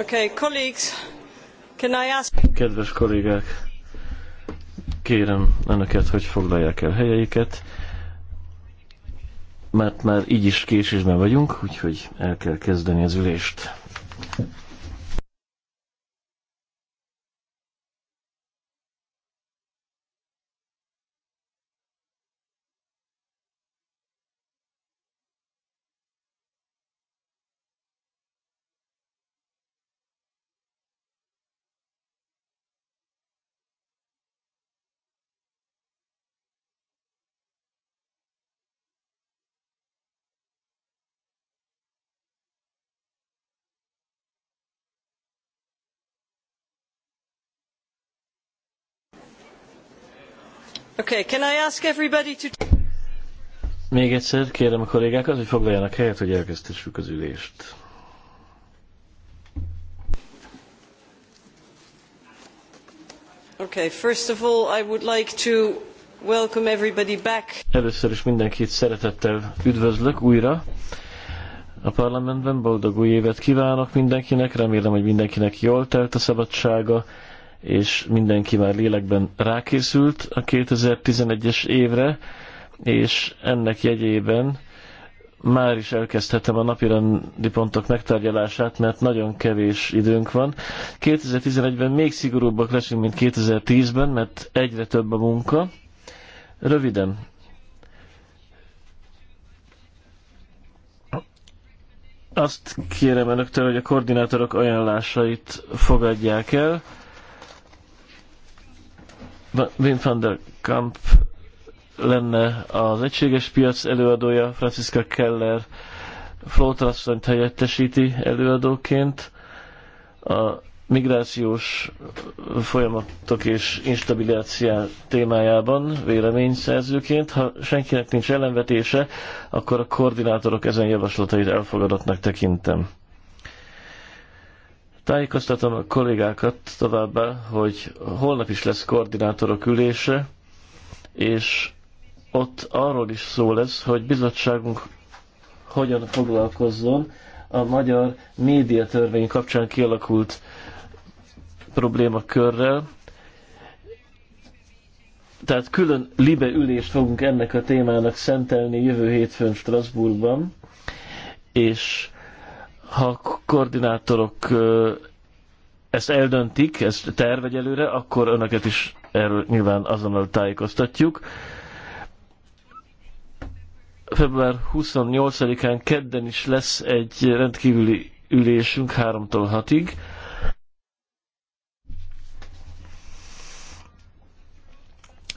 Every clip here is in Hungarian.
Okay, colleagues, can I ask... Kedves kollégák, kérem önöket, hogy foglalják el helyeiket, mert már így is késésben vagyunk, úgyhogy el kell kezdeni az ülést. Okay, can I ask everybody to... Még egyszer kérem a kollégákat, hogy foglaljanak helyet, hogy elkezdhessük az ülést. Okay, first of all, I would like to welcome everybody back. Először is mindenkit szeretettel üdvözlök újra a parlamentben. Boldog új évet kívánok mindenkinek, remélem, hogy mindenkinek jól telt a szabadsága és mindenki már lélekben rákészült a 2011-es évre, és ennek jegyében már is elkezdhetem a napirendi pontok megtárgyalását, mert nagyon kevés időnk van. 2011-ben még szigorúbbak leszünk, mint 2010-ben, mert egyre több a munka. Röviden. Azt kérem önöktől, hogy a koordinátorok ajánlásait fogadják el. Wim van der Kamp lenne az egységes piac előadója, Franciska Keller Flótrasszonyt helyettesíti előadóként. A migrációs folyamatok és instabilitáció témájában véleményszerzőként. Ha senkinek nincs ellenvetése, akkor a koordinátorok ezen javaslatait elfogadottnak tekintem. Tájékoztatom a kollégákat továbbá, hogy holnap is lesz koordinátorok ülése, és ott arról is szó lesz, hogy bizottságunk hogyan foglalkozzon a magyar médiatörvény kapcsán kialakult problémakörrel. Tehát külön libe ülést fogunk ennek a témának szentelni jövő hétfőn Strasbourgban, és ha a koordinátorok ezt eldöntik, ezt terv egyelőre, akkor önöket is erről nyilván azonnal tájékoztatjuk. Február 28-án kedden is lesz egy rendkívüli ülésünk 3-tól 6-ig.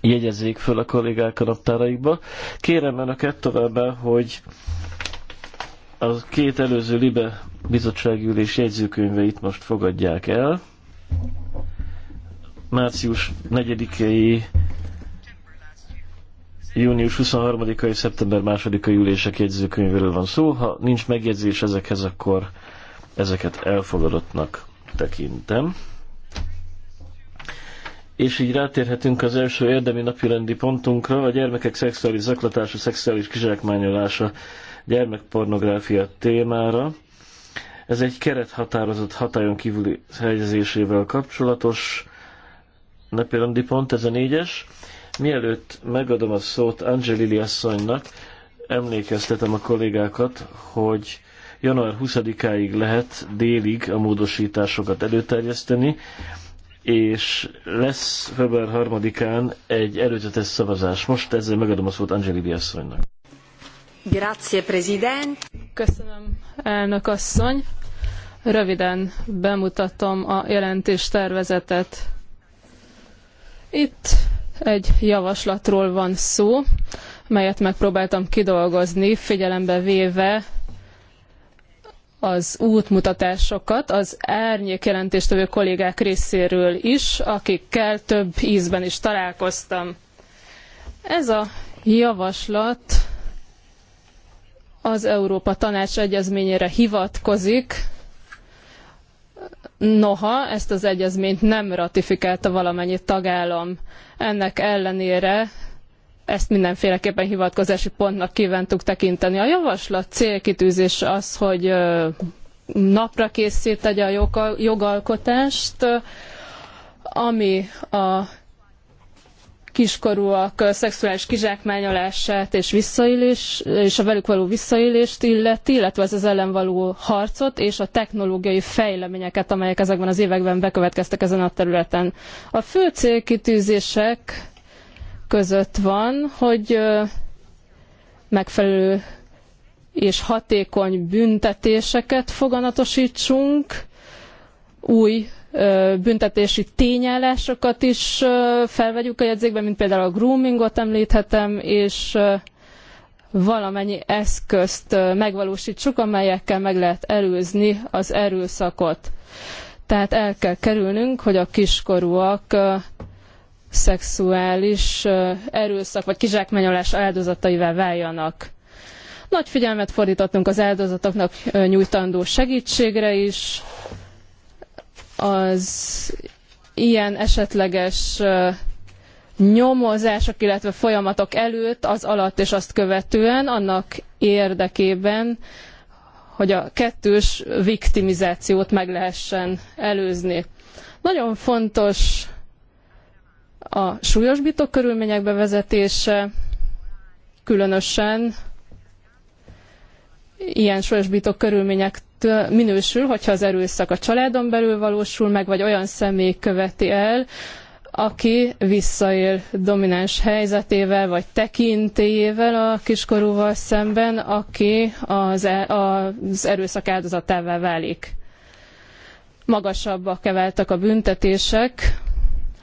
Jegyezzék föl a kollégák a naptáraikba. Kérem önöket továbbá, hogy a két előző Libe bizottságülés jegyzőkönyveit most fogadják el. Március 4-i, június 23-ai, szeptember 2-ai ülések jegyzőkönyvéről van szó. Ha nincs megjegyzés ezekhez, akkor ezeket elfogadottnak tekintem. És így rátérhetünk az első érdemi napirendi pontunkra, a gyermekek szexuális zaklatása, szexuális kizsákmányolása gyermekpornográfia témára. Ez egy kerethatározott hatályon kívüli helyezésével kapcsolatos napirendi pont, ez a négyes. Mielőtt megadom a szót Angelili asszonynak, emlékeztetem a kollégákat, hogy január 20-áig lehet délig a módosításokat előterjeszteni, és lesz február 3-án egy előzetes szavazás. Most ezzel megadom a szót Angelili asszonynak. Köszönöm, elnök asszony. Röviden bemutatom a jelentéstervezetet. Itt egy javaslatról van szó, melyet megpróbáltam kidolgozni, figyelembe véve az útmutatásokat az árnyék jelentéstevő kollégák részéről is, akikkel több ízben is találkoztam. Ez a javaslat az Európa Tanács egyezményére hivatkozik, Noha ezt az egyezményt nem ratifikálta valamennyi tagállam. Ennek ellenére ezt mindenféleképpen hivatkozási pontnak kívántuk tekinteni. A javaslat célkitűzése az, hogy napra készít a jogalkotást, ami a kiskorúak szexuális kizsákmányolását és visszaélés, és a velük való visszaélést illeti, illetve az, az ellen való harcot és a technológiai fejleményeket, amelyek ezekben az években bekövetkeztek ezen a területen. A fő célkitűzések között van, hogy megfelelő és hatékony büntetéseket foganatosítsunk, új büntetési tényállásokat is felvegyük a jegyzékbe, mint például a groomingot említhetem, és valamennyi eszközt megvalósítsuk, amelyekkel meg lehet előzni az erőszakot. Tehát el kell kerülnünk, hogy a kiskorúak szexuális erőszak vagy kizsákmányolás áldozataivá váljanak. Nagy figyelmet fordítottunk az áldozatoknak nyújtandó segítségre is, az ilyen esetleges nyomozások, illetve folyamatok előtt, az alatt és azt követően, annak érdekében, hogy a kettős viktimizációt meg lehessen előzni. Nagyon fontos a súlyosbító körülmények bevezetése, különösen ilyen sorsbító körülmények minősül, hogyha az erőszak a családon belül valósul meg, vagy olyan személy követi el, aki visszaél domináns helyzetével, vagy tekintélyével a kiskorúval szemben, aki az, e- az erőszak áldozatává válik. Magasabbak emeltek a büntetések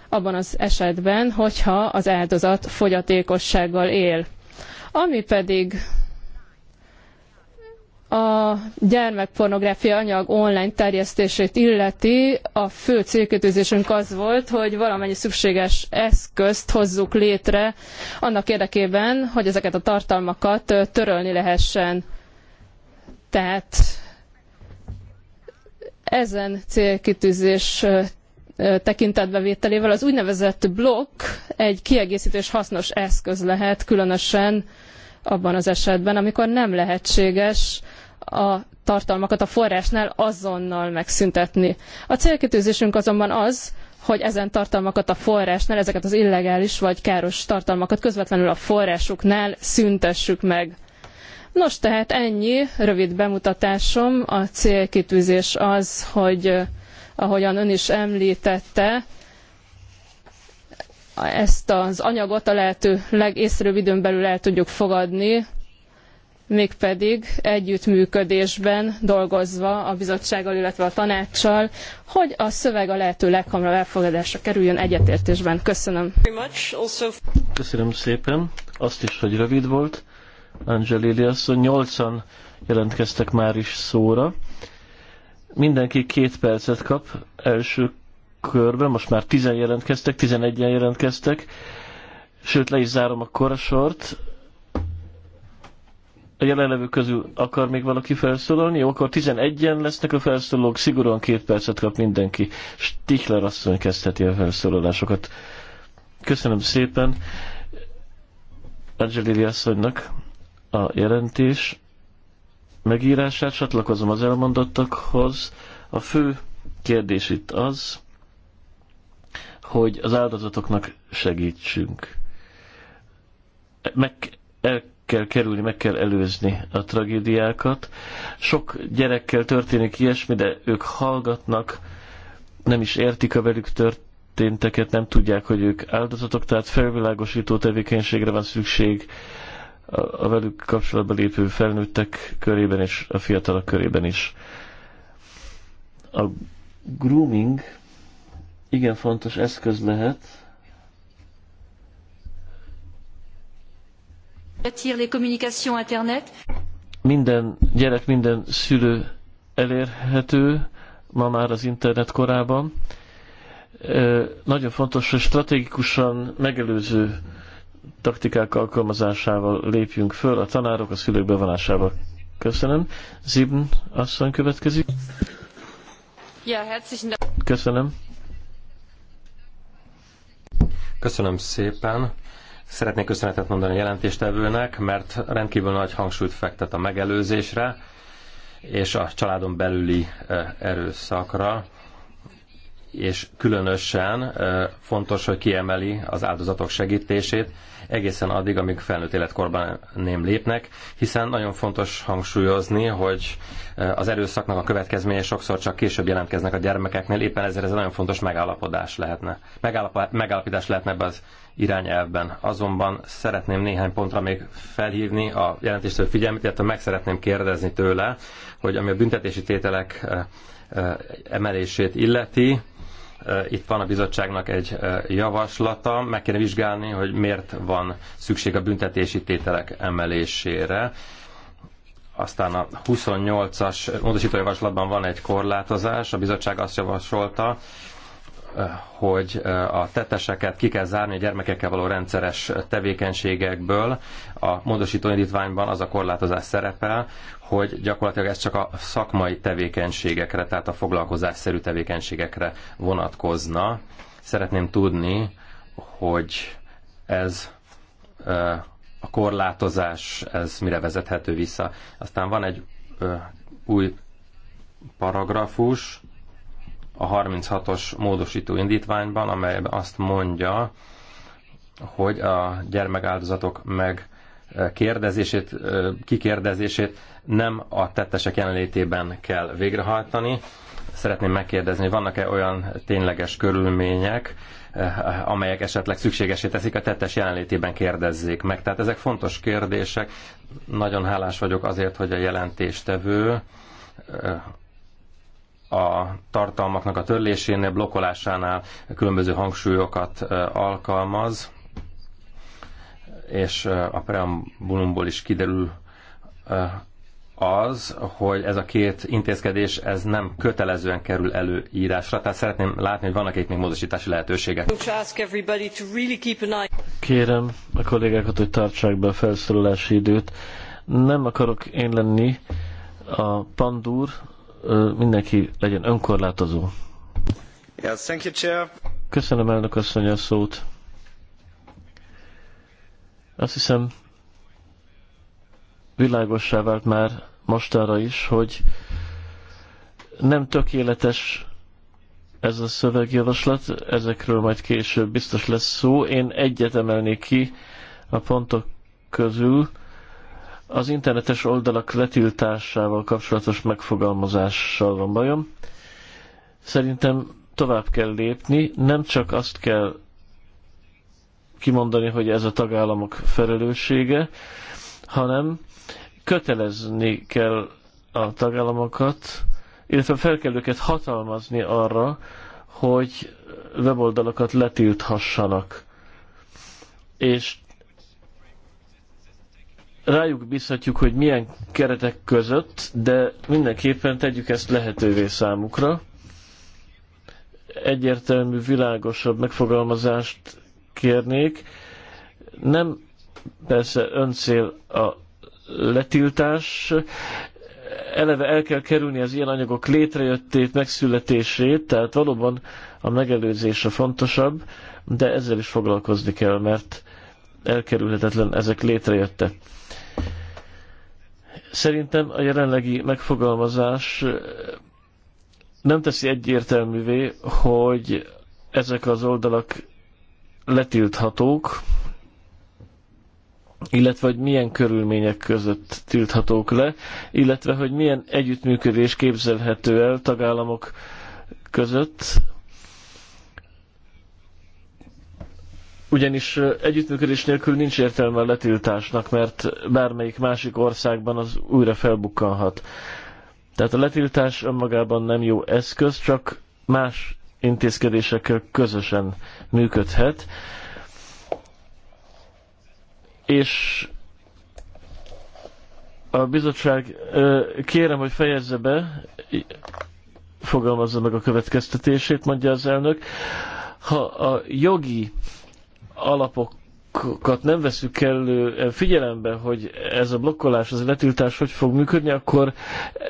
abban az esetben, hogyha az áldozat fogyatékossággal él. Ami pedig a gyermekpornográfia anyag online terjesztését illeti, a fő célkötőzésünk az volt, hogy valamennyi szükséges eszközt hozzuk létre annak érdekében, hogy ezeket a tartalmakat törölni lehessen. Tehát ezen célkitűzés tekintetbe vételével az úgynevezett blokk egy kiegészítő és hasznos eszköz lehet, különösen abban az esetben, amikor nem lehetséges a tartalmakat a forrásnál azonnal megszüntetni. A célkitűzésünk azonban az, hogy ezen tartalmakat a forrásnál, ezeket az illegális vagy káros tartalmakat közvetlenül a forrásuknál szüntessük meg. Nos, tehát ennyi rövid bemutatásom. A célkitűzés az, hogy eh, ahogyan ön is említette, ezt az anyagot a lehető legészszerűbb időn belül el tudjuk fogadni, mégpedig együttműködésben dolgozva a bizottsággal, illetve a tanácssal, hogy a szöveg a lehető leghamarabb elfogadásra kerüljön egyetértésben. Köszönöm. Köszönöm szépen. Azt is, hogy rövid volt. Angelili asszony, nyolcan jelentkeztek már is szóra. Mindenki két percet kap első körben, most már tizen jelentkeztek, tizenegyen jelentkeztek, sőt le is zárom akkor a sort a jelenlevő közül akar még valaki felszólalni? Jó, akkor 11-en lesznek a felszólók, szigorúan két percet kap mindenki. Stichler asszony kezdheti a felszólalásokat. Köszönöm szépen Angelili asszonynak a jelentés megírását, csatlakozom az elmondottakhoz. A fő kérdés itt az, hogy az áldozatoknak segítsünk. Meg el kell kerülni, meg kell előzni a tragédiákat. Sok gyerekkel történik ilyesmi, de ők hallgatnak, nem is értik a velük történteket, nem tudják, hogy ők áldozatok, tehát felvilágosító tevékenységre van szükség a velük kapcsolatba lépő felnőttek körében és a fiatalok körében is. A grooming igen fontos eszköz lehet, Minden gyerek, minden szülő elérhető ma már az internet korában. Nagyon fontos, hogy stratégikusan megelőző taktikák alkalmazásával lépjünk föl, a tanárok a szülők bevonásával. Köszönöm. Zibn asszony következik. Köszönöm. Köszönöm szépen. Szeretnék köszönetet mondani a jelentéstevőnek, mert rendkívül nagy hangsúlyt fektet a megelőzésre és a családon belüli erőszakra, és különösen fontos, hogy kiemeli az áldozatok segítését egészen addig, amíg felnőtt életkorban nem lépnek, hiszen nagyon fontos hangsúlyozni, hogy az erőszaknak a következménye sokszor csak később jelentkeznek a gyermekeknél, éppen ezért ez egy nagyon fontos megállapodás lehetne. Megállap, megállapodás lehetne ebbe az irányelvben. Azonban szeretném néhány pontra még felhívni a jelentéstől figyelmet, illetve meg szeretném kérdezni tőle, hogy ami a büntetési tételek eh, eh, emelését illeti, eh, itt van a bizottságnak egy javaslata, meg kéne vizsgálni, hogy miért van szükség a büntetési tételek emelésére. Aztán a 28-as módosítójavaslatban van egy korlátozás, a bizottság azt javasolta, hogy eh, a tetteseket ki kell zárni a gyermekekkel való rendszeres tevékenységekből. A módosító indítványban az a korlátozás szerepel, hogy gyakorlatilag ez csak a szakmai tevékenységekre, tehát a foglalkozásszerű tevékenységekre vonatkozna. Szeretném tudni, hogy ez eh, a korlátozás, ez mire vezethető vissza. Aztán van egy eh, új paragrafus, a 36-os módosító indítványban, amelyben azt mondja, hogy a gyermekáldozatok meg eh, kérdezését, eh, kikérdezését nem a tettesek jelenlétében kell végrehajtani. Szeretném megkérdezni, vannak-e olyan tényleges körülmények, eh, amelyek esetleg szükségesé teszik, a tettes jelenlétében kérdezzék meg. Tehát ezek fontos kérdések. Nagyon hálás vagyok azért, hogy a jelentéstevő a tartalmaknak a törlésénél, blokkolásánál különböző hangsúlyokat alkalmaz, és a preambulumból is kiderül az, hogy ez a két intézkedés ez nem kötelezően kerül előírásra, tehát szeretném látni, hogy vannak itt még módosítási lehetőségek. Kérem a kollégákat, hogy tartsák be a felszólalási időt. Nem akarok én lenni a pandúr, mindenki legyen önkorlátozó. Yes, thank you, Chair. Köszönöm elnök asszony a szót. Azt hiszem, világossá vált már mostanra is, hogy nem tökéletes ez a szövegjavaslat, ezekről majd később biztos lesz szó. Én egyet emelnék ki a pontok közül, az internetes oldalak letiltásával kapcsolatos megfogalmazással van bajom. Szerintem tovább kell lépni, nem csak azt kell kimondani, hogy ez a tagállamok felelőssége, hanem kötelezni kell a tagállamokat, illetve fel kell őket hatalmazni arra, hogy weboldalakat letilthassanak. És rájuk bízhatjuk, hogy milyen keretek között, de mindenképpen tegyük ezt lehetővé számukra. Egyértelmű, világosabb megfogalmazást kérnék. Nem persze öncél a letiltás, eleve el kell kerülni az ilyen anyagok létrejöttét, megszületését, tehát valóban a megelőzés a fontosabb, de ezzel is foglalkozni kell, mert elkerülhetetlen ezek létrejötte. Szerintem a jelenlegi megfogalmazás nem teszi egyértelművé, hogy ezek az oldalak letilthatók, illetve hogy milyen körülmények között tilthatók le, illetve hogy milyen együttműködés képzelhető el tagállamok között Ugyanis együttműködés nélkül nincs értelme a letiltásnak, mert bármelyik másik országban az újra felbukkanhat. Tehát a letiltás önmagában nem jó eszköz, csak más intézkedésekkel közösen működhet. És a bizottság kérem, hogy fejezze be, fogalmazza meg a következtetését, mondja az elnök. Ha a jogi alapokat nem veszük kellő eh, figyelembe, hogy ez a blokkolás, az a letiltás hogy fog működni, akkor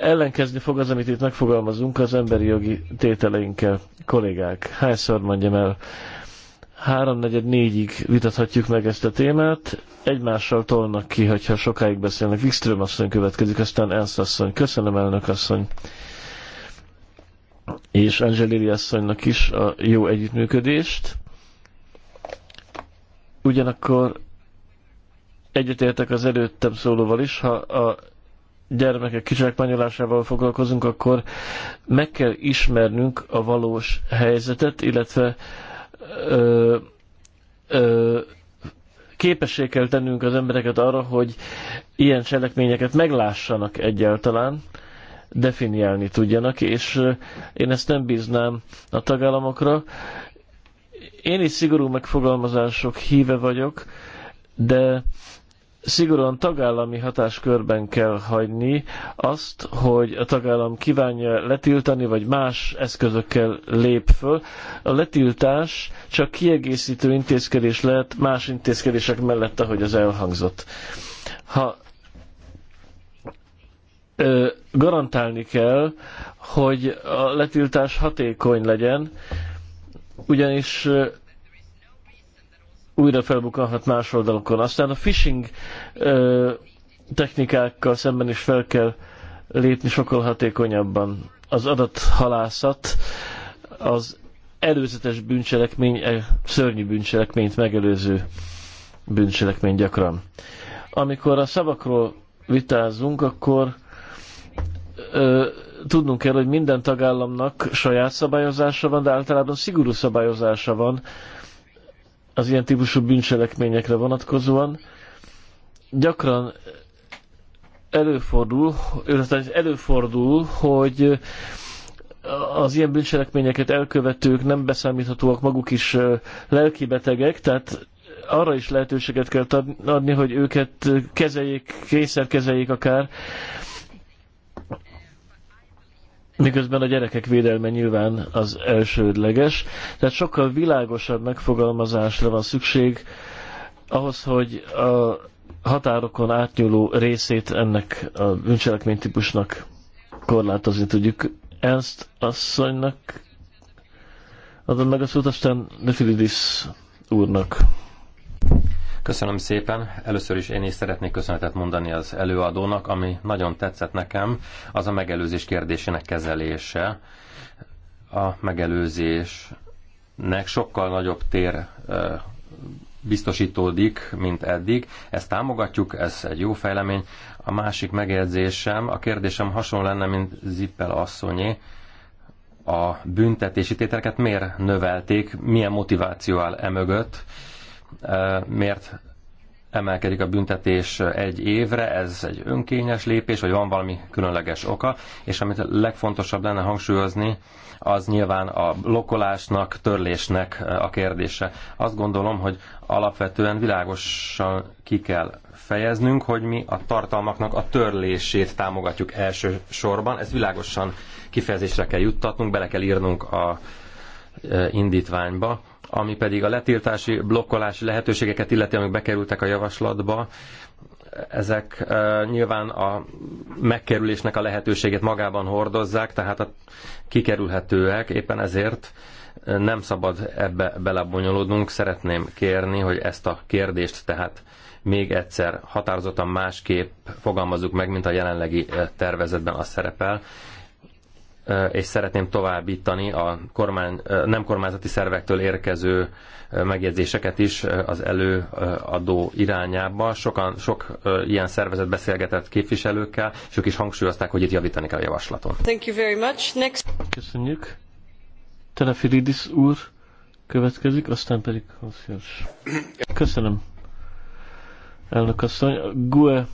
ellenkezni fog az, amit itt megfogalmazunk az emberi jogi tételeinkkel. Kollégák, hányszor mondjam el, háromnegyed négyig vitathatjuk meg ezt a témát. Egymással tolnak ki, hogyha sokáig beszélnek. Wikström asszony következik, aztán Ensz asszony. Köszönöm, elnök asszony. És Angelili asszonynak is a jó együttműködést. Ugyanakkor egyetértek az előttem szólóval is, ha a gyermekek kizsákmányolásával foglalkozunk, akkor meg kell ismernünk a valós helyzetet, illetve ö, ö, képessé kell tennünk az embereket arra, hogy ilyen cselekményeket meglássanak egyáltalán, definiálni tudjanak, és én ezt nem bíznám a tagállamokra, én is szigorú megfogalmazások híve vagyok, de szigorúan tagállami hatáskörben kell hagyni azt, hogy a tagállam kívánja letiltani, vagy más eszközökkel lép föl. A letiltás csak kiegészítő intézkedés lehet más intézkedések mellett, ahogy az elhangzott. Ha ö, garantálni kell, hogy a letiltás hatékony legyen, ugyanis újra felbukkanhat más oldalokon. Aztán a phishing technikákkal szemben is fel kell lépni sokkal hatékonyabban. Az adathalászat az előzetes bűncselekmény, e, szörnyű bűncselekményt megelőző bűncselekmény gyakran. Amikor a szavakról vitázunk, akkor ö, tudnunk kell, hogy minden tagállamnak saját szabályozása van, de általában szigorú szabályozása van az ilyen típusú bűncselekményekre vonatkozóan. Gyakran előfordul, előfordul, hogy az ilyen bűncselekményeket elkövetők nem beszámíthatóak maguk is lelkibetegek, tehát arra is lehetőséget kell adni, hogy őket kezeljék, kényszer kezeljék akár, miközben a gyerekek védelme nyilván az elsődleges. Tehát sokkal világosabb megfogalmazásra van szükség ahhoz, hogy a határokon átnyúló részét ennek a bűncselekménytípusnak korlátozni tudjuk. Ernst asszonynak adom meg a szót, aztán Nefilidis úrnak. Köszönöm szépen. Először is én is szeretnék köszönetet mondani az előadónak, ami nagyon tetszett nekem, az a megelőzés kérdésének kezelése. A megelőzésnek sokkal nagyobb tér biztosítódik, mint eddig. Ezt támogatjuk, ez egy jó fejlemény. A másik megjegyzésem, a kérdésem hasonló lenne, mint Zippel asszonyé, a büntetési tételeket miért növelték, milyen motiváció áll emögött, Eh, miért emelkedik a büntetés egy évre, ez egy önkényes lépés, vagy van valami különleges oka, és amit legfontosabb lenne hangsúlyozni, az nyilván a blokkolásnak, törlésnek eh, a kérdése. Azt gondolom, hogy alapvetően világosan ki kell fejeznünk, hogy mi a tartalmaknak a törlését támogatjuk elsősorban. Ezt világosan kifejezésre kell juttatnunk, bele kell írnunk a eh, indítványba ami pedig a letiltási, blokkolási lehetőségeket illeti, amik bekerültek a javaslatba, ezek nyilván a megkerülésnek a lehetőségét magában hordozzák, tehát a kikerülhetőek, éppen ezért nem szabad ebbe belebonyolódnunk. Szeretném kérni, hogy ezt a kérdést tehát még egyszer határozottan másképp fogalmazzuk meg, mint a jelenlegi tervezetben az szerepel, és szeretném továbbítani a kormány, nem kormányzati szervektől érkező megjegyzéseket is az előadó irányába. Sokan, sok ilyen szervezet beszélgetett képviselőkkel, és ők is hangsúlyozták, hogy itt javítani kell a javaslaton. Thank you very much. Next. Köszönjük. Telefiridis úr következik, aztán pedig Hanszjás. Köszönöm. Elnök asszony, GUE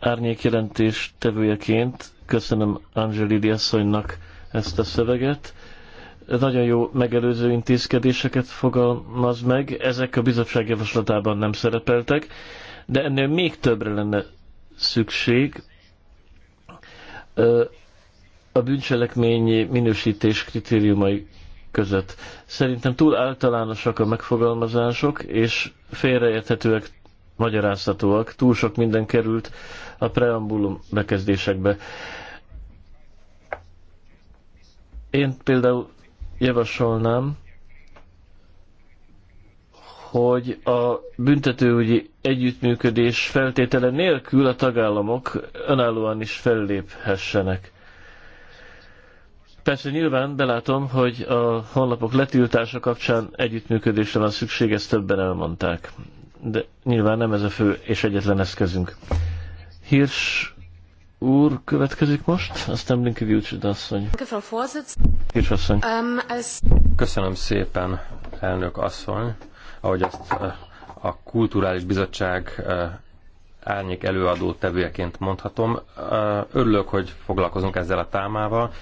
árnyékjelentés tevőjeként Köszönöm Angelidi asszonynak ezt a szöveget. Nagyon jó megelőző intézkedéseket fogalmaz meg, ezek a bizottság javaslatában nem szerepeltek, de ennél még többre lenne szükség. A bűncselekmény minősítés kritériumai között. Szerintem túl általánosak a megfogalmazások, és félreérthetőek magyarázhatóak, túl sok minden került a preambulum bekezdésekbe. Én például javasolnám, hogy a büntetőügyi együttműködés feltétele nélkül a tagállamok önállóan is felléphessenek. Persze nyilván belátom, hogy a honlapok letiltása kapcsán együttműködésre van szükség, ezt többen elmondták de nyilván nem ez a fő és egyetlen eszközünk. Hirsch úr következik most, aztán Blinkevi úcsida asszony. Hirsch asszony. Um, Köszönöm szépen, elnök asszony, ahogy azt eh, a Kulturális Bizottság eh, árnyék előadó tevőjeként mondhatom. Eh, örülök, hogy foglalkozunk ezzel a támával,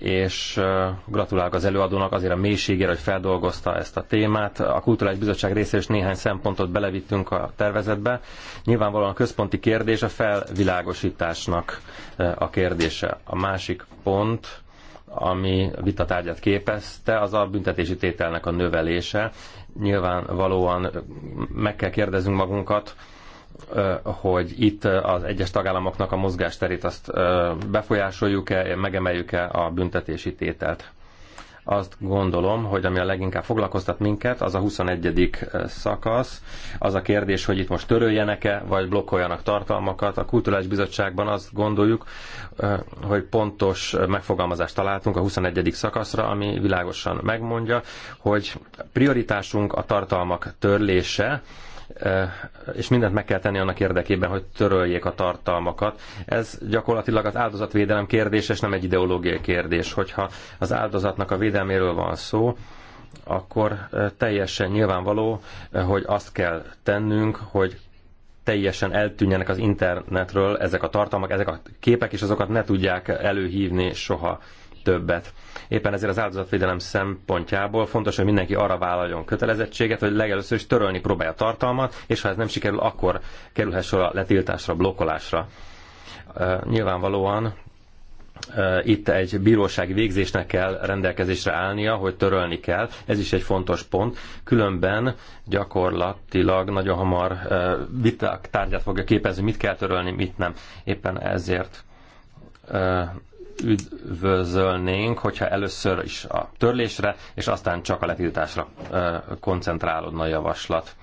és gratulálok az előadónak azért a mélységére, hogy feldolgozta ezt a témát. A Kulturális Bizottság részéről is néhány szempontot belevittünk a tervezetbe. Nyilvánvalóan a központi kérdés a felvilágosításnak a kérdése. A másik pont, ami vitatárgyat képezte, az a büntetési tételnek a növelése. Nyilvánvalóan meg kell kérdeznünk magunkat, hogy itt az egyes tagállamoknak a mozgásterét azt befolyásoljuk-e, megemeljük-e a büntetési tételt. Azt gondolom, hogy ami a leginkább foglalkoztat minket, az a 21. szakasz. Az a kérdés, hogy itt most töröljenek-e, vagy blokkoljanak tartalmakat. A Kulturális Bizottságban azt gondoljuk, hogy pontos megfogalmazást találtunk a 21. szakaszra, ami világosan megmondja, hogy prioritásunk a tartalmak törlése, és mindent meg kell tenni annak érdekében, hogy töröljék a tartalmakat. Ez gyakorlatilag az áldozatvédelem kérdés, és nem egy ideológiai kérdés. Hogyha az áldozatnak a védelméről van szó, akkor teljesen nyilvánvaló, hogy azt kell tennünk, hogy teljesen eltűnjenek az internetről ezek a tartalmak, ezek a képek, és azokat ne tudják előhívni soha többet. Éppen ezért az áldozatvédelem szempontjából fontos, hogy mindenki arra vállaljon kötelezettséget, hogy legelőször is törölni próbálja a tartalmat, és ha ez nem sikerül, akkor kerülhet a letiltásra, blokkolásra. Nyilvánvalóan itt egy bírósági végzésnek kell rendelkezésre állnia, hogy törölni kell. Ez is egy fontos pont. Különben gyakorlatilag nagyon hamar viták tárgyát fogja képezni, mit kell törölni, mit nem. Éppen ezért üdvözölnénk, hogyha először is a törlésre, és aztán csak a letiltásra koncentrálódna a javaslat.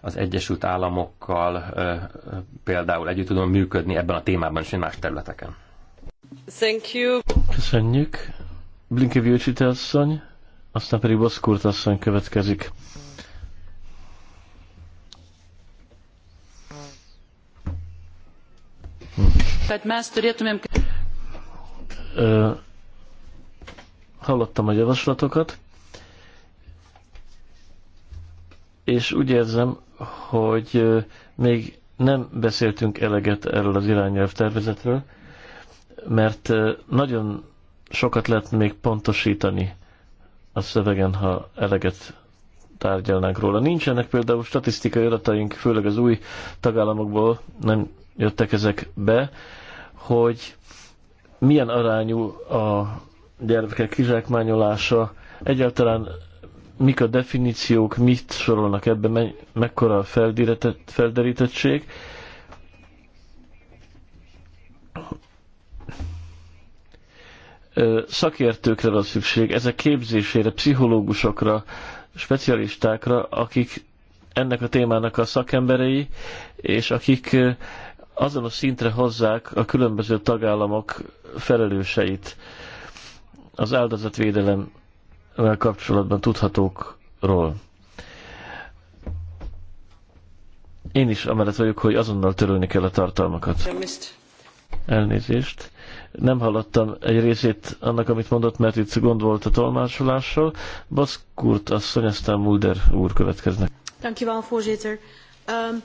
Az Egyesült Államokkal például együtt tudom működni ebben a témában és más területeken. Thank you. Köszönjük. Blinkeviőcsite asszony, aztán pedig Boszkurt asszony következik. Hm hallottam a javaslatokat, és úgy érzem, hogy még nem beszéltünk eleget erről az irányelv tervezetről, mert nagyon sokat lehet még pontosítani a szövegen, ha eleget tárgyalnánk róla. Nincsenek például statisztikai adataink, főleg az új tagállamokból nem jöttek ezek be, hogy milyen arányú a gyermekek kizsákmányolása, egyáltalán mik a definíciók, mit sorolnak ebbe, mekkora a felderítettség. Szakértőkre van szükség, ezek képzésére, pszichológusokra, specialistákra, akik ennek a témának a szakemberei, és akik azon a szintre hozzák a különböző tagállamok felelőseit az áldozatvédelemmel kapcsolatban tudhatókról. Én is amellett vagyok, hogy azonnal törölni kell a tartalmakat. Elnézést. Nem hallottam egy részét annak, amit mondott, mert itt gond volt a tolmásolással. Baszkurt asszony, aztán Mulder úr következnek. Dankjewel, Um...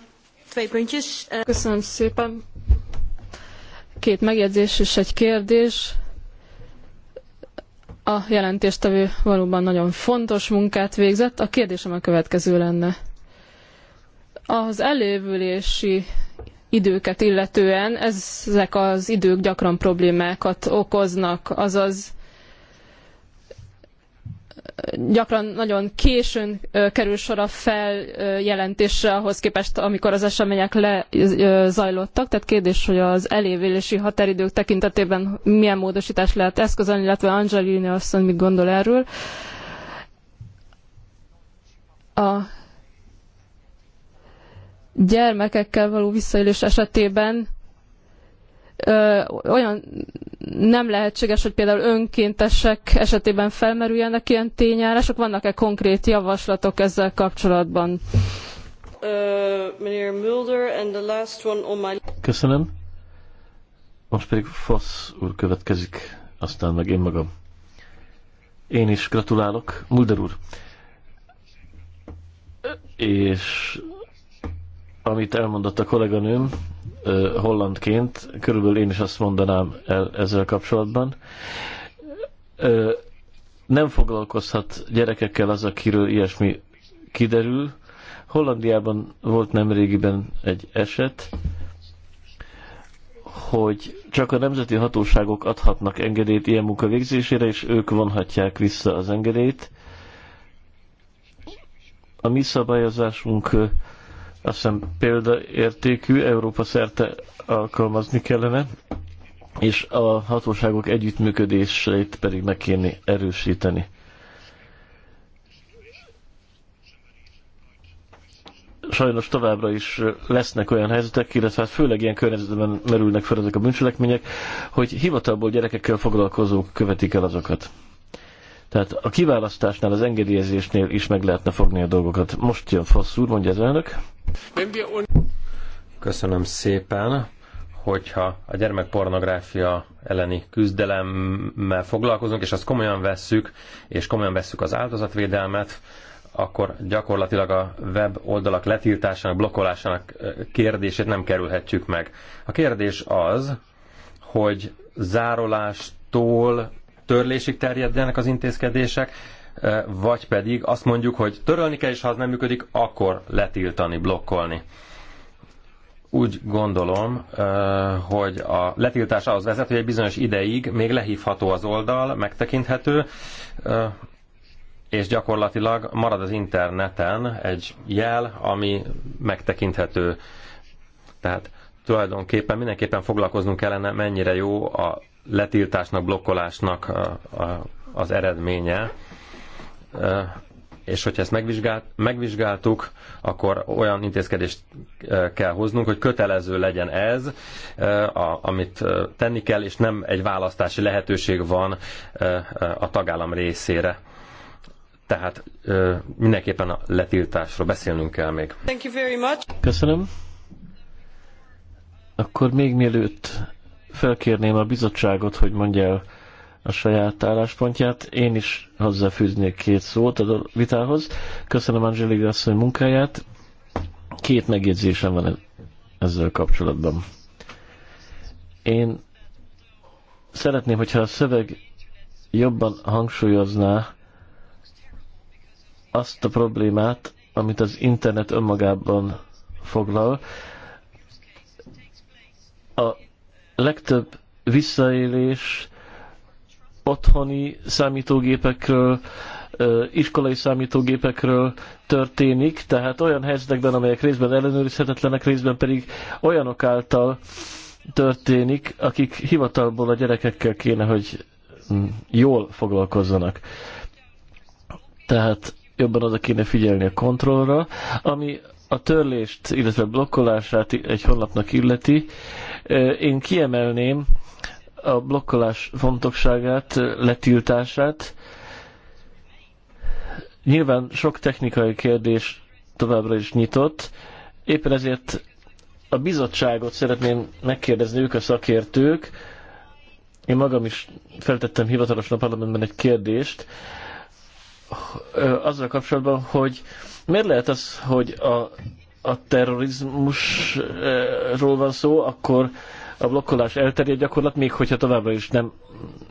Eh, Köszönöm szépen. Két megjegyzés és egy kérdés. A jelentéstevő valóban nagyon fontos munkát végzett. A kérdésem a következő lenne. Az elévülési időket illetően ezek az idők gyakran problémákat okoznak, azaz gyakran nagyon későn kerül sor a feljelentésre ahhoz képest, amikor az események lezajlottak. Tehát kérdés, hogy az elévélési határidők tekintetében milyen módosítás lehet eszközölni, illetve Angelina asszony mit gondol erről. A gyermekekkel való visszaélés esetében olyan nem lehetséges, hogy például önkéntesek esetében felmerüljenek ilyen tényárások? Vannak-e konkrét javaslatok ezzel kapcsolatban? Köszönöm. Most pedig Fosz úr következik, aztán meg én magam. Én is gratulálok, Mulder úr. És amit elmondott a kolléganőm, hollandként, körülbelül én is azt mondanám el ezzel kapcsolatban. Nem foglalkozhat gyerekekkel az, akiről ilyesmi kiderül. Hollandiában volt nemrégiben egy eset, hogy csak a nemzeti hatóságok adhatnak engedélyt ilyen munka végzésére, és ők vonhatják vissza az engedélyt. A mi szabályozásunk azt hiszem példaértékű, Európa szerte alkalmazni kellene, és a hatóságok együttműködését pedig meg kéne erősíteni. Sajnos továbbra is lesznek olyan helyzetek, illetve hát főleg ilyen környezetben merülnek fel ezek a bűncselekmények, hogy hivatalból gyerekekkel foglalkozók követik el azokat. Tehát a kiválasztásnál, az engedélyezésnél is meg lehetne fogni a dolgokat. Most jön Fassz úr, mondja az elnök. Köszönöm szépen hogyha a gyermekpornográfia elleni küzdelemmel foglalkozunk, és azt komolyan vesszük, és komolyan vesszük az áldozatvédelmet, akkor gyakorlatilag a web oldalak letiltásának, blokkolásának kérdését nem kerülhetjük meg. A kérdés az, hogy zárolástól törlésig terjedjenek az intézkedések, e, vagy pedig azt mondjuk, hogy törölni kell, és ha az nem működik, akkor letiltani, blokkolni. Úgy gondolom, e, hogy a letiltás az vezet, hogy egy bizonyos ideig még lehívható az oldal, megtekinthető, e, és gyakorlatilag marad az interneten egy jel, ami megtekinthető. Tehát tulajdonképpen mindenképpen foglalkoznunk kellene, mennyire jó a letiltásnak, blokkolásnak az eredménye. És hogyha ezt megvizsgált, megvizsgáltuk, akkor olyan intézkedést kell hoznunk, hogy kötelező legyen ez, a amit tenni kell, és nem egy választási lehetőség van a tagállam részére. Tehát mindenképpen a letiltásról beszélnünk kell még. Thank you very much. Köszönöm. Akkor még mielőtt felkérném a bizottságot, hogy mondja el a saját álláspontját. Én is hozzáfűznék két szót a vitához. Köszönöm Angelika asszony munkáját. Két megjegyzésem van e- ezzel kapcsolatban. Én szeretném, hogyha a szöveg jobban hangsúlyozná azt a problémát, amit az internet önmagában foglal. A legtöbb visszaélés otthoni számítógépekről, iskolai számítógépekről történik, tehát olyan helyzetekben, amelyek részben ellenőrizhetetlenek, részben pedig olyanok által történik, akik hivatalból a gyerekekkel kéne, hogy mm, jól foglalkozzanak. Tehát jobban oda kéne figyelni a kontrollra, ami a törlést, illetve blokkolását egy honlapnak illeti, én kiemelném a blokkolás fontosságát, letiltását. Nyilván sok technikai kérdés továbbra is nyitott, éppen ezért a bizottságot szeretném megkérdezni, ők a szakértők. Én magam is feltettem hivatalosan a parlamentben egy kérdést, azzal kapcsolatban, hogy miért lehet az, hogy a, a terrorizmusról van szó, akkor a blokkolás elterjed gyakorlat, még hogyha továbbra is nem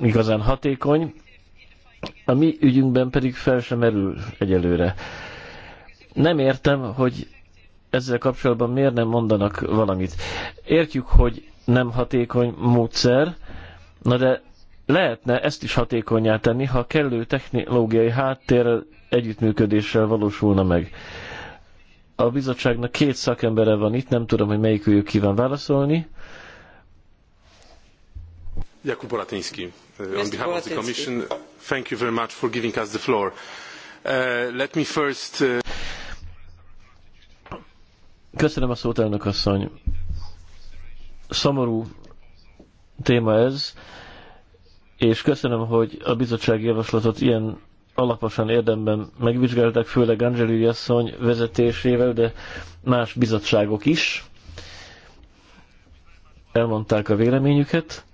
igazán hatékony. A mi ügyünkben pedig fel sem merül egyelőre. Nem értem, hogy ezzel kapcsolatban miért nem mondanak valamit. Értjük, hogy nem hatékony módszer, na de lehetne ezt is hatékonyá tenni, ha kellő technológiai háttér együttműködéssel valósulna meg. A bizottságnak két szakembere van itt, nem tudom, hogy melyikőjük kíván válaszolni. Jakub Bolatinski, uh, on behalf of the Commission, thank you very much for giving us the floor. Uh, let me first... Uh... Köszönöm a szót, elnök asszony. Szomorú téma ez és köszönöm, hogy a bizottsági javaslatot ilyen alaposan érdemben megvizsgálták, főleg Angeli asszony vezetésével, de más bizottságok is elmondták a véleményüket.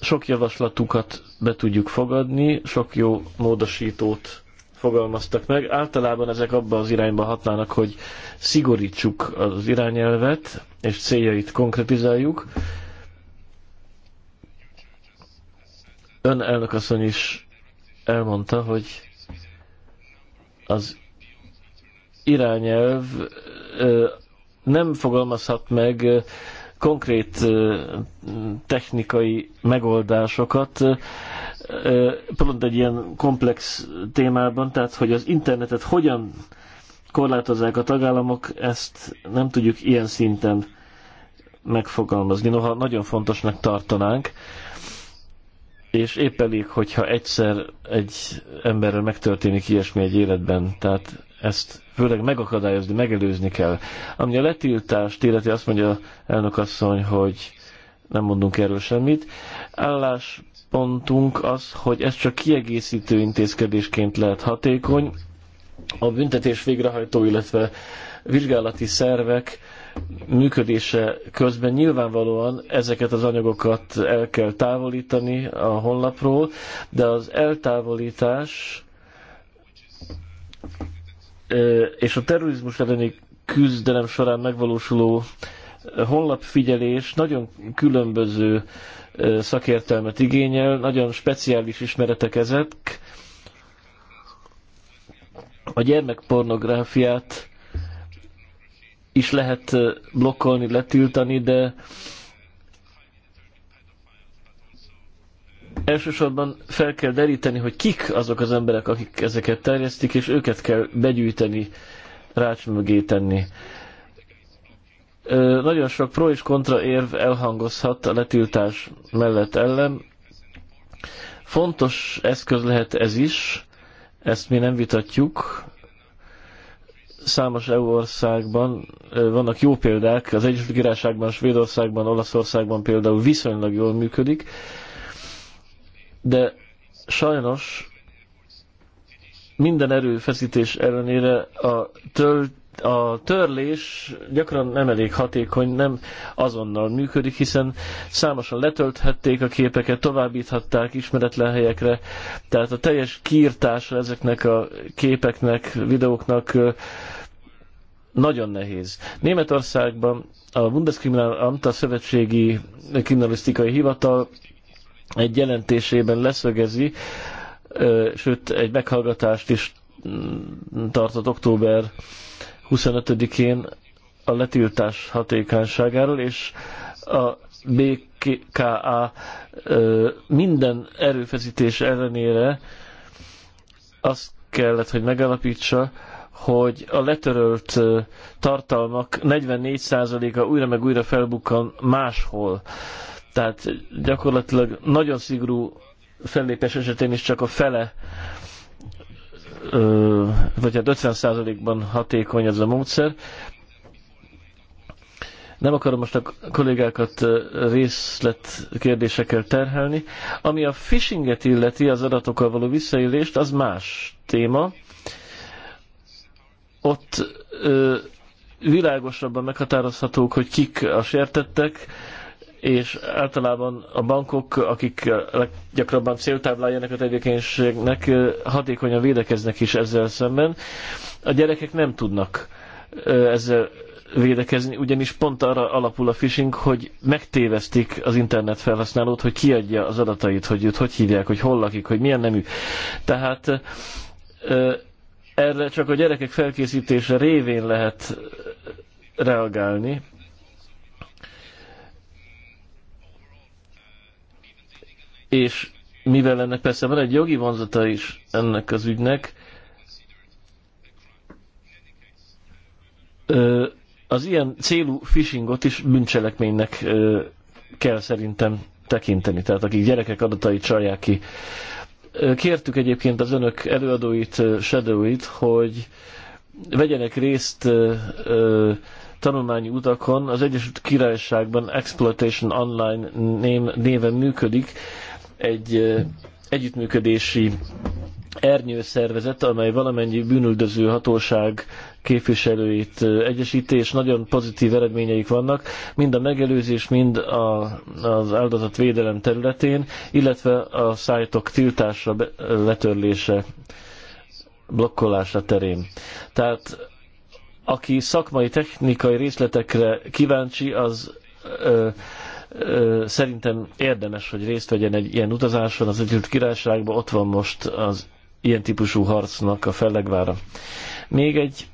Sok javaslatukat be tudjuk fogadni, sok jó módosítót fogalmaztak meg. Általában ezek abba az irányba hatnának, hogy szigorítsuk az irányelvet, és céljait konkretizáljuk. Ön elnökasszony is elmondta, hogy az irányelv nem fogalmazhat meg konkrét technikai megoldásokat, pont egy ilyen komplex témában, tehát hogy az internetet hogyan korlátozzák a tagállamok, ezt nem tudjuk ilyen szinten megfogalmazni, noha nagyon fontosnak tartanánk és épp elég, hogyha egyszer egy emberrel megtörténik ilyesmi egy életben, tehát ezt főleg megakadályozni, megelőzni kell. Ami a letiltást illeti, azt mondja elnökasszony, hogy nem mondunk erről semmit. Álláspontunk az, hogy ez csak kiegészítő intézkedésként lehet hatékony. A büntetés végrehajtó, illetve vizsgálati szervek működése közben nyilvánvalóan ezeket az anyagokat el kell távolítani a honlapról, de az eltávolítás és a terrorizmus elleni küzdelem során megvalósuló honlapfigyelés nagyon különböző szakértelmet igényel, nagyon speciális ismeretek ezek. A gyermekpornográfiát is lehet blokkolni, letiltani, de elsősorban fel kell deríteni, hogy kik azok az emberek, akik ezeket terjesztik, és őket kell begyűjteni, rács mögé tenni. Nagyon sok pro és kontra érv elhangozhat a letiltás mellett ellen. Fontos eszköz lehet ez is, ezt mi nem vitatjuk, Számos EU országban vannak jó példák, az Egyesült Királyságban, Svédországban, Olaszországban például viszonylag jól működik, de sajnos minden erőfeszítés ellenére a tölt a törlés gyakran nem elég hatékony, nem azonnal működik, hiszen számosan letölthették a képeket, továbbíthatták ismeretlen helyekre, tehát a teljes kiirtása ezeknek a képeknek, videóknak nagyon nehéz. Németországban a Bundeskriminalamt, a Szövetségi Kriminalisztikai Hivatal egy jelentésében leszögezi, sőt egy meghallgatást is mm, tartott október 25-én a letiltás hatékonyságáról, és a BKA minden erőfeszítés ellenére azt kellett, hogy megalapítsa, hogy a letörölt tartalmak 44%-a újra meg újra felbukkan máshol. Tehát gyakorlatilag nagyon szigorú fellépés esetén is csak a fele vagy hát 50%-ban hatékony ez a módszer. Nem akarom most a kollégákat részlet kérdésekkel terhelni. Ami a phishinget illeti, az adatokkal való visszaélést, az más téma. Ott ö, világosabban meghatározhatók, hogy kik a sértettek, és általában a bankok, akik leggyakrabban céltáblája ennek a tevékenységnek, hatékonyan védekeznek is ezzel szemben. A gyerekek nem tudnak ezzel védekezni, ugyanis pont arra alapul a phishing, hogy megtévesztik az internet felhasználót, hogy kiadja az adatait, hogy őt hogy hívják, hogy hol lakik, hogy milyen nemű. Tehát erre csak a gyerekek felkészítése révén lehet reagálni, és mivel ennek persze van egy jogi vonzata is ennek az ügynek, az ilyen célú phishingot is bűncselekménynek kell szerintem tekinteni, tehát akik gyerekek adatait csalják ki. Kértük egyébként az önök előadóit, shadowit, hogy vegyenek részt tanulmányi utakon. Az Egyesült Királyságban Exploitation Online néven működik, egy együttműködési ernyőszervezet, amely valamennyi bűnüldöző hatóság képviselőit egyesíti, és nagyon pozitív eredményeik vannak, mind a megelőzés, mind a, az áldozatvédelem területén, illetve a szájtok tiltása, letörlése, blokkolása terén. Tehát aki szakmai, technikai részletekre kíváncsi, az ö, Szerintem érdemes, hogy részt vegyen egy ilyen utazáson az Egyesült királyságban ott van most az ilyen típusú harcnak a fellegvára. Még egy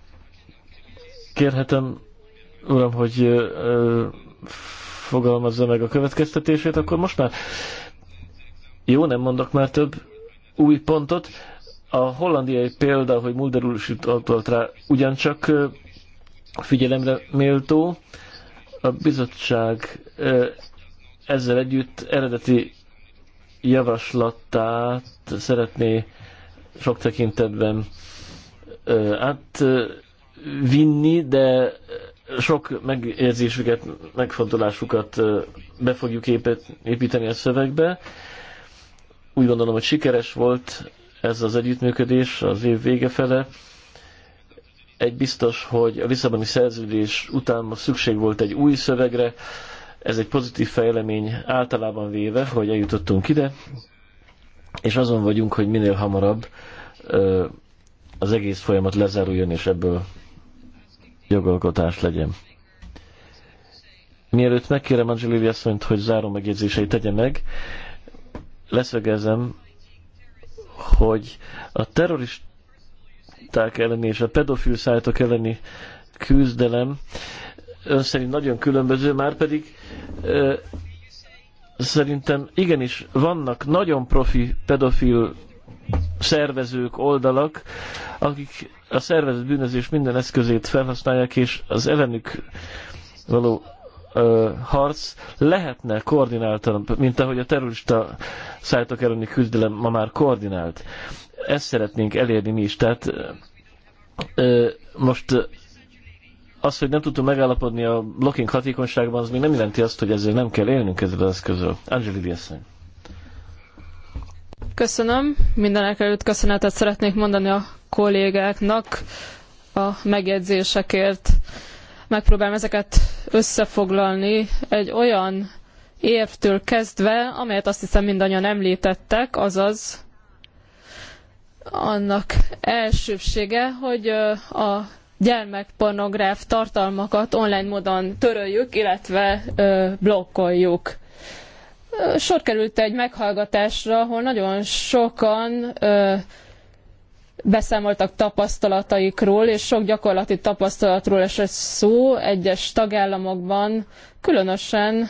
kérhetem, uram, hogy ö, fogalmazza meg a következtetését, akkor most már jó, nem mondok már több új pontot. A hollandiai példa, hogy Mulder úr is utalt rá, ugyancsak figyelemre méltó. A bizottság ezzel együtt eredeti javaslatát szeretné sok tekintetben átvinni, de sok megérzésüket, megfontolásukat be fogjuk építeni a szövegbe. Úgy gondolom, hogy sikeres volt ez az együttműködés az év vége fele. Egy biztos, hogy a Lisszaboni szerződés után most szükség volt egy új szövegre, ez egy pozitív fejlemény általában véve, hogy eljutottunk ide, és azon vagyunk, hogy minél hamarabb az egész folyamat lezáruljon, és ebből jogalkotás legyen. Mielőtt megkérem Angelili asszonyt, hogy záró megjegyzéseit tegye meg, leszögezem, hogy a terroristák elleni és a pedofil szájtok elleni küzdelem ön szerint nagyon különböző, már pedig szerintem igenis vannak nagyon profi pedofil szervezők, oldalak, akik a szervezett bűnözés minden eszközét felhasználják, és az ellenük való ö, harc lehetne koordináltan, mint ahogy a terrorista szájtok elleni küzdelem ma már koordinált. Ezt szeretnénk elérni mi is. Tehát ö, most az, hogy nem tudtunk megállapodni a blocking hatékonyságban, az még nem jelenti azt, hogy ezzel nem kell élnünk ezzel az eszközzel. Angeli asszony. Köszönöm. Mindenek előtt köszönetet szeretnék mondani a kollégáknak a megjegyzésekért. Megpróbálom ezeket összefoglalni egy olyan évtől kezdve, amelyet azt hiszem mindannyian említettek, azaz annak elsőbsége, hogy a gyermekpornográf tartalmakat online módon töröljük, illetve ö, blokkoljuk. Sor került egy meghallgatásra, ahol nagyon sokan ö, beszámoltak tapasztalataikról, és sok gyakorlati tapasztalatról esett szó egyes tagállamokban, különösen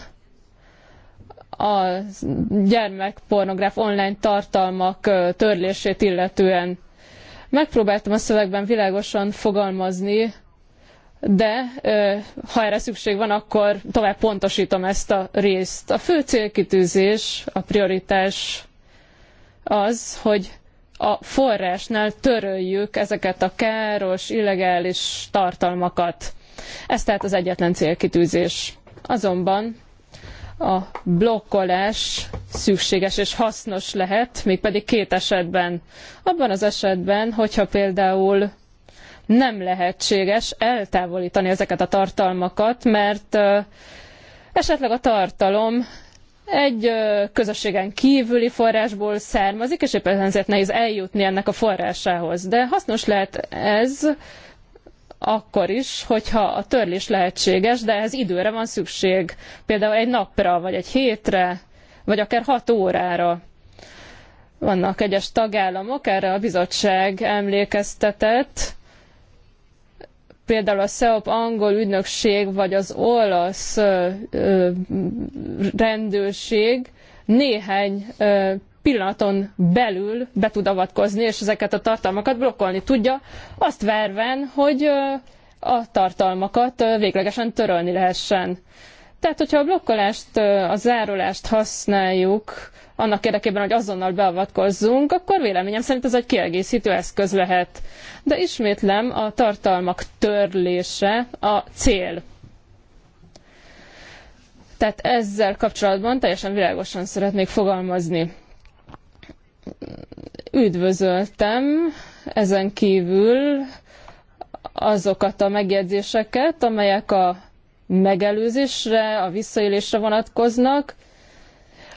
a gyermekpornográf online tartalmak törlését illetően Megpróbáltam a szövegben világosan fogalmazni, de ha erre szükség van, akkor tovább pontosítom ezt a részt. A fő célkitűzés, a prioritás az, hogy a forrásnál töröljük ezeket a káros, illegális tartalmakat. Ez tehát az egyetlen célkitűzés. Azonban a blokkolás szükséges és hasznos lehet, mégpedig két esetben. Abban az esetben, hogyha például nem lehetséges eltávolítani ezeket a tartalmakat, mert esetleg a tartalom egy közösségen kívüli forrásból származik, és éppen ezért nehéz eljutni ennek a forrásához. De hasznos lehet ez, akkor is, hogyha a törlés lehetséges, de ehhez időre van szükség, például egy napra, vagy egy hétre, vagy akár hat órára. Vannak egyes tagállamok, erre a bizottság emlékeztetett, például a SEOP angol ügynökség, vagy az olasz rendőrség néhány pillanaton belül be tud avatkozni, és ezeket a tartalmakat blokkolni tudja, azt várván, hogy a tartalmakat véglegesen törölni lehessen. Tehát, hogyha a blokkolást, a zárulást használjuk annak érdekében, hogy azonnal beavatkozzunk, akkor véleményem szerint ez egy kiegészítő eszköz lehet. De ismétlem, a tartalmak törlése a cél. Tehát ezzel kapcsolatban teljesen világosan szeretnék fogalmazni üdvözöltem ezen kívül azokat a megjegyzéseket, amelyek a megelőzésre, a visszaélésre vonatkoznak,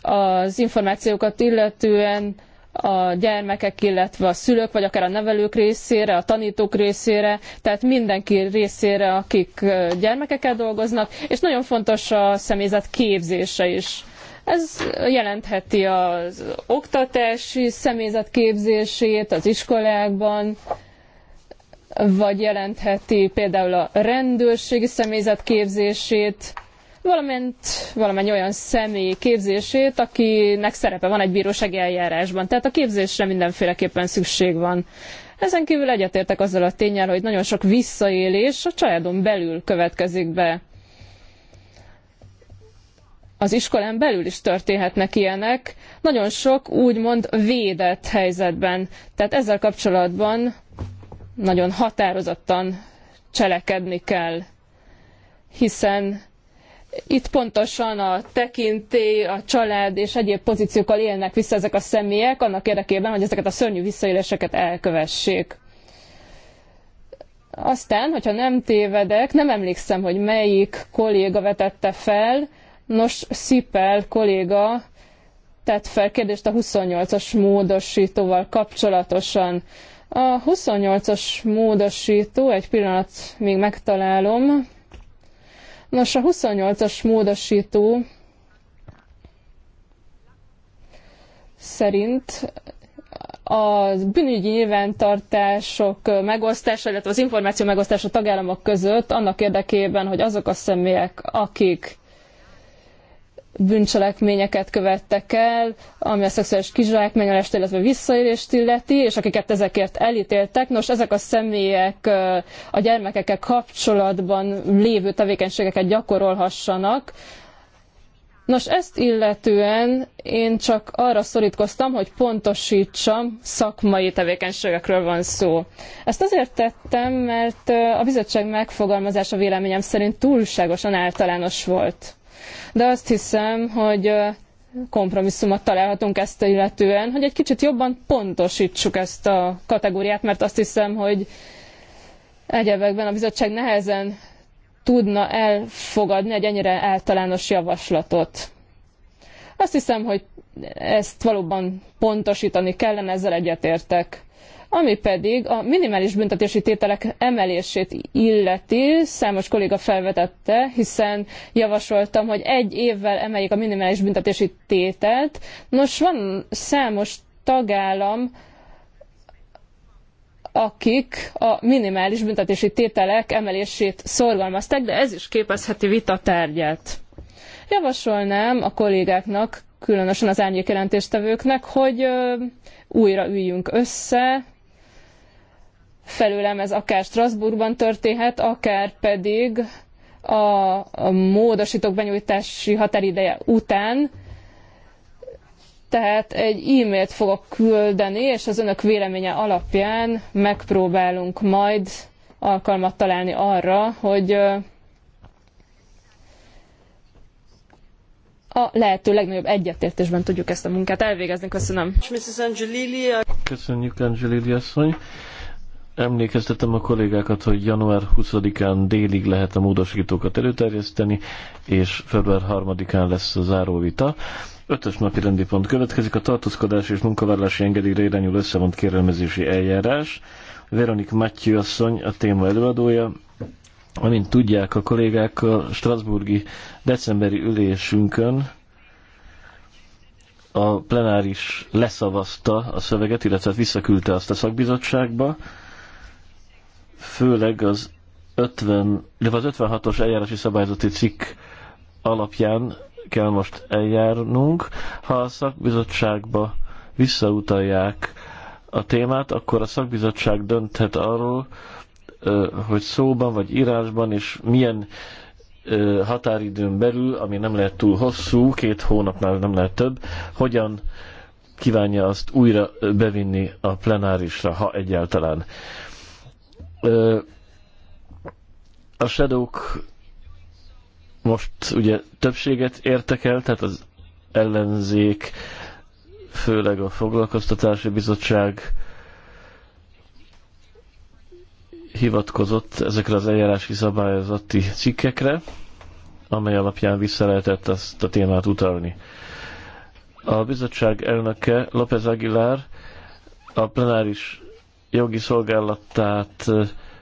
az információkat illetően a gyermekek, illetve a szülők, vagy akár a nevelők részére, a tanítók részére, tehát mindenki részére, akik gyermekekkel dolgoznak, és nagyon fontos a személyzet képzése is. Ez jelentheti az oktatási személyzet képzését az iskolákban, vagy jelentheti például a rendőrségi személyzet képzését, valamint valamennyi olyan személy képzését, akinek szerepe van egy bírósági eljárásban. Tehát a képzésre mindenféleképpen szükség van. Ezen kívül egyetértek azzal a tényel, hogy nagyon sok visszaélés a családon belül következik be az iskolán belül is történhetnek ilyenek, nagyon sok úgymond védett helyzetben. Tehát ezzel kapcsolatban nagyon határozottan cselekedni kell, hiszen itt pontosan a tekintély, a család és egyéb pozíciókkal élnek vissza ezek a személyek, annak érdekében, hogy ezeket a szörnyű visszaéléseket elkövessék. Aztán, hogyha nem tévedek, nem emlékszem, hogy melyik kolléga vetette fel, Nos, Szipel kolléga tett fel kérdést a 28-as módosítóval kapcsolatosan. A 28-as módosító, egy pillanat még megtalálom. Nos, a 28-as módosító szerint a bűnügyi nyilvántartások megosztása, illetve az információ megosztása tagállamok között annak érdekében, hogy azok a személyek, akik bűncselekményeket követtek el, ami a szexuális kizsákmányolást, illetve visszaélést illeti, és akiket ezekért elítéltek. Nos, ezek a személyek a gyermekekkel kapcsolatban lévő tevékenységeket gyakorolhassanak. Nos, ezt illetően én csak arra szorítkoztam, hogy pontosítsam, szakmai tevékenységekről van szó. Ezt azért tettem, mert a bizottság megfogalmazása véleményem szerint túlságosan általános volt de azt hiszem, hogy kompromisszumot találhatunk ezt illetően, hogy egy kicsit jobban pontosítsuk ezt a kategóriát, mert azt hiszem, hogy egyebekben a bizottság nehezen tudna elfogadni egy ennyire általános javaslatot. Azt hiszem, hogy ezt valóban pontosítani kellene, ezzel egyetértek. Ami pedig a minimális büntetési tételek emelését illeti, számos kolléga felvetette, hiszen javasoltam, hogy egy évvel emeljék a minimális büntetési tételt. Nos, van számos tagállam, akik a minimális büntetési tételek emelését szorgalmazták, de ez is képezheti vita tárgyát. Javasolnám a kollégáknak, különösen az jelentéstevőknek, hogy újra üljünk össze, Felőlem ez akár Strasbourgban történhet, akár pedig a, a módosítók benyújtási határideje után, tehát egy e-mailt fogok küldeni, és az önök véleménye alapján megpróbálunk majd alkalmat találni arra, hogy a lehető legnagyobb egyetértésben tudjuk ezt a munkát elvégezni. Köszönöm. Köszönjük, Angelili asszony. Emlékeztetem a kollégákat, hogy január 20-án délig lehet a módosítókat előterjeszteni, és február 3-án lesz a záróvita. Ötös napi rendi pont következik a tartózkodás és munkavállalási engedélyre irányuló összevont kérelmezési eljárás. Veronik Matthew asszony a téma előadója. Amint tudják a kollégák, a Strasburgi decemberi ülésünkön a plenáris leszavazta a szöveget, illetve hát visszaküldte azt a szakbizottságba főleg az 50, illetve az 56-os eljárási szabályzati cikk alapján kell most eljárnunk. Ha a szakbizottságba visszautalják a témát, akkor a szakbizottság dönthet arról, hogy szóban vagy írásban, és milyen határidőn belül, ami nem lehet túl hosszú, két hónapnál nem lehet több, hogyan kívánja azt újra bevinni a plenárisra, ha egyáltalán. A shadow most ugye többséget értek el, tehát az ellenzék, főleg a foglalkoztatási bizottság hivatkozott ezekre az eljárási szabályozati cikkekre, amely alapján vissza lehetett ezt a témát utalni. A bizottság elnöke López Aguilar a plenáris jogi szolgálatát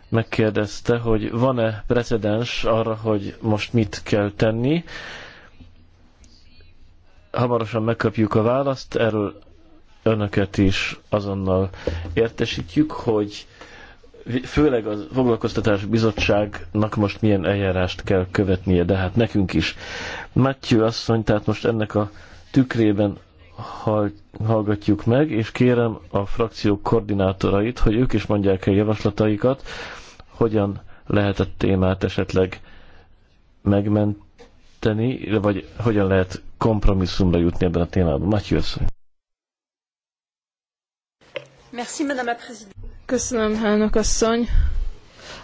megkérdezte, hogy van-e precedens arra, hogy most mit kell tenni. Hamarosan megkapjuk a választ, erről önöket is azonnal értesítjük, hogy főleg a foglalkoztatás bizottságnak most milyen eljárást kell követnie, de hát nekünk is. Matthew asszony, tehát most ennek a tükrében hallgatjuk meg, és kérem a frakciók koordinátorait, hogy ők is mondják el javaslataikat, hogyan lehet a témát esetleg megmenteni, vagy hogyan lehet kompromisszumra jutni ebben a témában. Matyi Köszönöm, elnök asszony.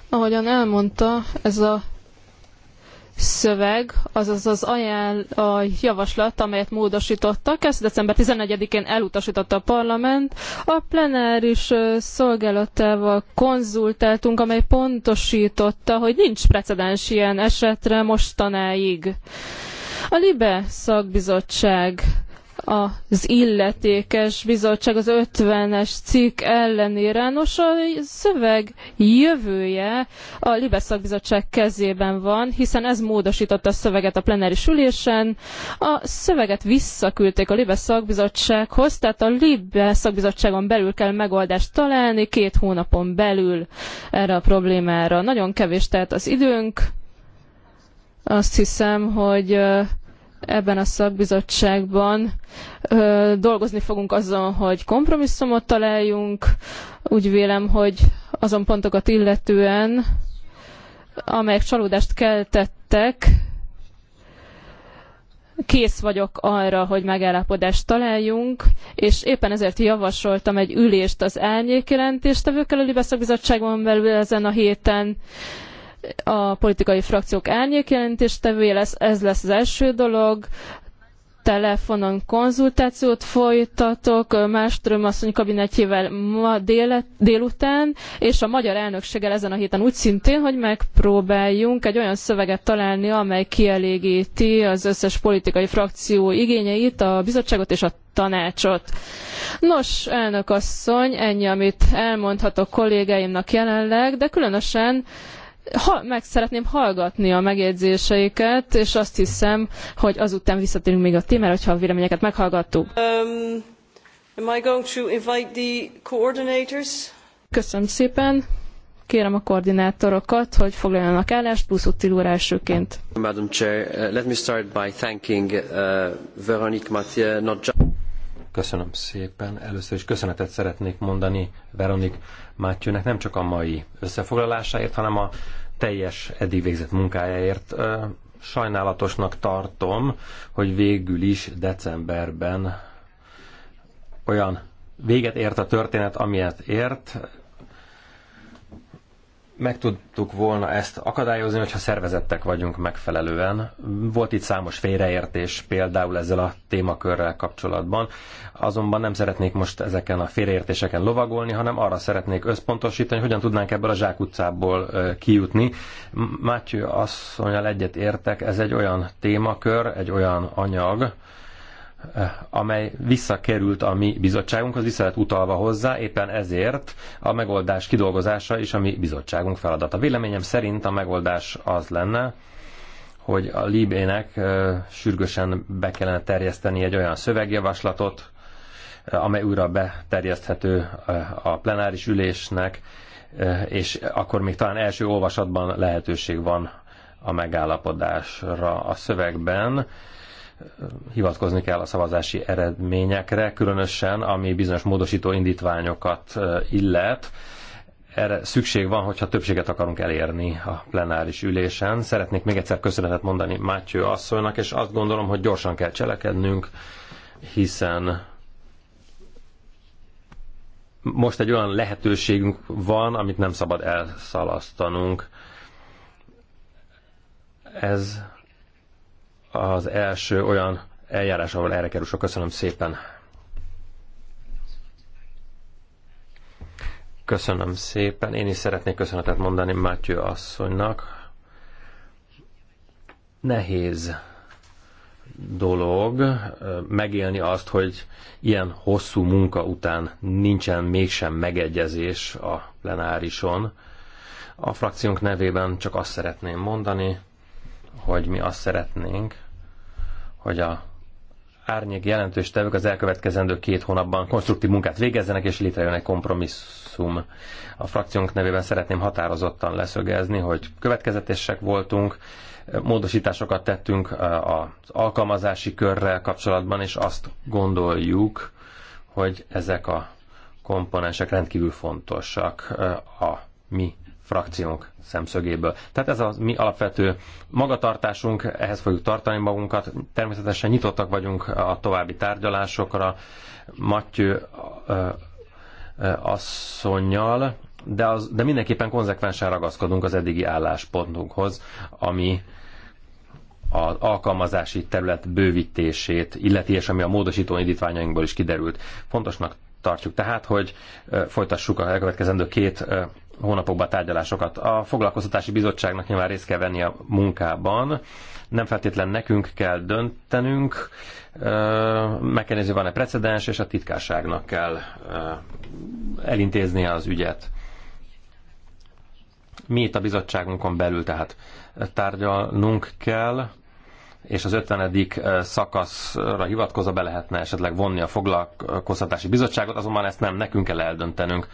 Ahogyan elmondta, ez a szöveg, azaz az ajánl, a javaslat, amelyet módosítottak, ezt december 11-én elutasította a parlament. A plenáris szolgálatával konzultáltunk, amely pontosította, hogy nincs precedens ilyen esetre mostanáig. A LIBE szakbizottság az illetékes bizottság az 50-es cikk ellenére. Nos, a szöveg jövője a Libeszak bizottság kezében van, hiszen ez módosította a szöveget a plenáris ülésen. A szöveget visszaküldték a Libeszak bizottsághoz, tehát a Libeszak bizottságon belül kell megoldást találni két hónapon belül erre a problémára. Nagyon kevés tehát az időnk. Azt hiszem, hogy ebben a szakbizottságban ö, dolgozni fogunk azon, hogy kompromisszumot találjunk. Úgy vélem, hogy azon pontokat illetően, amelyek csalódást keltettek, kész vagyok arra, hogy megállapodást találjunk, és éppen ezért javasoltam egy ülést az árnyék jelentéstevőkkel a Libeszak Bizottságon belül ezen a héten, a politikai frakciók jelentéstevője lesz, ez lesz az első dolog, telefonon konzultációt folytatok Mástrom asszony kabinetjével ma délután, és a magyar elnökséggel ezen a héten úgy szintén, hogy megpróbáljunk egy olyan szöveget találni, amely kielégíti az összes politikai frakció igényeit, a bizottságot és a tanácsot. Nos, elnök asszony, ennyi, amit elmondhatok kollégáimnak jelenleg, de különösen ha, meg szeretném hallgatni a megjegyzéseiket, és azt hiszem, hogy azután visszatérünk még a témára, hogyha a véleményeket meghallgattuk. Um, am I going to invite the coordinators? Köszönöm szépen. Kérem a koordinátorokat, hogy foglaljanak állást, plusz Uttil elsőként. Madam Chair, uh, let me start by thanking uh, Veronique Mathieu, not just... Köszönöm szépen. Először is köszönetet szeretnék mondani Veronik Mátyőnek nem csak a mai összefoglalásáért, hanem a teljes eddig végzett munkájáért. Sajnálatosnak tartom, hogy végül is decemberben olyan véget ért a történet, amilyet ért, meg tudtuk volna ezt akadályozni, hogyha szervezettek vagyunk megfelelően. Volt itt számos félreértés például ezzel a témakörrel kapcsolatban, azonban nem szeretnék most ezeken a félreértéseken lovagolni, hanem arra szeretnék összpontosítani, hogy hogyan tudnánk ebből a zsákutcából kijutni. Mátyő asszonyal egyet értek, ez egy olyan témakör, egy olyan anyag, Eh, amely visszakerült a mi bizottságunkhoz, vissza lett utalva hozzá, éppen ezért a megoldás kidolgozása is a mi bizottságunk feladata. Véleményem szerint a megoldás az lenne, hogy a Libének eh, sürgősen be kellene terjeszteni egy olyan szövegjavaslatot, eh, amely újra beterjeszthető a plenáris ülésnek, és akkor még talán első olvasatban lehetőség van a megállapodásra a szövegben hivatkozni kell a szavazási eredményekre, különösen ami bizonyos módosító indítványokat illet. Erre szükség van, hogyha többséget akarunk elérni a plenáris ülésen. Szeretnék még egyszer köszönetet mondani Mátyő asszonynak, és azt gondolom, hogy gyorsan kell cselekednünk, hiszen most egy olyan lehetőségünk van, amit nem szabad elszalasztanunk. Ez az első olyan eljárás, ahol erre kerül. Köszönöm szépen. Köszönöm szépen. Én is szeretnék köszönetet mondani Mátyő asszonynak. Nehéz dolog megélni azt, hogy ilyen hosszú munka után nincsen mégsem megegyezés a plenárison. A frakciónk nevében csak azt szeretném mondani, hogy mi azt szeretnénk, hogy a árnyék jelentős tevők az elkövetkezendő két hónapban konstruktív munkát végezzenek, és létrejön egy kompromisszum. A frakciónk nevében szeretném határozottan leszögezni, hogy következetesek voltunk, módosításokat tettünk az alkalmazási körrel kapcsolatban, és azt gondoljuk, hogy ezek a komponensek rendkívül fontosak a mi frakciónk szemszögéből. Tehát ez a mi alapvető magatartásunk, ehhez fogjuk tartani magunkat. Természetesen nyitottak vagyunk a további tárgyalásokra Matyő asszonynal, de, az, de mindenképpen konzekvensen ragaszkodunk az eddigi álláspontunkhoz, ami az alkalmazási terület bővítését illeti, és ami a módosító indítványainkból is kiderült. Fontosnak tartjuk tehát, hogy folytassuk a elkövetkezendő két hónapokban tárgyalásokat. A foglalkoztatási bizottságnak nyilván részt kell venni a munkában. Nem feltétlen nekünk kell döntenünk, meg kell nézni, van-e precedens, és a titkárságnak kell elintéznie az ügyet. Mi itt a bizottságunkon belül tehát tárgyalnunk kell, és az 50. szakaszra hivatkozva be lehetne esetleg vonni a foglalkoztatási bizottságot, azonban ezt nem nekünk kell eldöntenünk.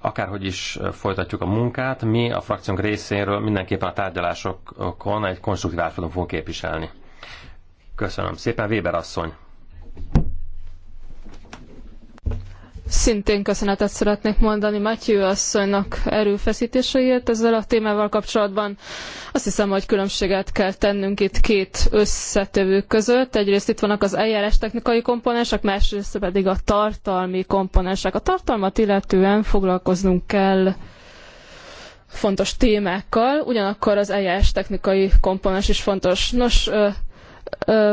Akárhogy is folytatjuk a munkát, mi a frakciónk részéről mindenképpen a tárgyalásokon egy konstruktív álláspontot fogunk képviselni. Köszönöm szépen, Weber asszony! Szintén köszönetet szeretnék mondani Matyő asszonynak erőfeszítéseiért ezzel a témával kapcsolatban. Azt hiszem, hogy különbséget kell tennünk itt két összetevő között. Egyrészt itt vannak az eljárás technikai komponensek, másrészt pedig a tartalmi komponensek. A tartalmat illetően foglalkoznunk kell fontos témákkal, ugyanakkor az eljárás technikai komponens is fontos. Nos, ö, ö,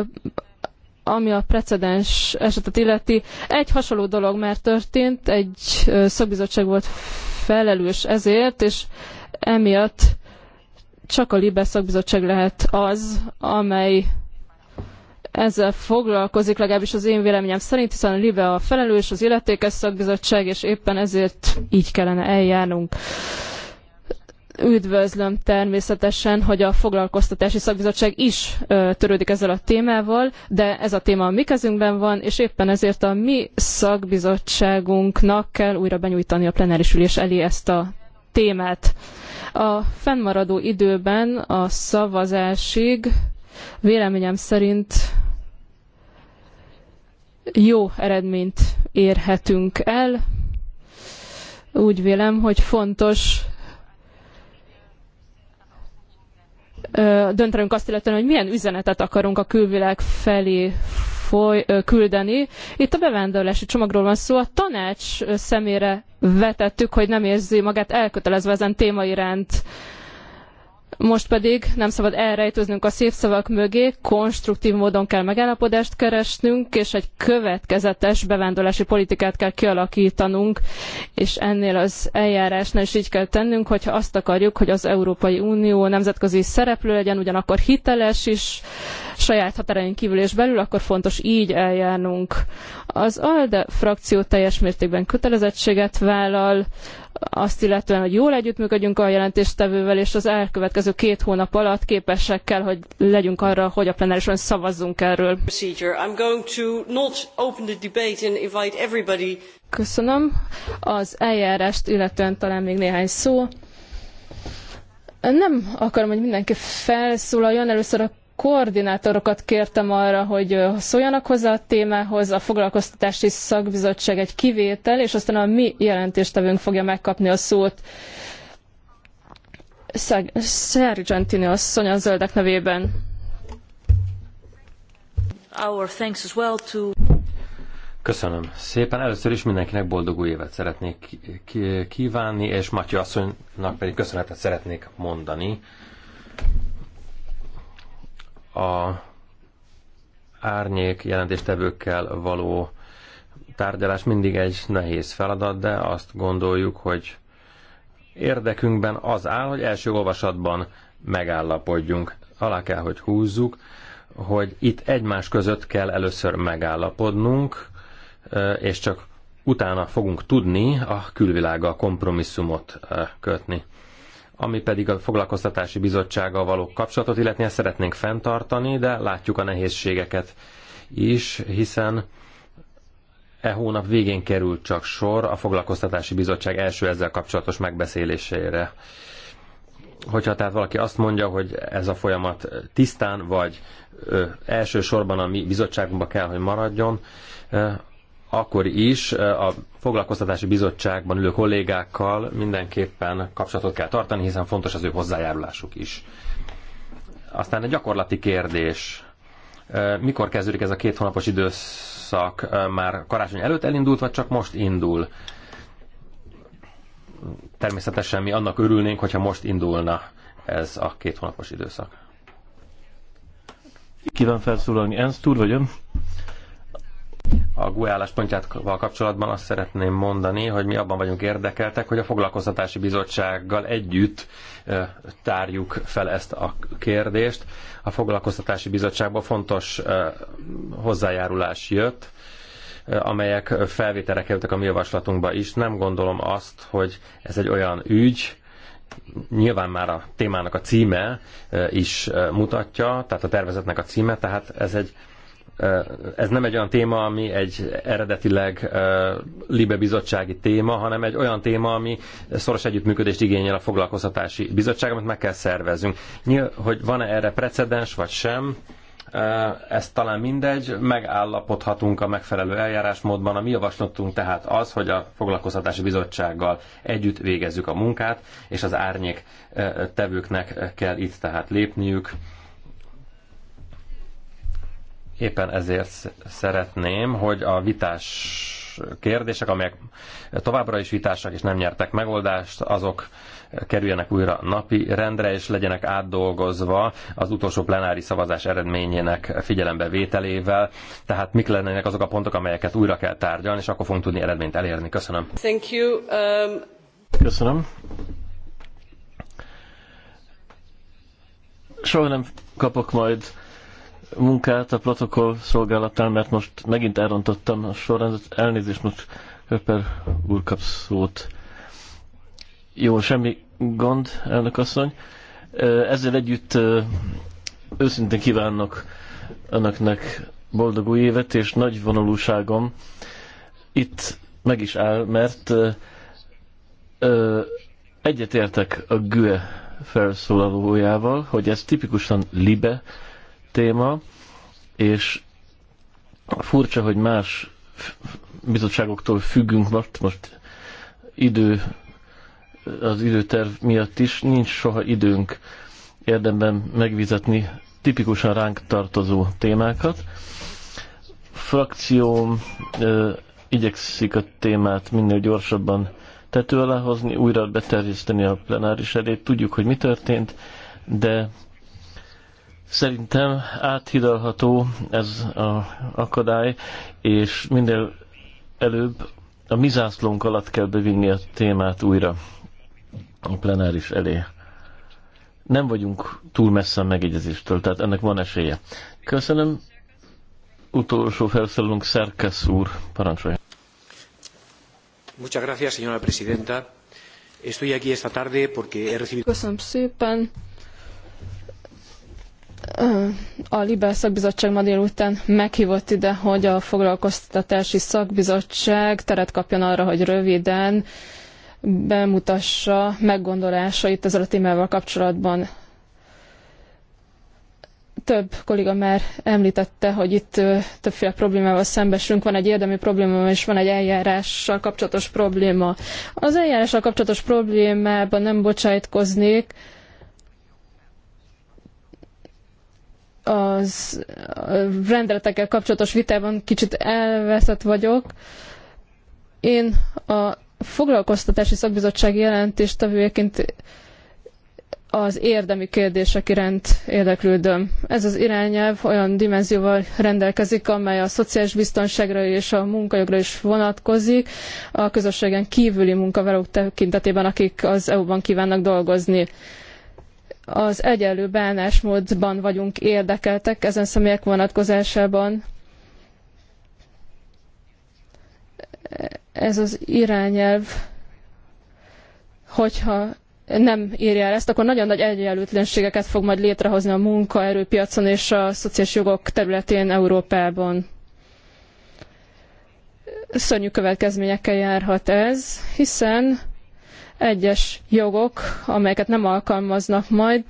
ami a precedens esetet illeti, egy hasonló dolog már történt, egy szakbizottság volt felelős ezért, és emiatt csak a Libe szakbizottság lehet az, amely ezzel foglalkozik, legalábbis az én véleményem szerint, hiszen a LIBE a felelős, az illetékes szakbizottság, és éppen ezért így kellene eljárnunk. Üdvözlöm természetesen, hogy a foglalkoztatási szakbizottság is törődik ezzel a témával, de ez a téma a mi kezünkben van, és éppen ezért a mi szakbizottságunknak kell újra benyújtani a plenáris ülés elé ezt a témát. A fennmaradó időben a szavazásig véleményem szerint jó eredményt érhetünk el. Úgy vélem, hogy fontos döntenünk azt illetően, hogy milyen üzenetet akarunk a külvilág felé foly, küldeni. Itt a bevándorlási csomagról van szó, a tanács szemére vetettük, hogy nem érzi magát elkötelezve ezen téma iránt. Most pedig nem szabad elrejtőznünk a szép szavak mögé, konstruktív módon kell megállapodást keresnünk, és egy következetes bevándorlási politikát kell kialakítanunk, és ennél az eljárásnál is így kell tennünk, hogyha azt akarjuk, hogy az Európai Unió nemzetközi szereplő legyen, ugyanakkor hiteles is, saját határain kívül és belül, akkor fontos így eljárnunk. Az ALDE frakció teljes mértékben kötelezettséget vállal, azt illetően, hogy jól együttműködjünk a jelentéstevővel, és az elkövetkező két hónap alatt képesek kell, hogy legyünk arra, hogy a plenárison szavazzunk erről. Köszönöm. Az eljárást illetően talán még néhány szó. Nem akarom, hogy mindenki felszólaljon. Először a koordinátorokat kértem arra, hogy szóljanak hozzá a témához, a foglalkoztatási szakbizottság egy kivétel, és aztán a mi jelentéstevőnk fogja megkapni a szót. Sargentini asszony a zöldek nevében. Köszönöm szépen. Először is mindenkinek boldog új évet szeretnék kívánni, és Matyi asszonynak pedig köszönetet szeretnék mondani a árnyék jelentéstevőkkel való tárgyalás mindig egy nehéz feladat, de azt gondoljuk, hogy érdekünkben az áll, hogy első olvasatban megállapodjunk. Alá kell, hogy húzzuk, hogy itt egymás között kell először megállapodnunk, és csak utána fogunk tudni a külvilággal kompromisszumot kötni ami pedig a foglalkoztatási bizottsággal való kapcsolatot, illetni, ezt szeretnénk fenntartani, de látjuk a nehézségeket is, hiszen e hónap végén került csak sor a foglalkoztatási bizottság első ezzel kapcsolatos megbeszélésére. Hogyha tehát valaki azt mondja, hogy ez a folyamat tisztán, vagy ö, elsősorban a mi bizottságunkba kell, hogy maradjon, akkor is eh, a foglalkoztatási bizottságban ülő kollégákkal mindenképpen kapcsolatot kell tartani, hiszen fontos az ő hozzájárulásuk is. Aztán egy gyakorlati kérdés. Eh, mikor kezdődik ez a két hónapos időszak? Eh, már karácsony előtt elindult, vagy csak most indul? Természetesen mi annak örülnénk, hogyha most indulna ez a két hónapos időszak. Kíván felszólalni Ernst úr, vagy ön? a GUE álláspontjával kapcsolatban azt szeretném mondani, hogy mi abban vagyunk érdekeltek, hogy a foglalkoztatási bizottsággal együtt tárjuk fel ezt a kérdést. A foglalkoztatási bizottságból fontos hozzájárulás jött, amelyek felvételre kerültek a mi javaslatunkba is. Nem gondolom azt, hogy ez egy olyan ügy, nyilván már a témának a címe is mutatja, tehát a tervezetnek a címe, tehát ez egy ez nem egy olyan téma, ami egy eredetileg Libe bizottsági téma, hanem egy olyan téma, ami szoros együttműködést igényel a foglalkoztatási bizottság, amit meg kell szervezünk. Nyilv, hogy van-e erre precedens, vagy sem, ez talán mindegy, megállapodhatunk a megfelelő eljárásmódban. A mi javaslatunk tehát az, hogy a foglalkoztatási bizottsággal együtt végezzük a munkát, és az árnyék tevőknek kell itt tehát lépniük Éppen ezért szeretném, hogy a vitás kérdések, amelyek továbbra is vitásak és nem nyertek megoldást, azok kerüljenek újra napi rendre, és legyenek átdolgozva az utolsó plenári szavazás eredményének vételével. Tehát mik lennének azok a pontok, amelyeket újra kell tárgyalni, és akkor fogunk tudni eredményt elérni. Köszönöm. Thank you. Um... Köszönöm. Soha nem kapok majd munkát a protokoll szolgálatán, mert most megint elrontottam a sorrendet. Elnézést, most Köper úr kap szót. Jó, semmi gond, elnök asszony. Ezzel együtt őszintén kívánok önöknek boldog új évet, és nagy vonalúságom itt meg is áll, mert egyetértek a GUE felszólalójával, hogy ez tipikusan libe téma, és furcsa, hogy más bizottságoktól függünk most, most idő, az időterv miatt is nincs soha időnk érdemben megvizetni tipikusan ránk tartozó témákat. Frakcióm ö, igyekszik a témát minél gyorsabban tető alá hozni, újra beterjeszteni a plenáris elét. Tudjuk, hogy mi történt, de Szerintem áthidalható ez az akadály, és minden előbb a mi zászlónk alatt kell bevinni a témát újra a plenáris elé. Nem vagyunk túl messze a megegyezéstől, tehát ennek van esélye. Köszönöm. Utolsó felszólalunk Szerkesz úr, parancsolja. Muchas gracias, señora presidenta. Estoy aquí esta tarde porque he recibido... Köszönöm szépen a Libel szakbizottság ma délután meghívott ide, hogy a foglalkoztatási szakbizottság teret kapjon arra, hogy röviden bemutassa meggondolásait ezzel a témával kapcsolatban. Több kolléga már említette, hogy itt többféle problémával szembesülünk. Van egy érdemi probléma, és van egy eljárással kapcsolatos probléma. Az eljárással kapcsolatos problémában nem bocsájtkoznék, az rendeletekkel kapcsolatos vitában kicsit elveszett vagyok. Én a foglalkoztatási szakbizottsági tevőjeként az érdemi kérdések iránt érdeklődöm. Ez az irányelv olyan dimenzióval rendelkezik, amely a szociális biztonságra és a munkajogra is vonatkozik, a közösségen kívüli munkavállalók tekintetében, akik az EU-ban kívánnak dolgozni az egyenlő bánásmódban vagyunk érdekeltek ezen személyek vonatkozásában. Ez az irányelv, hogyha nem írja el ezt, akkor nagyon nagy egyenlőtlenségeket fog majd létrehozni a munkaerőpiacon és a szociális jogok területén Európában. Szörnyű következményekkel járhat ez, hiszen egyes jogok, amelyeket nem alkalmaznak majd,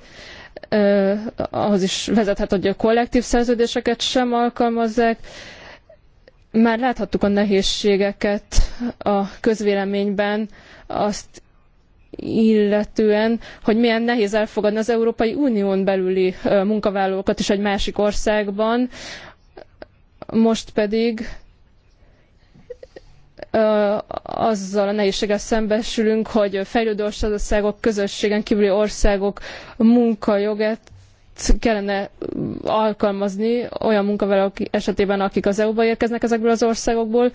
ahhoz is vezethet, hogy a kollektív szerződéseket sem alkalmazzák. Már láthattuk a nehézségeket a közvéleményben, azt illetően, hogy milyen nehéz elfogadni az Európai Unión belüli munkavállalókat is egy másik országban, most pedig azzal a nehézséggel szembesülünk, hogy fejlődő országok, közösségen kívüli országok munkajogát kellene alkalmazni olyan munkavállalók esetében, akik az EU-ba érkeznek ezekből az országokból.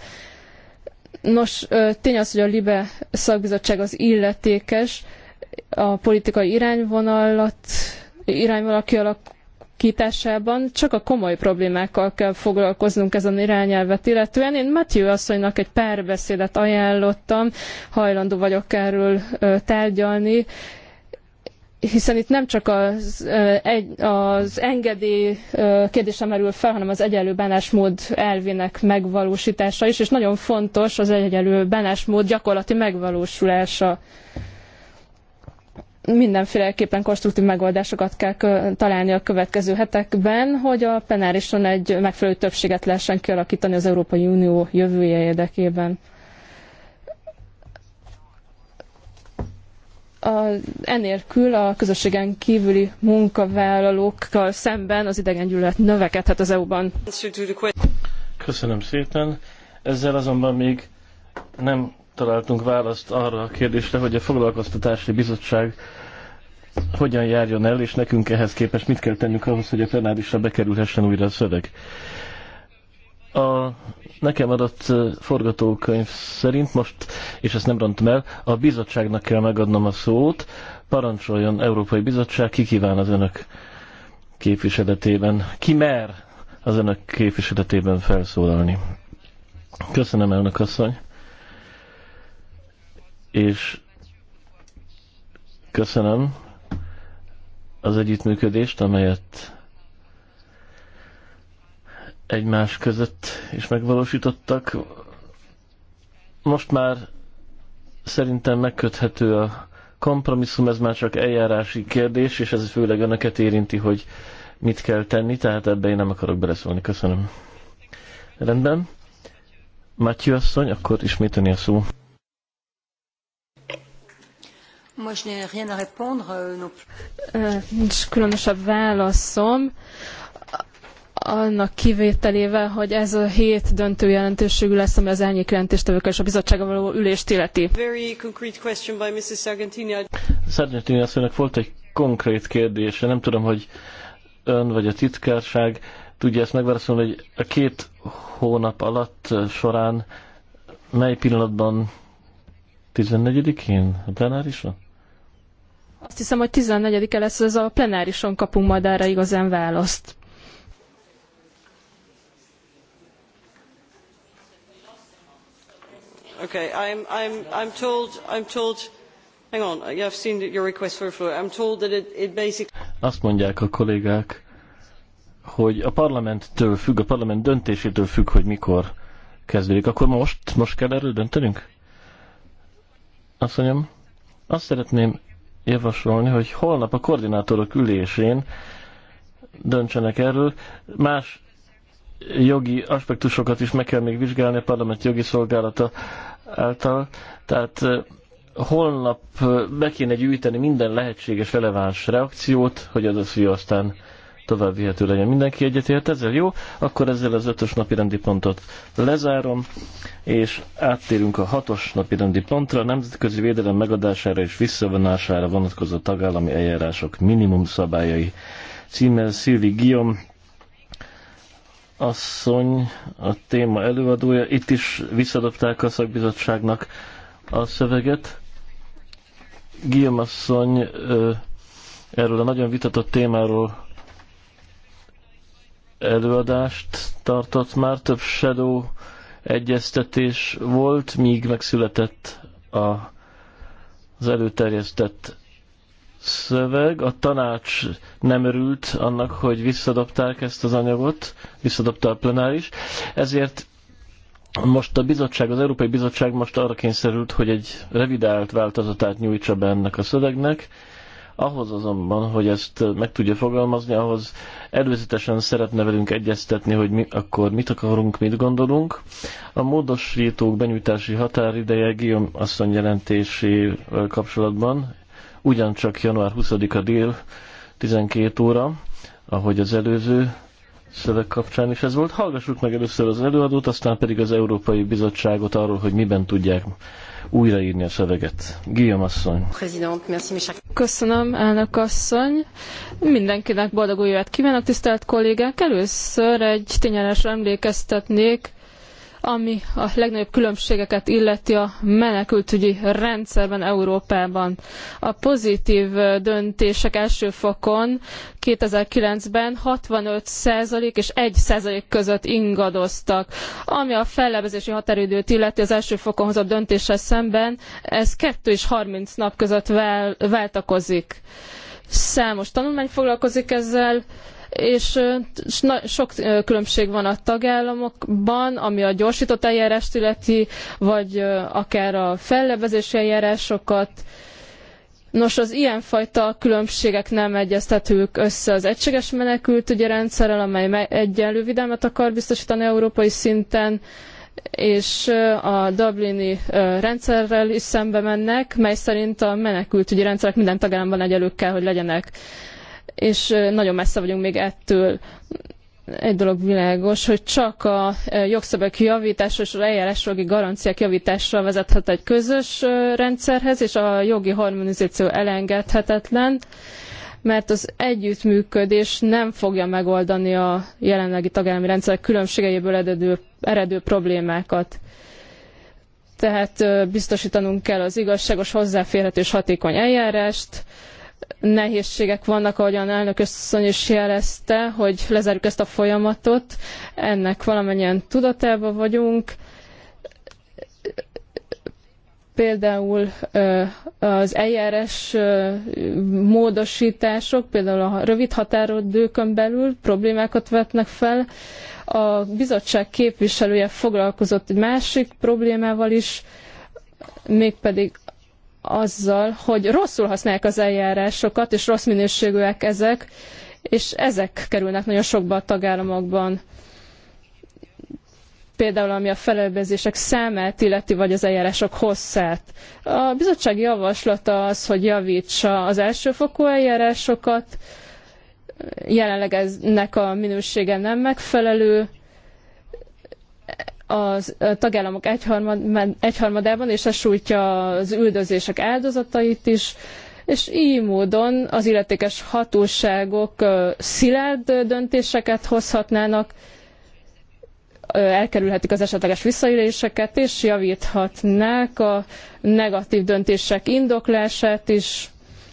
Nos, tény az, hogy a LIBE szakbizottság az illetékes, a politikai irányvonalat, irányvonal kialakítása kialakításában csak a komoly problémákkal kell foglalkoznunk ezen irányelvet illetően. Én Matthew asszonynak egy párbeszédet ajánlottam, hajlandó vagyok erről tárgyalni, hiszen itt nem csak az, az engedély kérdése merül fel, hanem az egyenlő bánásmód elvének megvalósítása is, és nagyon fontos az egyenlő bánásmód gyakorlati megvalósulása mindenféleképpen konstruktív megoldásokat kell találni a következő hetekben, hogy a plenárison egy megfelelő többséget lehessen kialakítani az Európai Unió jövője érdekében. A, enélkül a közösségen kívüli munkavállalókkal szemben az idegengyűlölet növekedhet az EU-ban. Köszönöm szépen. Ezzel azonban még nem találtunk választ arra a kérdésre, hogy a foglalkoztatási bizottság hogyan járjon el, és nekünk ehhez képest mit kell tennünk ahhoz, hogy a plenárisra bekerülhessen újra a szöveg. A nekem adott forgatókönyv szerint most, és ezt nem rontom el, a bizottságnak kell megadnom a szót, parancsoljon Európai Bizottság, ki kíván az önök képviseletében, ki mer az önök képviseletében felszólalni. Köszönöm, elnök asszony és köszönöm az együttműködést, amelyet egymás között is megvalósítottak. Most már szerintem megköthető a kompromisszum, ez már csak eljárási kérdés, és ez főleg önöket érinti, hogy mit kell tenni, tehát ebbe én nem akarok beleszólni. Köszönöm. Rendben. Matyő asszony, akkor ismét a szó. Euh, nincs különösebb válaszom, annak kivételével, hogy ez a hét döntő jelentőségű lesz, ami az elnyék jelentéstevőkkel és a bizottsága való ülést illeti. Sargentini asszonynak volt egy konkrét kérdése, nem tudom, hogy ön vagy a titkárság tudja ezt megválaszolni, hogy a két hónap alatt során mely pillanatban 14-én a plenárison? Azt hiszem, hogy 14-e lesz, ez a plenárison kapunk majd erre igazán választ. Okay, I'm, I'm, I'm told, I'm told, hang on, I've seen your request for floor. I'm told that it, it basically... Azt mondják a kollégák, hogy a parlamenttől függ, a parlament döntésétől függ, hogy mikor kezdődik. Akkor most, most kell erről döntenünk? Azt mondjam, azt szeretném javasolni, hogy holnap a koordinátorok ülésén döntsenek erről. Más jogi aspektusokat is meg kell még vizsgálni a parlament jogi szolgálata által. Tehát holnap be kéne gyűjteni minden lehetséges releváns reakciót, hogy az a aztán tovább vihető legyen. Mindenki egyetért ezzel? Jó, akkor ezzel az ötös napi rendi pontot lezárom, és áttérünk a hatos napi rendi pontra, a nemzetközi védelem megadására és visszavonására vonatkozó tagállami eljárások minimum szabályai. Címmel Szilvi Guillaume asszony a téma előadója. Itt is visszadobták a szakbizottságnak a szöveget. Guillaume asszony erről a nagyon vitatott témáról előadást tartott már, több shadow egyeztetés volt, míg megszületett a, az előterjesztett szöveg. A tanács nem örült annak, hogy visszadobták ezt az anyagot, visszadobta a plenáris, ezért most a bizottság, az Európai Bizottság most arra kényszerült, hogy egy revidált változatát nyújtsa be ennek a szövegnek, ahhoz azonban, hogy ezt meg tudja fogalmazni, ahhoz előzetesen szeretne velünk egyeztetni, hogy mi akkor mit akarunk, mit gondolunk. A módosítók benyújtási határideje Guillaume asszony jelentésével kapcsolatban ugyancsak január 20-a dél 12 óra, ahogy az előző szöveg kapcsán is ez volt. Hallgassuk meg először az előadót, aztán pedig az Európai Bizottságot arról, hogy miben tudják újraírni a szöveget. Guillaume asszony. Köszönöm, elnök asszony. Mindenkinek boldog új évet kívánok, tisztelt kollégák. Először egy tényelesre emlékeztetnék, ami a legnagyobb különbségeket illeti a menekültügyi rendszerben Európában. A pozitív döntések első fokon 2009-ben 65% és 1% között ingadoztak. Ami a fellebezési határidőt illeti az első fokon hozott döntéssel szemben, ez 2 és 30 nap között váltakozik. Számos tanulmány foglalkozik ezzel, és sok különbség van a tagállamokban, ami a gyorsított eljárást illeti, vagy akár a fellebezési eljárásokat. Nos, az ilyen fajta különbségek nem egyeztetők össze az egységes menekültügyi rendszerrel, amely egyenlő védelmet akar biztosítani európai szinten, és a Dublini rendszerrel is szembe mennek, mely szerint a menekültügyi rendszerek minden tagállamban egyelők kell, hogy legyenek és nagyon messze vagyunk még ettől. Egy dolog világos, hogy csak a jogszabályok javítása és az eljárásjogi garanciák javítása vezethet egy közös rendszerhez, és a jogi harmonizáció elengedhetetlen mert az együttműködés nem fogja megoldani a jelenlegi tagállami rendszer különbségeiből eredő, eredő problémákat. Tehát biztosítanunk kell az igazságos, hozzáférhető és hatékony eljárást, nehézségek vannak, ahogyan elnök összony is jelezte, hogy lezárjuk ezt a folyamatot. Ennek valamennyien tudatában vagyunk. Például az eljárás módosítások, például a rövid határodőkön belül problémákat vetnek fel. A bizottság képviselője foglalkozott egy másik problémával is, mégpedig azzal, hogy rosszul használják az eljárásokat, és rossz minőségűek ezek, és ezek kerülnek nagyon sokba a tagállamokban. Például ami a felelbezések számát illeti, vagy az eljárások hosszát. A bizottság javaslata az, hogy javítsa az elsőfokú eljárásokat, jelenleg ennek a minősége nem megfelelő, a tagállamok egyharmad, egyharmadában, és ez sújtja az üldözések áldozatait is, és így módon az illetékes hatóságok szilárd döntéseket hozhatnának, elkerülhetik az esetleges visszaéléseket, és javíthatnák a negatív döntések indoklását is,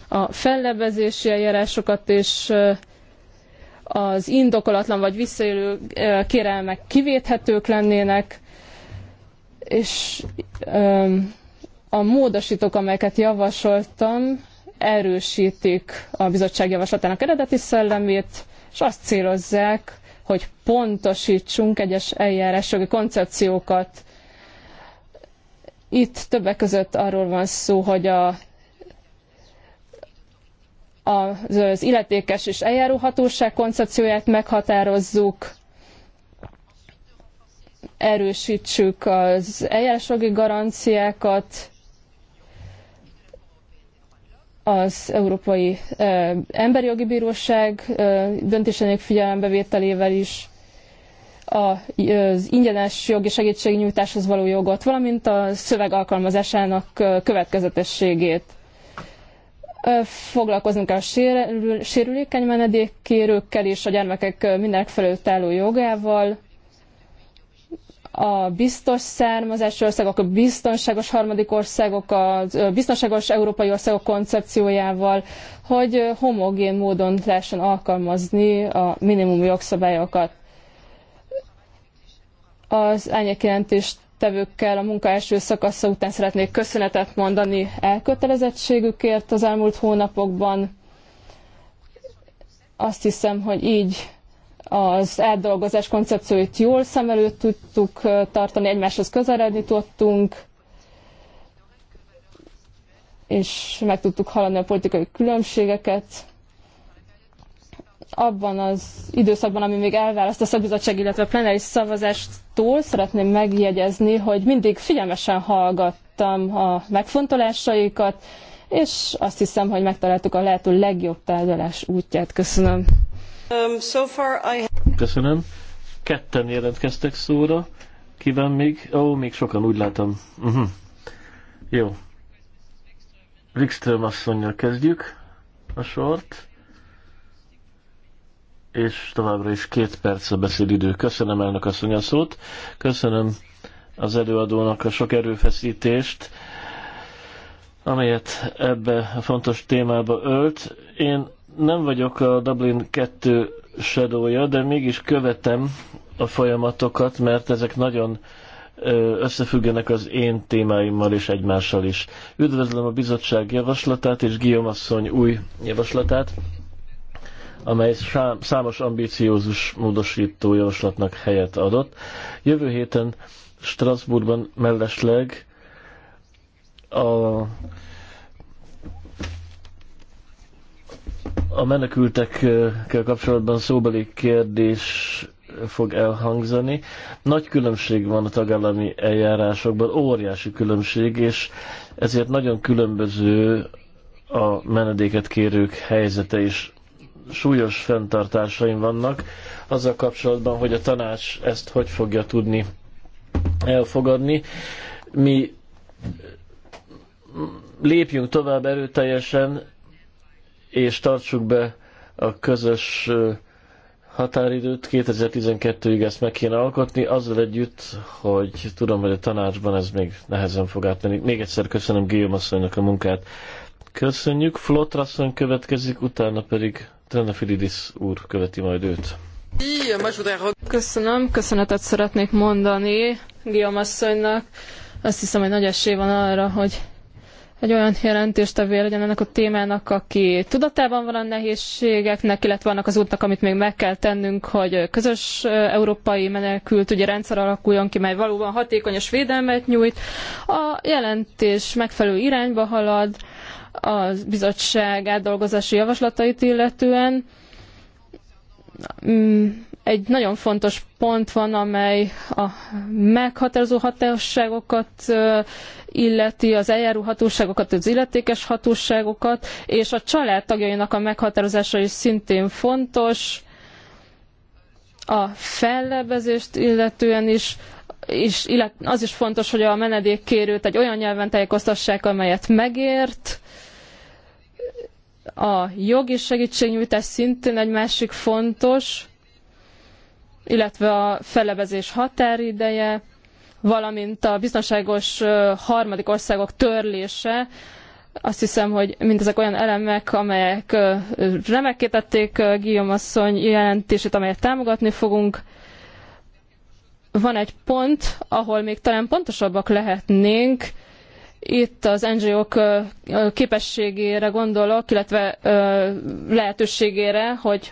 a fellebezési eljárásokat, és az indokolatlan vagy visszaélő kérelmek kivéthetők lennének, és a módosítók, amelyeket javasoltam, erősítik a bizottság javaslatának eredeti szellemét, és azt célozzák, hogy pontosítsunk egyes eljárásjogi koncepciókat. Itt többek között arról van szó, hogy a az illetékes és eljáró hatóság koncepcióját meghatározzuk, erősítsük az eljárásjogi garanciákat, az Európai eh, Emberi Jogi Bíróság eh, döntésének figyelembevételével is a, az ingyenes jogi segítségnyújtáshoz való jogot, valamint a szöveg alkalmazásának következetességét. Foglalkoznunk kell a sérülékeny menedékkérőkkel és a gyermekek mindenek felőtt álló jogával, a biztos származási országok, a biztonságos harmadik országok, a biztonságos európai országok koncepciójával, hogy homogén módon lehessen alkalmazni a minimum jogszabályokat. Az jelentést tevőkkel a munka első szakasza után szeretnék köszönetet mondani elkötelezettségükért az elmúlt hónapokban. Azt hiszem, hogy így az átdolgozás koncepcióit jól szem előtt tudtuk tartani, egymáshoz közeledni tudtunk, és meg tudtuk hallani a politikai különbségeket abban az időszakban, ami még elválaszt a szakbizottság, illetve a plenáris szavazástól szeretném megjegyezni, hogy mindig figyelmesen hallgattam a megfontolásaikat, és azt hiszem, hogy megtaláltuk a lehető legjobb tárgyalás útját. Köszönöm. Um, so I... Köszönöm. Ketten jelentkeztek szóra. Kíván még? Ó, oh, még sokan, úgy látom. Uh-huh. Jó. Wikström asszonynal kezdjük a sort és továbbra is két perc a beszélidő. Köszönöm elnök asszony a szót, köszönöm az előadónak a sok erőfeszítést, amelyet ebbe a fontos témába ölt. Én nem vagyok a Dublin 2 sedója, de mégis követem a folyamatokat, mert ezek nagyon összefüggenek az én témáimmal és egymással is. Üdvözlöm a bizottság javaslatát és Guillaume asszony új javaslatát amely számos ambíciózus módosító javaslatnak helyet adott. Jövő héten Strasbourgban mellesleg a, a menekültekkel kapcsolatban szóbeli kérdés fog elhangzani. Nagy különbség van a tagállami eljárásokban, óriási különbség, és ezért nagyon különböző a menedéket kérők helyzete is súlyos fenntartásaim vannak azzal kapcsolatban, hogy a tanács ezt hogy fogja tudni elfogadni. Mi lépjünk tovább erőteljesen, és tartsuk be a közös határidőt, 2012-ig ezt meg kéne alkotni, azzal együtt, hogy tudom, hogy a tanácsban ez még nehezen fog átmenni. Még egyszer köszönöm Guillaume asszonynak a munkát. Köszönjük, Flotrasszony következik, utána pedig Tranafilidis úr követi majd őt. Köszönöm, köszönetet szeretnék mondani Guillaume asszonynak. Azt hiszem, hogy nagy esély van arra, hogy egy olyan jelentéstevője legyen ennek a témának, aki tudatában van a nehézségeknek, illetve annak az útnak, amit még meg kell tennünk, hogy közös európai menekült ugye rendszer alakuljon ki, mely valóban hatékonyos védelmet nyújt. A jelentés megfelelő irányba halad, a bizottság átdolgozási javaslatait illetően. Mm, egy nagyon fontos pont van, amely a meghatározó hatóságokat illeti, az eljáró hatóságokat, az illetékes hatóságokat, és a család tagjainak a meghatározása is szintén fontos. A fellebezést illetően is és az is fontos, hogy a menedékkérőt egy olyan nyelven tájékoztassák, amelyet megért, a jogi segítségnyújtás szintén egy másik fontos, illetve a felebezés határideje, valamint a biztonságos harmadik országok törlése, azt hiszem, hogy mindezek olyan elemek, amelyek remekké tették Guillaume asszony jelentését, amelyet támogatni fogunk. Van egy pont, ahol még talán pontosabbak lehetnénk, itt az NGO-k képességére gondolok, illetve lehetőségére, hogy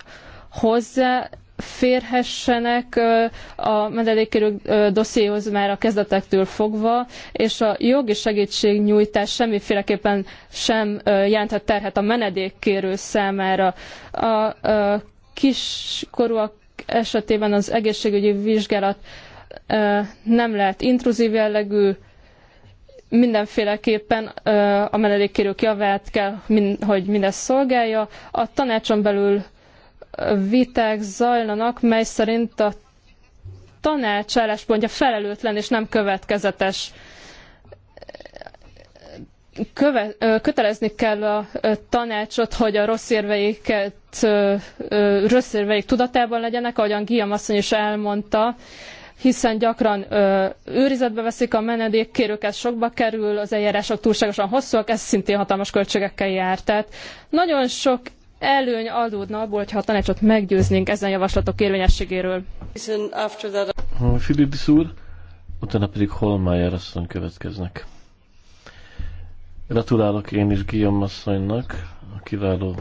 hozzá férhessenek a menedékkérők dossziéhoz már a kezdetektől fogva, és a jogi segítségnyújtás semmiféleképpen sem jelenthet terhet a menedékkérő számára. A kiskorúak esetében az egészségügyi vizsgálat nem lehet intruzív jellegű, mindenféleképpen a menedékkérők javát kell, hogy mindezt szolgálja. A tanácson belül viták zajlanak, mely szerint a tanács álláspontja felelőtlen és nem következetes. Köve, kötelezni kell a tanácsot, hogy a rossz érveiket, rossz érveik tudatában legyenek, ahogyan Guillaume asszony is elmondta, hiszen gyakran ö, őrizetbe veszik a menedékkérőket, ez sokba kerül, az eljárások túlságosan hosszúak, ez szintén hatalmas költségekkel jár. Tehát nagyon sok előny adódna abból, hogyha a tanácsot meggyőznénk ezen javaslatok érvényességéről. Filipis úr, utána pedig Holmájer asszony következnek. Gratulálok én is Guillaume asszonynak a kiváló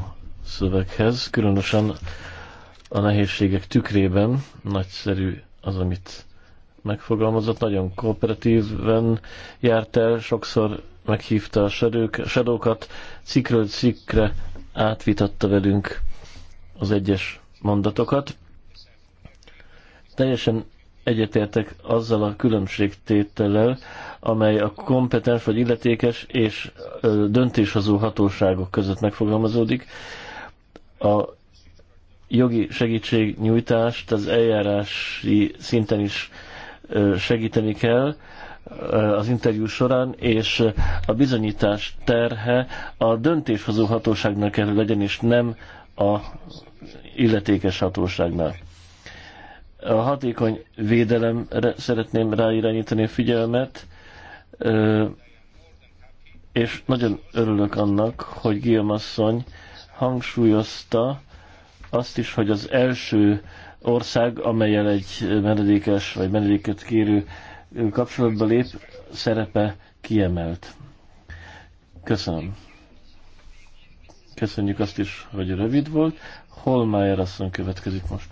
szöveghez, különösen a nehézségek tükrében nagyszerű az, amit megfogalmazott, nagyon kooperatíven járt el, sokszor meghívta a sedókat, cikről cikre átvitatta velünk az egyes mondatokat. Teljesen egyetértek azzal a különbségtétellel, amely a kompetens vagy illetékes és döntéshozó hatóságok között megfogalmazódik. A jogi segítségnyújtást az eljárási szinten is segíteni kell az interjú során, és a bizonyítás terhe a döntéshozó hatóságnak kell legyen, és nem a illetékes hatóságnál. A hatékony védelemre szeretném ráirányítani a figyelmet, és nagyon örülök annak, hogy Guillaume asszony hangsúlyozta azt is, hogy az első ország, amelyel egy menedékes vagy menedéket kérő kapcsolatba lép, szerepe kiemelt. Köszönöm. Köszönjük azt is, hogy rövid volt. Holmájer asszony következik most.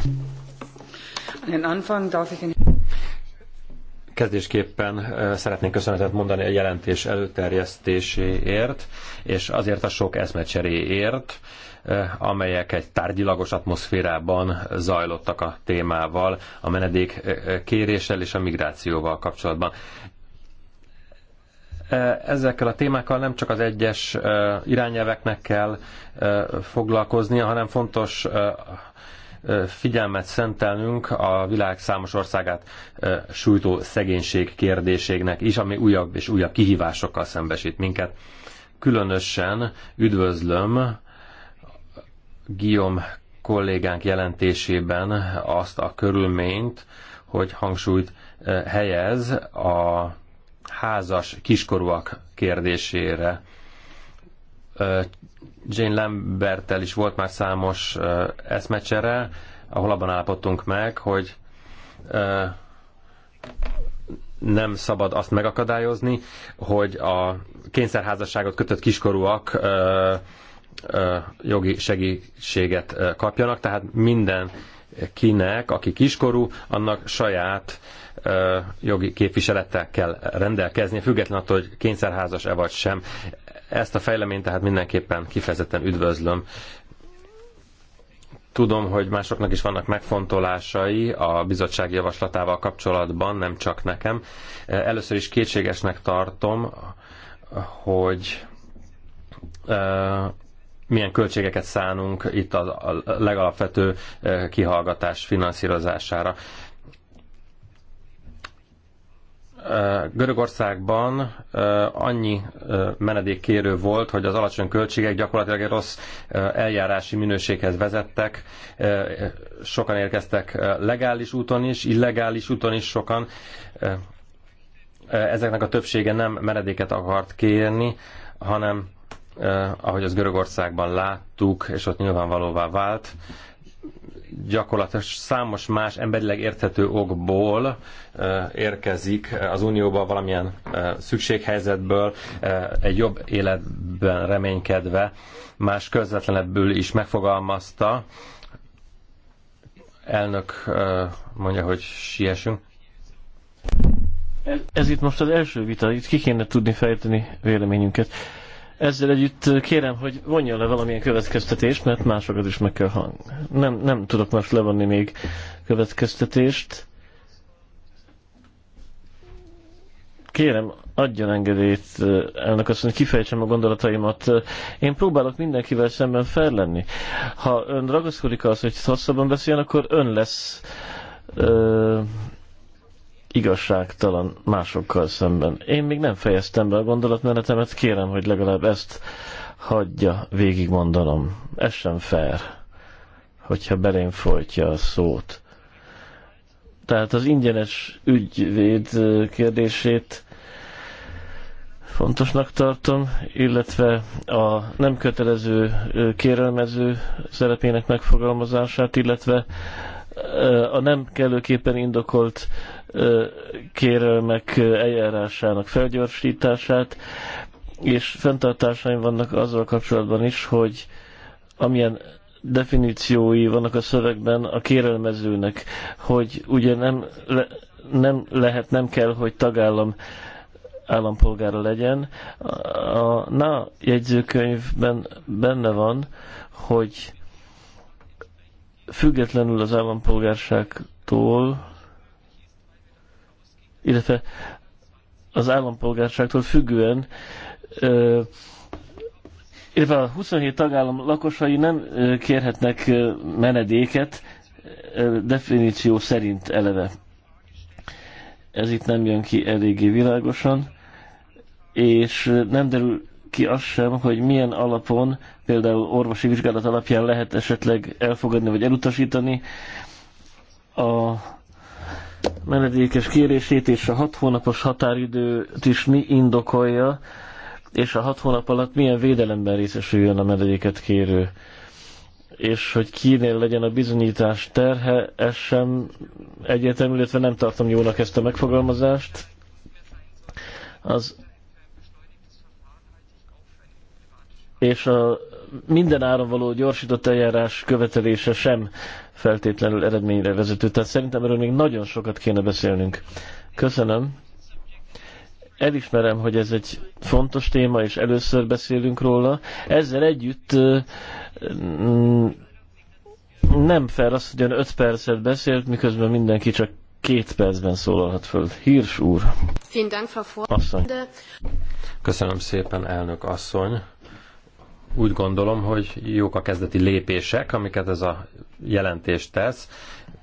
Kezdésképpen szeretnék köszönetet mondani a jelentés előterjesztéséért, és azért a sok eszmecseréért, amelyek egy tárgyilagos atmoszférában zajlottak a témával, a menedék kéréssel és a migrációval kapcsolatban. Ezekkel a témákkal nem csak az egyes irányelveknek kell foglalkoznia, hanem fontos figyelmet szentelnünk a világ számos országát sújtó szegénység kérdéségnek is, ami újabb és újabb kihívásokkal szembesít minket. Különösen üdvözlöm Guillaume kollégánk jelentésében azt a körülményt, hogy hangsúlyt helyez a házas kiskorúak kérdésére Jane Lambertel is volt már számos eszmecsere, ahol abban állapodtunk meg, hogy nem szabad azt megakadályozni, hogy a kényszerházasságot kötött kiskorúak jogi segítséget kapjanak, tehát minden kinek, aki kiskorú, annak saját jogi képviselettel kell rendelkezni, független attól, hogy kényszerházas-e vagy sem. Ezt a fejleményt tehát mindenképpen kifejezetten üdvözlöm. Tudom, hogy másoknak is vannak megfontolásai a bizottság javaslatával kapcsolatban, nem csak nekem. Először is kétségesnek tartom, hogy milyen költségeket szánunk itt a legalapvető kihallgatás finanszírozására. Görögországban annyi menedékkérő volt, hogy az alacsony költségek gyakorlatilag egy rossz eljárási minőséghez vezettek. Sokan érkeztek legális úton is, illegális úton is sokan. Ezeknek a többsége nem menedéket akart kérni, hanem ahogy az Görögországban láttuk, és ott nyilvánvalóvá vált, gyakorlatilag számos más emberileg érthető okból érkezik az Unióba valamilyen szükséghelyzetből, egy jobb életben reménykedve, más közvetlenebbül is megfogalmazta. Elnök mondja, hogy siessünk. Ez itt most az első vita, itt ki kéne tudni fejteni véleményünket. Ezzel együtt kérem, hogy vonja le valamilyen következtetést, mert másokat is meg kell hang. Nem, nem tudok most levonni még következtetést. Kérem, adjon engedélyt elnök azt, hogy kifejtsem a gondolataimat. Én próbálok mindenkivel szemben fel lenni. Ha ön ragaszkodik az, hogy hosszabban beszéljen, akkor ön lesz igazságtalan másokkal szemben. Én még nem fejeztem be a gondolatmenetemet, kérem, hogy legalább ezt hagyja végigmondanom. Ez sem fair, hogyha belém folytja a szót. Tehát az ingyenes ügyvéd kérdését fontosnak tartom, illetve a nem kötelező kérelmező szerepének megfogalmazását, illetve a nem kellőképpen indokolt kérelmek eljárásának felgyorsítását, és fenntartásaim vannak azzal kapcsolatban is, hogy amilyen definíciói vannak a szövegben a kérelmezőnek, hogy ugye nem, le, nem lehet, nem kell, hogy tagállam állampolgára legyen. A NA jegyzőkönyvben benne van, hogy függetlenül az állampolgárságtól illetve az állampolgárságtól függően, illetve a 27 tagállam lakosai nem kérhetnek menedéket definíció szerint eleve. Ez itt nem jön ki eléggé világosan, és nem derül ki az sem, hogy milyen alapon, például orvosi vizsgálat alapján lehet esetleg elfogadni vagy elutasítani a menedékes kérését és a hat hónapos határidőt is mi indokolja, és a hat hónap alatt milyen védelemben részesüljön a menedéket kérő. És hogy kinél legyen a bizonyítás terhe, ez sem egyértelmű, illetve nem tartom jónak ezt a megfogalmazást. Az és a minden áron való gyorsított eljárás követelése sem feltétlenül eredményre vezető. Tehát szerintem erről még nagyon sokat kéne beszélnünk. Köszönöm. Elismerem, hogy ez egy fontos téma, és először beszélünk róla. Ezzel együtt mm, nem fel az, hogy ön öt percet beszélt, miközben mindenki csak két percben szólalhat föl. Hírs úr. Asszony. Köszönöm szépen, elnök asszony úgy gondolom, hogy jók a kezdeti lépések, amiket ez a jelentés tesz.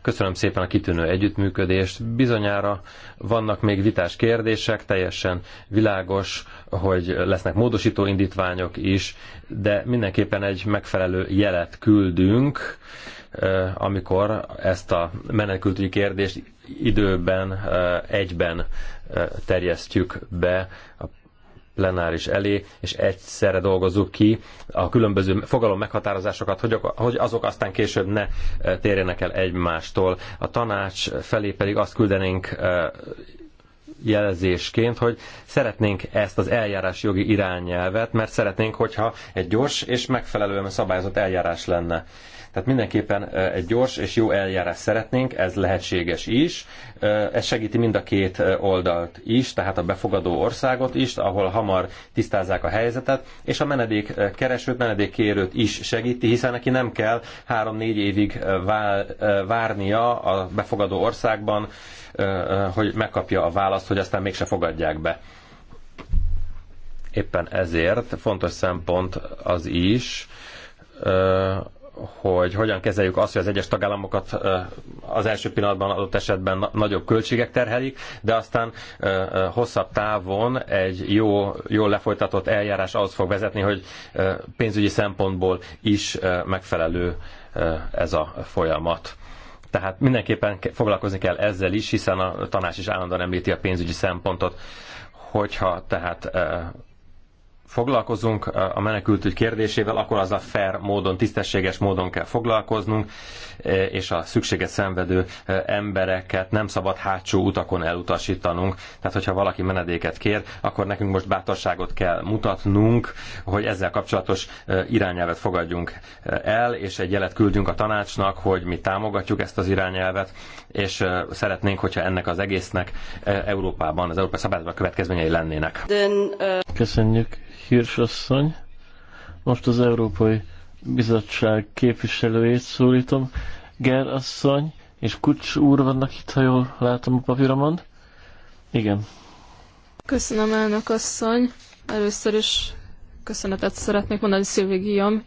Köszönöm szépen a kitűnő együttműködést. Bizonyára vannak még vitás kérdések, teljesen világos, hogy lesznek módosító indítványok is, de mindenképpen egy megfelelő jelet küldünk, amikor ezt a menekültügyi kérdést időben, egyben terjesztjük be a plenáris elé, és egyszerre dolgozzuk ki a különböző fogalom meghatározásokat, hogy azok aztán később ne eh, térjenek el egymástól. A tanács felé pedig azt küldenénk eh, jelzésként, hogy szeretnénk ezt az eljárás jogi irányelvet, mert szeretnénk, hogyha egy gyors és megfelelően szabályozott eljárás lenne. Tehát mindenképpen egy gyors és jó eljárás szeretnénk, ez lehetséges is. Ez segíti mind a két oldalt is, tehát a befogadó országot is, ahol hamar tisztázzák a helyzetet, és a menedék keresőt, menedék kérőt is segíti, hiszen neki nem kell három-négy évig várnia a befogadó országban, hogy megkapja a választ, hogy aztán mégse fogadják be. Éppen ezért fontos szempont az is, hogy hogyan kezeljük azt, hogy az egyes tagállamokat az első pillanatban adott esetben nagyobb költségek terhelik, de aztán hosszabb távon egy jó, jól lefolytatott eljárás ahhoz fog vezetni, hogy pénzügyi szempontból is megfelelő ez a folyamat. Tehát mindenképpen foglalkozni kell ezzel is, hiszen a tanács is állandóan említi a pénzügyi szempontot, hogyha tehát foglalkozunk a menekültügy kérdésével, akkor az a fair módon, tisztességes módon kell foglalkoznunk, e, és a szükséget szenvedő e, embereket nem szabad hátsó utakon elutasítanunk. Tehát, hogyha valaki menedéket kér, akkor nekünk most bátorságot kell mutatnunk, hogy ezzel kapcsolatos e, irányelvet fogadjunk el, és egy jelet küldjünk a tanácsnak, hogy mi támogatjuk ezt az irányelvet, és szeretnénk, hogyha ennek az egésznek Európában, az Európai Szabályozás következményei lennének. Uh, Köszönjük. Hírsasszony. Most az Európai Bizottság képviselőjét szólítom. Ger asszony és Kucs úr vannak itt, ha jól látom a papíromon. Igen. Köszönöm, elnök asszony. Először is köszönetet szeretnék mondani Szilvi Guillaume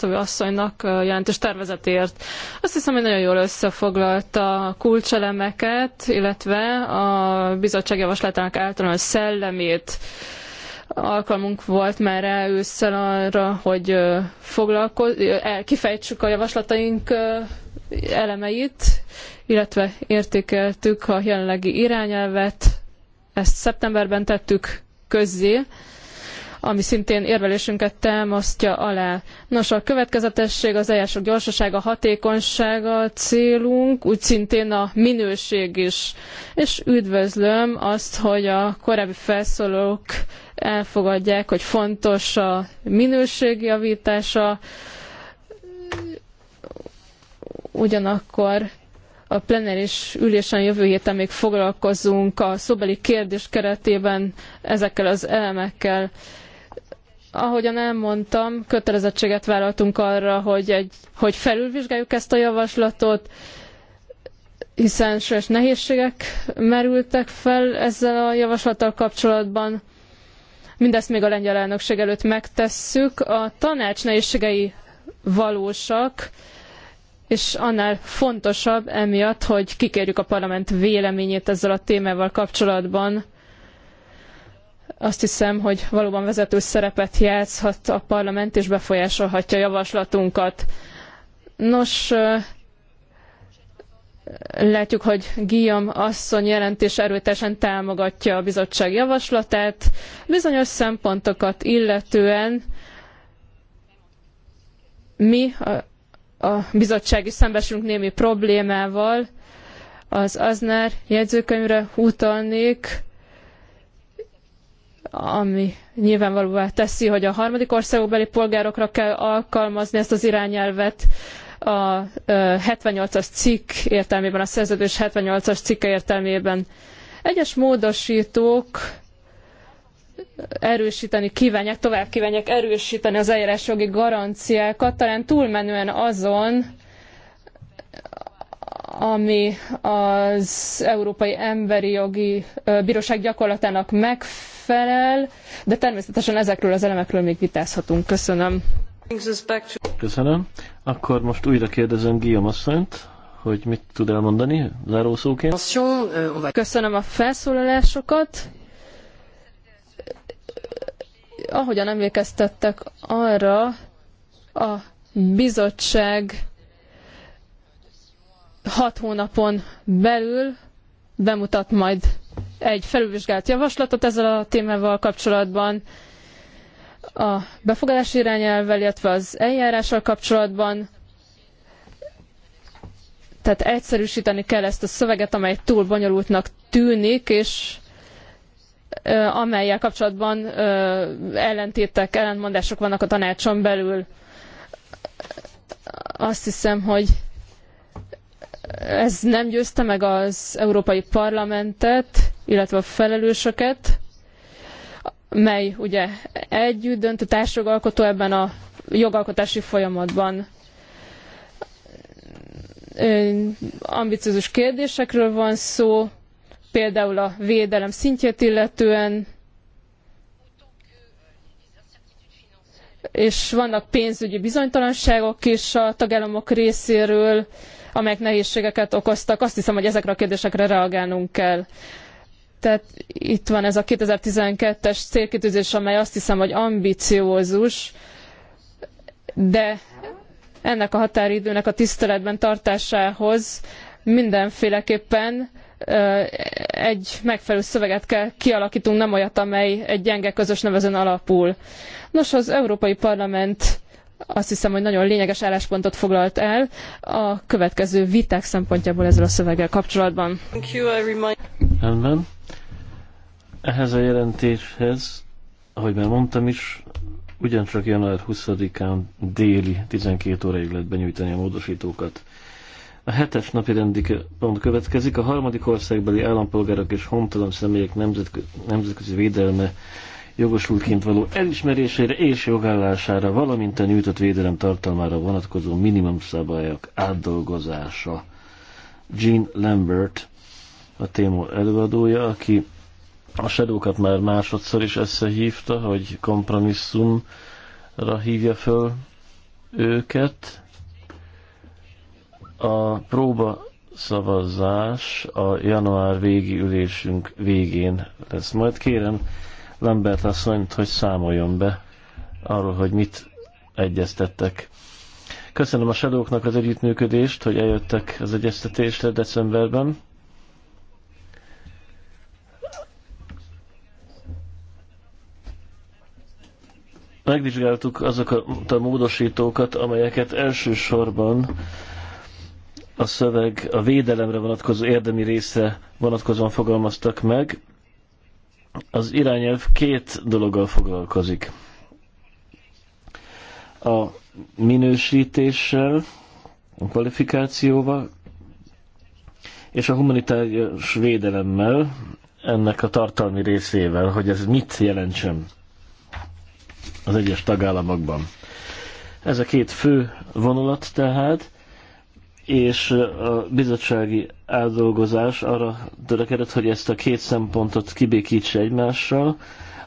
ami asszonynak jelentés tervezetért. Azt hiszem, hogy nagyon jól összefoglalta a kulcselemeket, illetve a bizottság javaslatának általános szellemét alkalmunk volt már rá ősszel arra, hogy foglalkoz, kifejtsük a javaslataink elemeit, illetve értékeltük a jelenlegi irányelvet, ezt szeptemberben tettük közzé, ami szintén érvelésünket támasztja alá. Nos, a következetesség, az eljárások gyorsasága, hatékonysága a célunk, úgy szintén a minőség is. És üdvözlöm azt, hogy a korábbi felszólók elfogadják, hogy fontos a minőség javítása, ugyanakkor a plenáris ülésen jövő héten még foglalkozunk a szóbeli kérdés keretében ezekkel az elemekkel. Ahogyan elmondtam, kötelezettséget vállaltunk arra, hogy, egy, hogy felülvizsgáljuk ezt a javaslatot, hiszen súlyos nehézségek merültek fel ezzel a javaslattal kapcsolatban. Mindezt még a lengyel elnökség előtt megtesszük. A tanács nehézségei valósak, és annál fontosabb emiatt, hogy kikérjük a parlament véleményét ezzel a témával kapcsolatban. Azt hiszem, hogy valóban vezető szerepet játszhat a parlament, és befolyásolhatja javaslatunkat. Nos, Látjuk, hogy Guillaume asszony jelentés erőtesen támogatja a bizottság javaslatát. Bizonyos szempontokat illetően mi a, a bizottság is szembesülünk némi problémával, az Aznár jegyzőkönyvre utalnék, ami nyilvánvalóvá teszi, hogy a harmadik országokbeli polgárokra kell alkalmazni ezt az irányelvet a 78-as cikk értelmében, a szerződés 78-as cikke értelmében. Egyes módosítók erősíteni kívánják, tovább kívánják erősíteni az eljárásjogi garanciákat, talán túlmenően azon, ami az Európai Emberi Jogi Bíróság gyakorlatának megfelel, de természetesen ezekről az elemekről még vitázhatunk. Köszönöm. Köszönöm. Akkor most újra kérdezem Guillaume asszonyt, hogy mit tud elmondani zárószóként. Köszönöm a felszólalásokat. Ahogyan emlékeztettek arra, a bizottság hat hónapon belül bemutat majd egy felülvizsgált javaslatot ezzel a témával kapcsolatban, a befogadási irányelvvel, illetve az eljárással kapcsolatban. Tehát egyszerűsíteni kell ezt a szöveget, amely túl bonyolultnak tűnik, és amellyel kapcsolatban ellentétek, ellentmondások vannak a tanácson belül. Azt hiszem, hogy ez nem győzte meg az Európai Parlamentet, illetve a felelősöket mely ugye együtt dönt a társjogalkotó ebben a jogalkotási folyamatban. Ambiciózus kérdésekről van szó, például a védelem szintjét illetően, és vannak pénzügyi bizonytalanságok is a tagállamok részéről, amelyek nehézségeket okoztak. Azt hiszem, hogy ezekre a kérdésekre reagálnunk kell. Tehát itt van ez a 2012-es célkitűzés, amely azt hiszem, hogy ambiciózus, de ennek a határidőnek a tiszteletben tartásához mindenféleképpen egy megfelelő szöveget kell kialakítunk, nem olyat, amely egy gyenge közös nevezőn alapul. Nos, az Európai Parlament azt hiszem, hogy nagyon lényeges álláspontot foglalt el a következő viták szempontjából ezzel a szöveggel kapcsolatban. Rendben. Ehhez a jelentéshez, ahogy már mondtam is, ugyancsak január 20-án déli 12 óraig lehet benyújtani a módosítókat. A hetes napi rendi pont következik. A harmadik országbeli állampolgárok és hontalan személyek nemzetközi, nemzetközi védelme jogosultként való elismerésére és jogállására, valamint a nyújtott védelem tartalmára vonatkozó minimum szabályok átdolgozása. Jean Lambert a téma előadója, aki a sedókat már másodszor is összehívta, hogy kompromisszumra hívja föl őket. A próba szavazás a január végi ülésünk végén lesz. Majd kérem Lambert asszonyt, hogy számoljon be arról, hogy mit egyeztettek. Köszönöm a sedóknak az együttműködést, hogy eljöttek az egyeztetésre decemberben. megvizsgáltuk azokat a módosítókat, amelyeket elsősorban a szöveg a védelemre vonatkozó érdemi része vonatkozóan fogalmaztak meg. Az irányelv két dologgal foglalkozik. A minősítéssel, a kvalifikációval, és a humanitárius védelemmel, ennek a tartalmi részével, hogy ez mit jelentsen az egyes tagállamokban. Ez a két fő vonulat tehát, és a bizottsági átdolgozás arra törekedett, hogy ezt a két szempontot kibékítse egymással.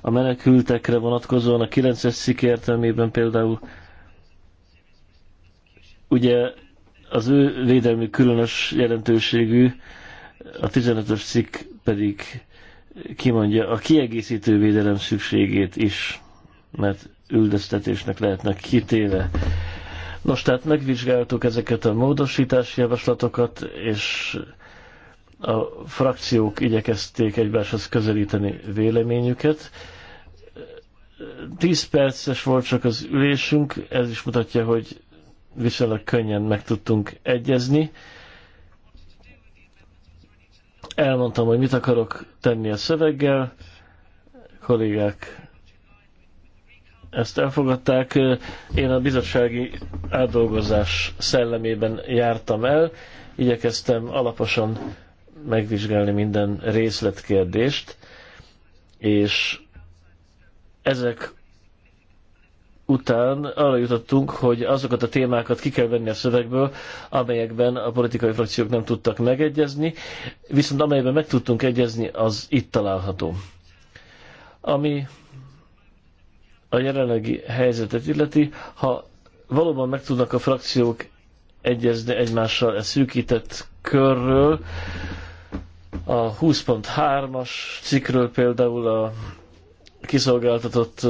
A menekültekre vonatkozóan a 9-es szik értelmében például ugye az ő védelmi különös jelentőségű, a 15-ös cikk pedig kimondja a kiegészítő védelem szükségét is mert üldöztetésnek lehetnek kitéve. Nos, tehát megvizsgáltuk ezeket a módosítási javaslatokat, és a frakciók igyekezték egymáshoz közelíteni véleményüket. Tíz perces volt csak az ülésünk, ez is mutatja, hogy viszonylag könnyen meg tudtunk egyezni. Elmondtam, hogy mit akarok tenni a szöveggel, kollégák ezt elfogadták. Én a bizottsági átdolgozás szellemében jártam el, igyekeztem alaposan megvizsgálni minden részletkérdést, és ezek után arra jutottunk, hogy azokat a témákat ki kell venni a szövegből, amelyekben a politikai frakciók nem tudtak megegyezni, viszont amelyben meg tudtunk egyezni, az itt található. Ami a jelenlegi helyzetet illeti, ha valóban meg tudnak a frakciók egyezni egymással e szűkített körről, a 20.3-as cikkről például a kiszolgáltatott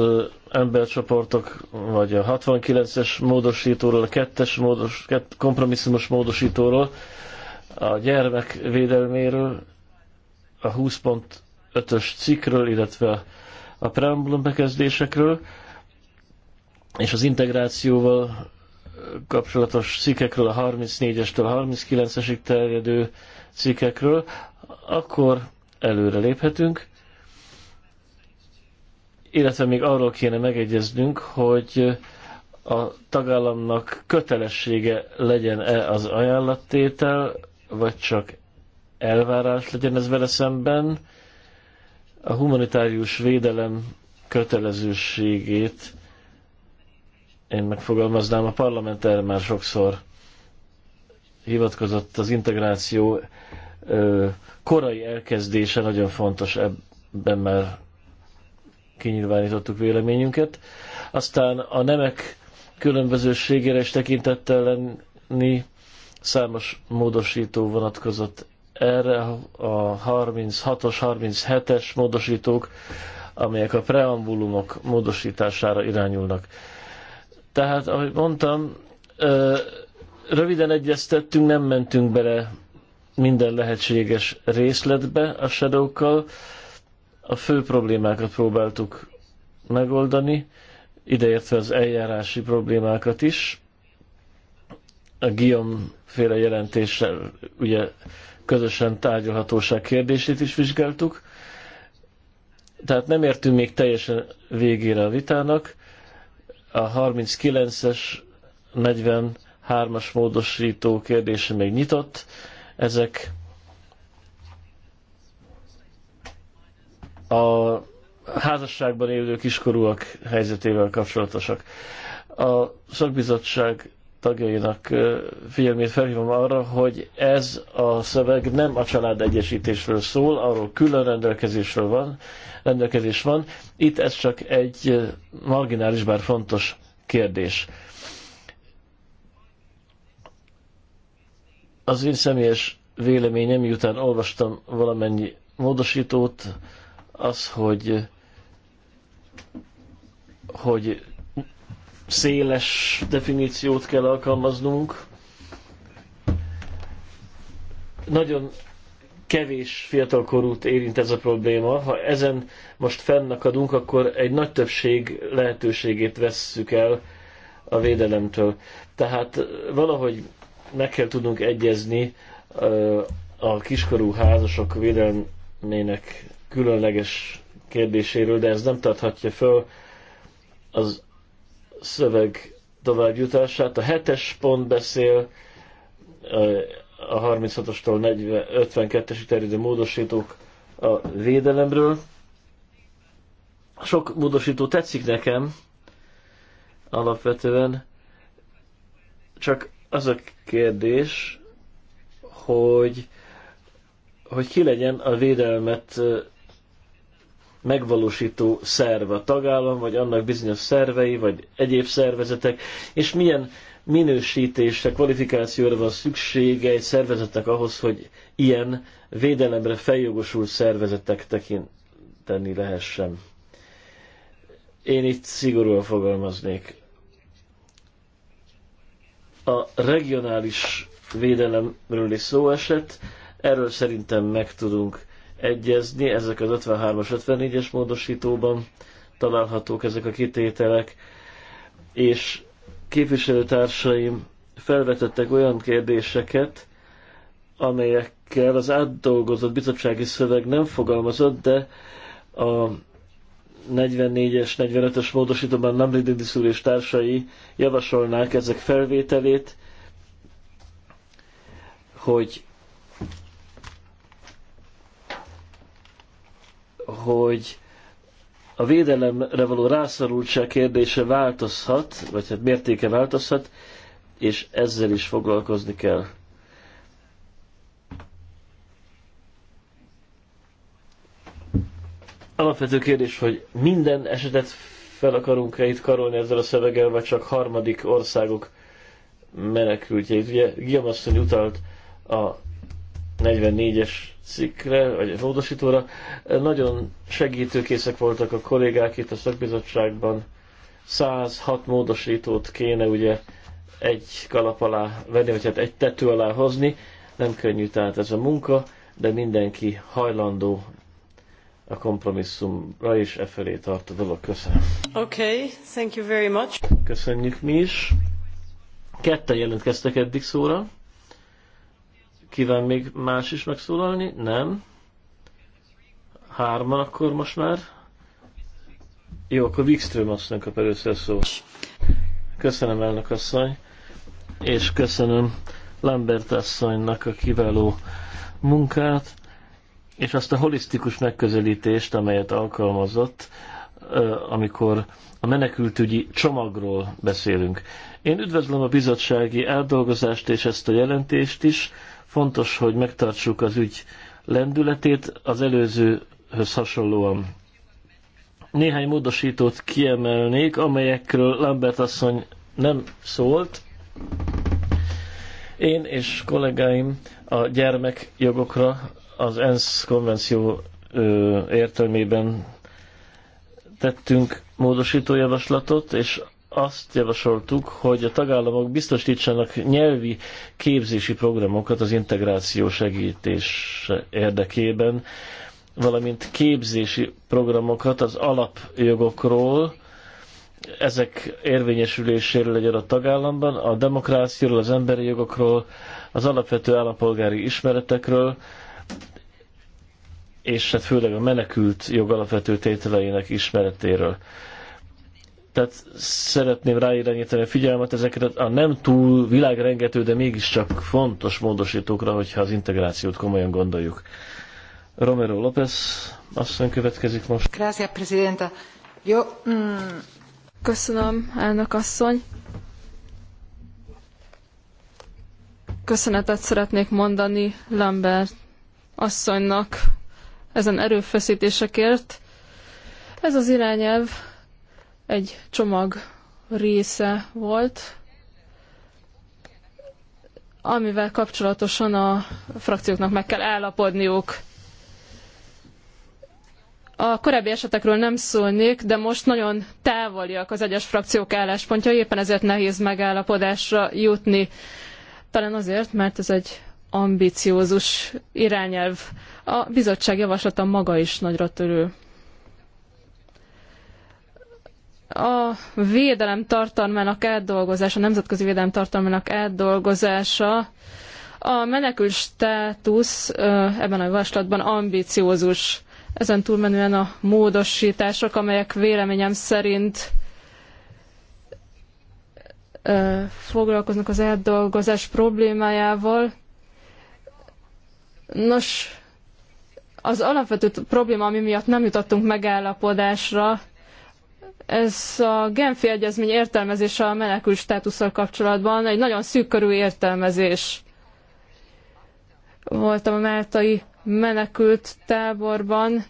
embercsoportok, vagy a 69-es módosítóról, a 2-es módos, kompromisszumos módosítóról, a gyermek védelméről, a 20.5-ös cikkről, illetve a preambulum bekezdésekről, és az integrációval kapcsolatos cikkekről, a 34-estől 39-esig terjedő cikkekről, akkor előre léphetünk, illetve még arról kéne megegyeznünk, hogy a tagállamnak kötelessége legyen-e az ajánlattétel, vagy csak elvárás legyen ez vele szemben, a humanitárius védelem kötelezőségét én megfogalmaznám, a parlament erre már sokszor hivatkozott az integráció korai elkezdése nagyon fontos, ebben már kinyilvánítottuk véleményünket. Aztán a nemek különbözőségére is tekintettel lenni számos módosító vonatkozott erre a 36-os, 37-es módosítók, amelyek a preambulumok módosítására irányulnak. Tehát, ahogy mondtam, röviden egyeztettünk, nem mentünk bele minden lehetséges részletbe a shadow A fő problémákat próbáltuk megoldani, ideértve az eljárási problémákat is. A Guillaume féle jelentéssel ugye közösen tárgyalhatóság kérdését is vizsgáltuk. Tehát nem értünk még teljesen végére a vitának. A 39-es, 43-as módosító kérdése még nyitott. Ezek a házasságban élő kiskorúak helyzetével kapcsolatosak. A szakbizottság tagjainak figyelmét felhívom arra, hogy ez a szöveg nem a család egyesítésről szól, arról külön rendelkezésről van, rendelkezés van. Itt ez csak egy marginális, bár fontos kérdés. Az én személyes véleményem, miután olvastam valamennyi módosítót, az, hogy hogy széles definíciót kell alkalmaznunk. Nagyon kevés fiatalkorút érint ez a probléma. Ha ezen most fennakadunk, akkor egy nagy többség lehetőségét vesszük el a védelemtől. Tehát valahogy meg kell tudnunk egyezni a kiskorú házasok védelmének különleges kérdéséről, de ez nem tarthatja föl az szöveg továbbjutását. A hetes pont beszél a 36-ostól 52-esig terjedő módosítók a védelemről. Sok módosító tetszik nekem alapvetően, csak az a kérdés, hogy, hogy ki legyen a védelmet megvalósító szerv a tagállam, vagy annak bizonyos szervei, vagy egyéb szervezetek, és milyen minősítésre, kvalifikációra van szüksége egy szervezetnek ahhoz, hogy ilyen védelemre feljogosult szervezetek tekinteni lehessen. Én itt szigorúan fogalmaznék. A regionális védelemről is szó esett, erről szerintem meg tudunk egyezni, ezek az 53-as, 54-es módosítóban találhatók ezek a kitételek, és képviselőtársaim felvetettek olyan kérdéseket, amelyekkel az átdolgozott bizottsági szöveg nem fogalmazott, de a 44-es, 45-ös módosítóban nem Lidindis és társai javasolnák ezek felvételét, hogy hogy a védelemre való rászorultság kérdése változhat, vagy hát mértéke változhat, és ezzel is foglalkozni kell. Alapvető kérdés, hogy minden esetet fel akarunk-e itt karolni ezzel a szöveggel, vagy csak harmadik országok menekültjeit. Ugye Giamasszony utalt a 44-es cikkre, vagy a módosítóra. Nagyon segítőkészek voltak a kollégák itt a szakbizottságban. 106 módosítót kéne ugye egy kalap alá venni, vagy hát egy tető alá hozni. Nem könnyű tehát ez a munka, de mindenki hajlandó a kompromisszumra is e felé tart a dolog. Köszönöm. Okay, thank you very much. Köszönjük mi is. Ketten jelentkeztek eddig szóra. Kíván még más is megszólalni? Nem. Hárman akkor most már. Jó, akkor Wikström nem kap először szó. Köszönöm, elnök asszony, és köszönöm Lambert asszonynak a kiváló munkát, és azt a holisztikus megközelítést, amelyet alkalmazott, amikor a menekültügyi csomagról beszélünk. Én üdvözlöm a bizottsági átdolgozást és ezt a jelentést is, Fontos, hogy megtartsuk az ügy lendületét az előzőhöz hasonlóan. Néhány módosítót kiemelnék, amelyekről Lambert asszony nem szólt. Én és kollégáim a gyermekjogokra az ENSZ konvenció ö, értelmében tettünk módosítójavaslatot, javaslatot, és azt javasoltuk, hogy a tagállamok biztosítsanak nyelvi képzési programokat az integráció segítés érdekében, valamint képzési programokat az alapjogokról, ezek érvényesüléséről egy adott tagállamban, a demokráciáról, az emberi jogokról, az alapvető állampolgári ismeretekről, és hát főleg a menekült jog alapvető tételeinek ismeretéről. Tehát szeretném ráirányítani a figyelmet ezeket a nem túl világrengető, de mégiscsak fontos módosítókra, hogyha az integrációt komolyan gondoljuk. Romero López asszony következik most. Gracias, presidenta. jó, mm... Köszönöm, elnök asszony. Köszönetet szeretnék mondani Lambert asszonynak ezen erőfeszítésekért. Ez az irányelv egy csomag része volt, amivel kapcsolatosan a frakcióknak meg kell állapodniuk. A korábbi esetekről nem szólnék, de most nagyon távoliak az egyes frakciók álláspontja, éppen ezért nehéz megállapodásra jutni. Talán azért, mert ez egy ambiciózus irányelv. A bizottság javaslata maga is nagyra törő a védelem tartalmának átdolgozása, a nemzetközi védelem tartalmának átdolgozása, a menekül státusz ebben a javaslatban ambiciózus. Ezen túlmenően a módosítások, amelyek véleményem szerint foglalkoznak az átdolgozás problémájával. Nos, az alapvető probléma, ami miatt nem jutottunk megállapodásra, ez a Genfi Egyezmény értelmezése a menekült státusszal kapcsolatban egy nagyon szűkkörű értelmezés. Voltam a Máltai menekült táborban,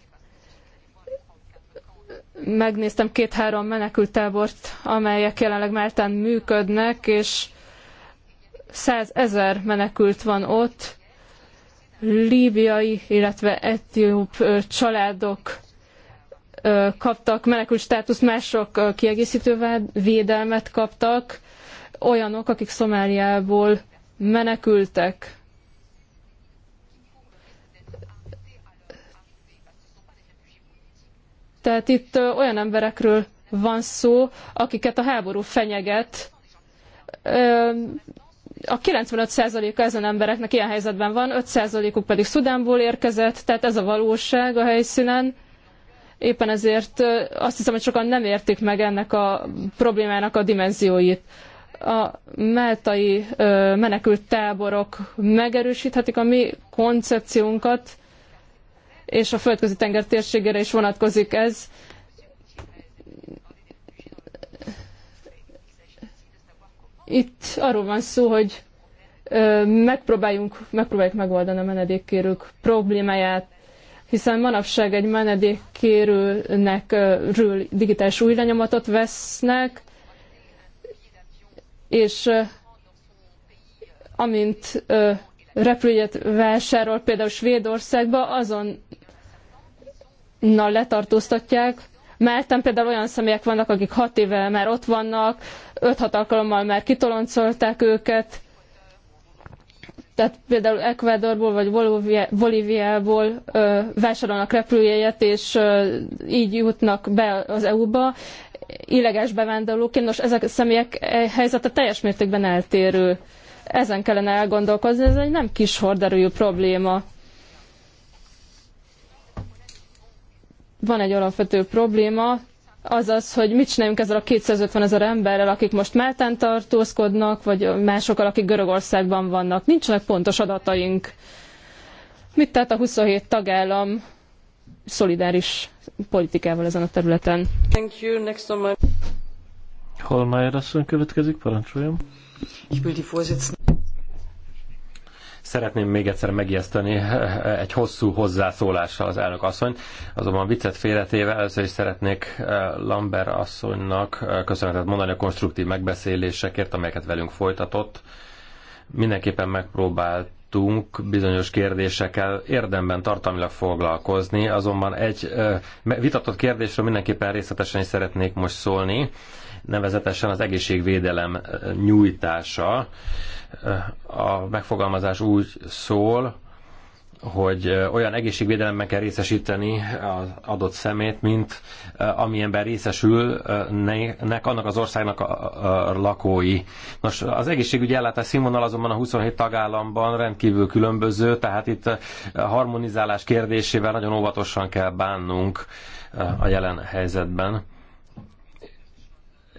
megnéztem két-három menekült tábort, amelyek jelenleg Máltán működnek, és százezer menekült van ott, líbiai, illetve etióp családok kaptak menekült státuszt, mások kiegészítő védelmet kaptak, olyanok, akik Szomáliából menekültek. Tehát itt olyan emberekről van szó, akiket a háború fenyeget. A 95%-a ezen embereknek ilyen helyzetben van, 5%-uk pedig Szudánból érkezett, tehát ez a valóság a helyszínen. Éppen ezért azt hiszem, hogy sokan nem értik meg ennek a problémának a dimenzióit. A máltai menekült táborok megerősíthetik a mi koncepciónkat, és a földközi tenger térségére is vonatkozik ez. Itt arról van szó, hogy megpróbáljunk, megpróbáljuk megoldani a menedékkérők problémáját, hiszen manapság egy menedékkérőnek ről digitális új lenyomatot vesznek, és amint repülőjét vásárol például Svédországba, azonnal letartóztatják, Máltán például olyan személyek vannak, akik hat éve már ott vannak, öt-hat alkalommal már kitoloncolták őket, tehát például Ecuadorból vagy Bolíviából vásárolnak repülőjegyet, és ö, így jutnak be az EU-ba illegális bevándorlóként. Nos, ezek a személyek e, helyzete teljes mértékben eltérő. Ezen kellene elgondolkozni, ez egy nem kis horderőjű probléma. Van egy alapvető probléma, azaz, hogy mit csináljunk ezzel a 250 ezer emberrel, akik most Máltán tartózkodnak, vagy másokkal, akik Görögországban vannak. Nincsenek pontos adataink. Mit tett a 27 tagállam szolidáris politikával ezen a területen? Thank you. Next on my... Holmeier asszony következik, parancsoljon. Ich will die Vorsitzende. Szeretném még egyszer megijeszteni egy hosszú hozzászólással az elnök asszony, azonban viccet félretéve először is szeretnék eh, Lambert asszonynak eh, köszönetet mondani a konstruktív megbeszélésekért, amelyeket velünk folytatott. Mindenképpen megpróbált bizonyos kérdésekkel érdemben tartalmilag foglalkozni, azonban egy eh, vitatott kérdésről mindenképpen részletesen is szeretnék most szólni nevezetesen az egészségvédelem nyújtása. A megfogalmazás úgy szól, hogy olyan egészségvédelemben kell részesíteni az adott szemét, mint amilyenben részesülnek annak az országnak a lakói. Nos, az egészségügyi ellátás színvonal azonban a 27 tagállamban rendkívül különböző, tehát itt harmonizálás kérdésével nagyon óvatosan kell bánnunk a jelen helyzetben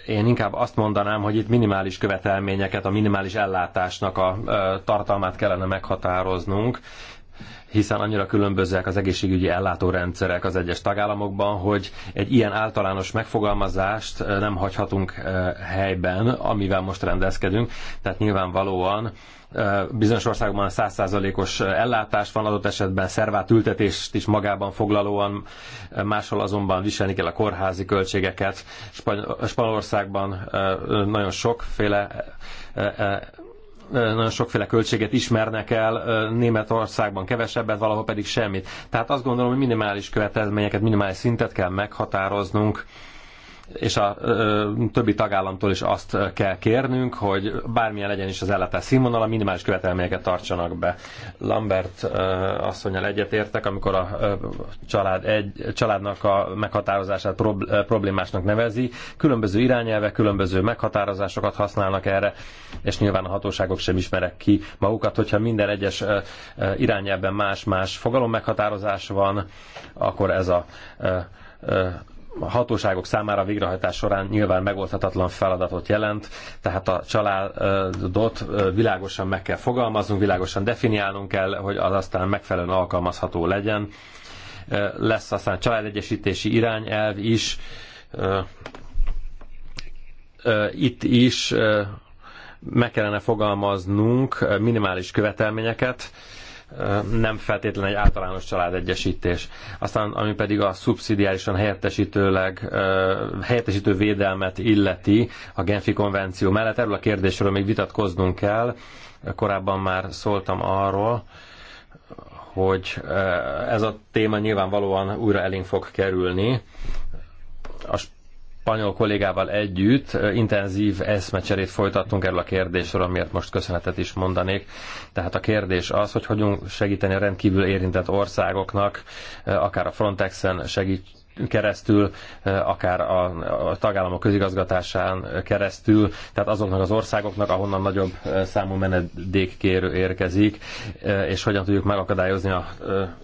én inkább azt mondanám, hogy itt minimális követelményeket, a minimális ellátásnak a tartalmát kellene meghatároznunk, hiszen annyira különbözőek az egészségügyi ellátórendszerek az egyes tagállamokban, hogy egy ilyen általános megfogalmazást nem hagyhatunk helyben, amivel most rendezkedünk. Tehát nyilvánvalóan bizonyos országokban 100%-os ellátás van, adott esetben szervát ültetést is magában foglalóan, máshol azonban viselni kell a kórházi költségeket. Spanyolországban nagyon sokféle nagyon sokféle költséget ismernek el, Németországban kevesebbet, valahol pedig semmit. Tehát azt gondolom, hogy minimális követelményeket, minimális szintet kell meghatároznunk és a ö, többi tagállamtól is azt kell kérnünk, hogy bármilyen legyen is az ellátás színvonala, minimális követelményeket tartsanak be. Lambert ö, egyetértek, amikor a ö, család egy, családnak a meghatározását prob, ö, problémásnak nevezi. Különböző irányelvek, különböző meghatározásokat használnak erre, és nyilván a hatóságok sem ismerek ki magukat, hogyha minden egyes ö, ö, irányelben más-más fogalom meghatározás van, akkor ez a ö, ö, a hatóságok számára a végrehajtás során nyilván megoldhatatlan feladatot jelent, tehát a családot világosan meg kell fogalmaznunk, világosan definiálnunk kell, hogy az aztán megfelelően alkalmazható legyen. Lesz aztán családegyesítési irányelv is, itt is meg kellene fogalmaznunk minimális követelményeket, nem feltétlenül egy általános családegyesítés. Aztán ami pedig a szubszidiálisan helyettesítőleg, helyettesítő védelmet illeti a Genfi konvenció mellett, erről a kérdésről még vitatkoznunk kell. Korábban már szóltam arról, hogy ez a téma nyilvánvalóan újra elénk fog kerülni. A spanyol kollégával együtt intenzív eszmecserét folytattunk erről a kérdésről, amiért most köszönetet is mondanék. Tehát a kérdés az, hogy hogyan segíteni a rendkívül érintett országoknak, akár a Frontexen segít keresztül, akár a, a tagállamok közigazgatásán keresztül, tehát azoknak az országoknak, ahonnan nagyobb számú menedékkérő érkezik, és hogyan tudjuk megakadályozni a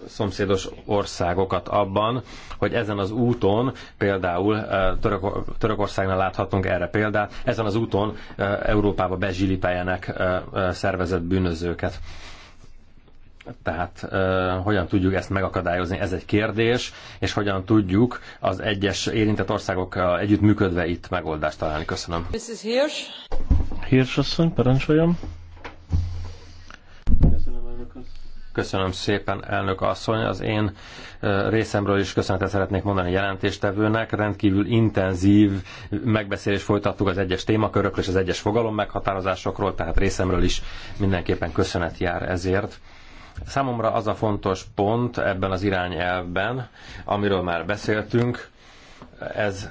szomszédos országokat abban, hogy ezen az úton, például Török, Törökországnál láthatunk erre példát, ezen az úton Európába bezsilipeljenek szervezett bűnözőket. Tehát uh, hogyan tudjuk ezt megakadályozni, ez egy kérdés, és hogyan tudjuk az egyes érintett együtt együttműködve itt megoldást találni. Köszönöm. Mrs. Hirsch. Hirsch asszony, parancsoljam. Köszönöm, elnök Köszönöm szépen, elnök asszony. Az én részemről is köszönetet szeretnék mondani a jelentéstevőnek. Rendkívül intenzív megbeszélés folytattuk az egyes témakörökről és az egyes fogalom meghatározásokról, tehát részemről is mindenképpen köszönet jár ezért. Számomra az a fontos pont ebben az irányelvben, amiről már beszéltünk, ez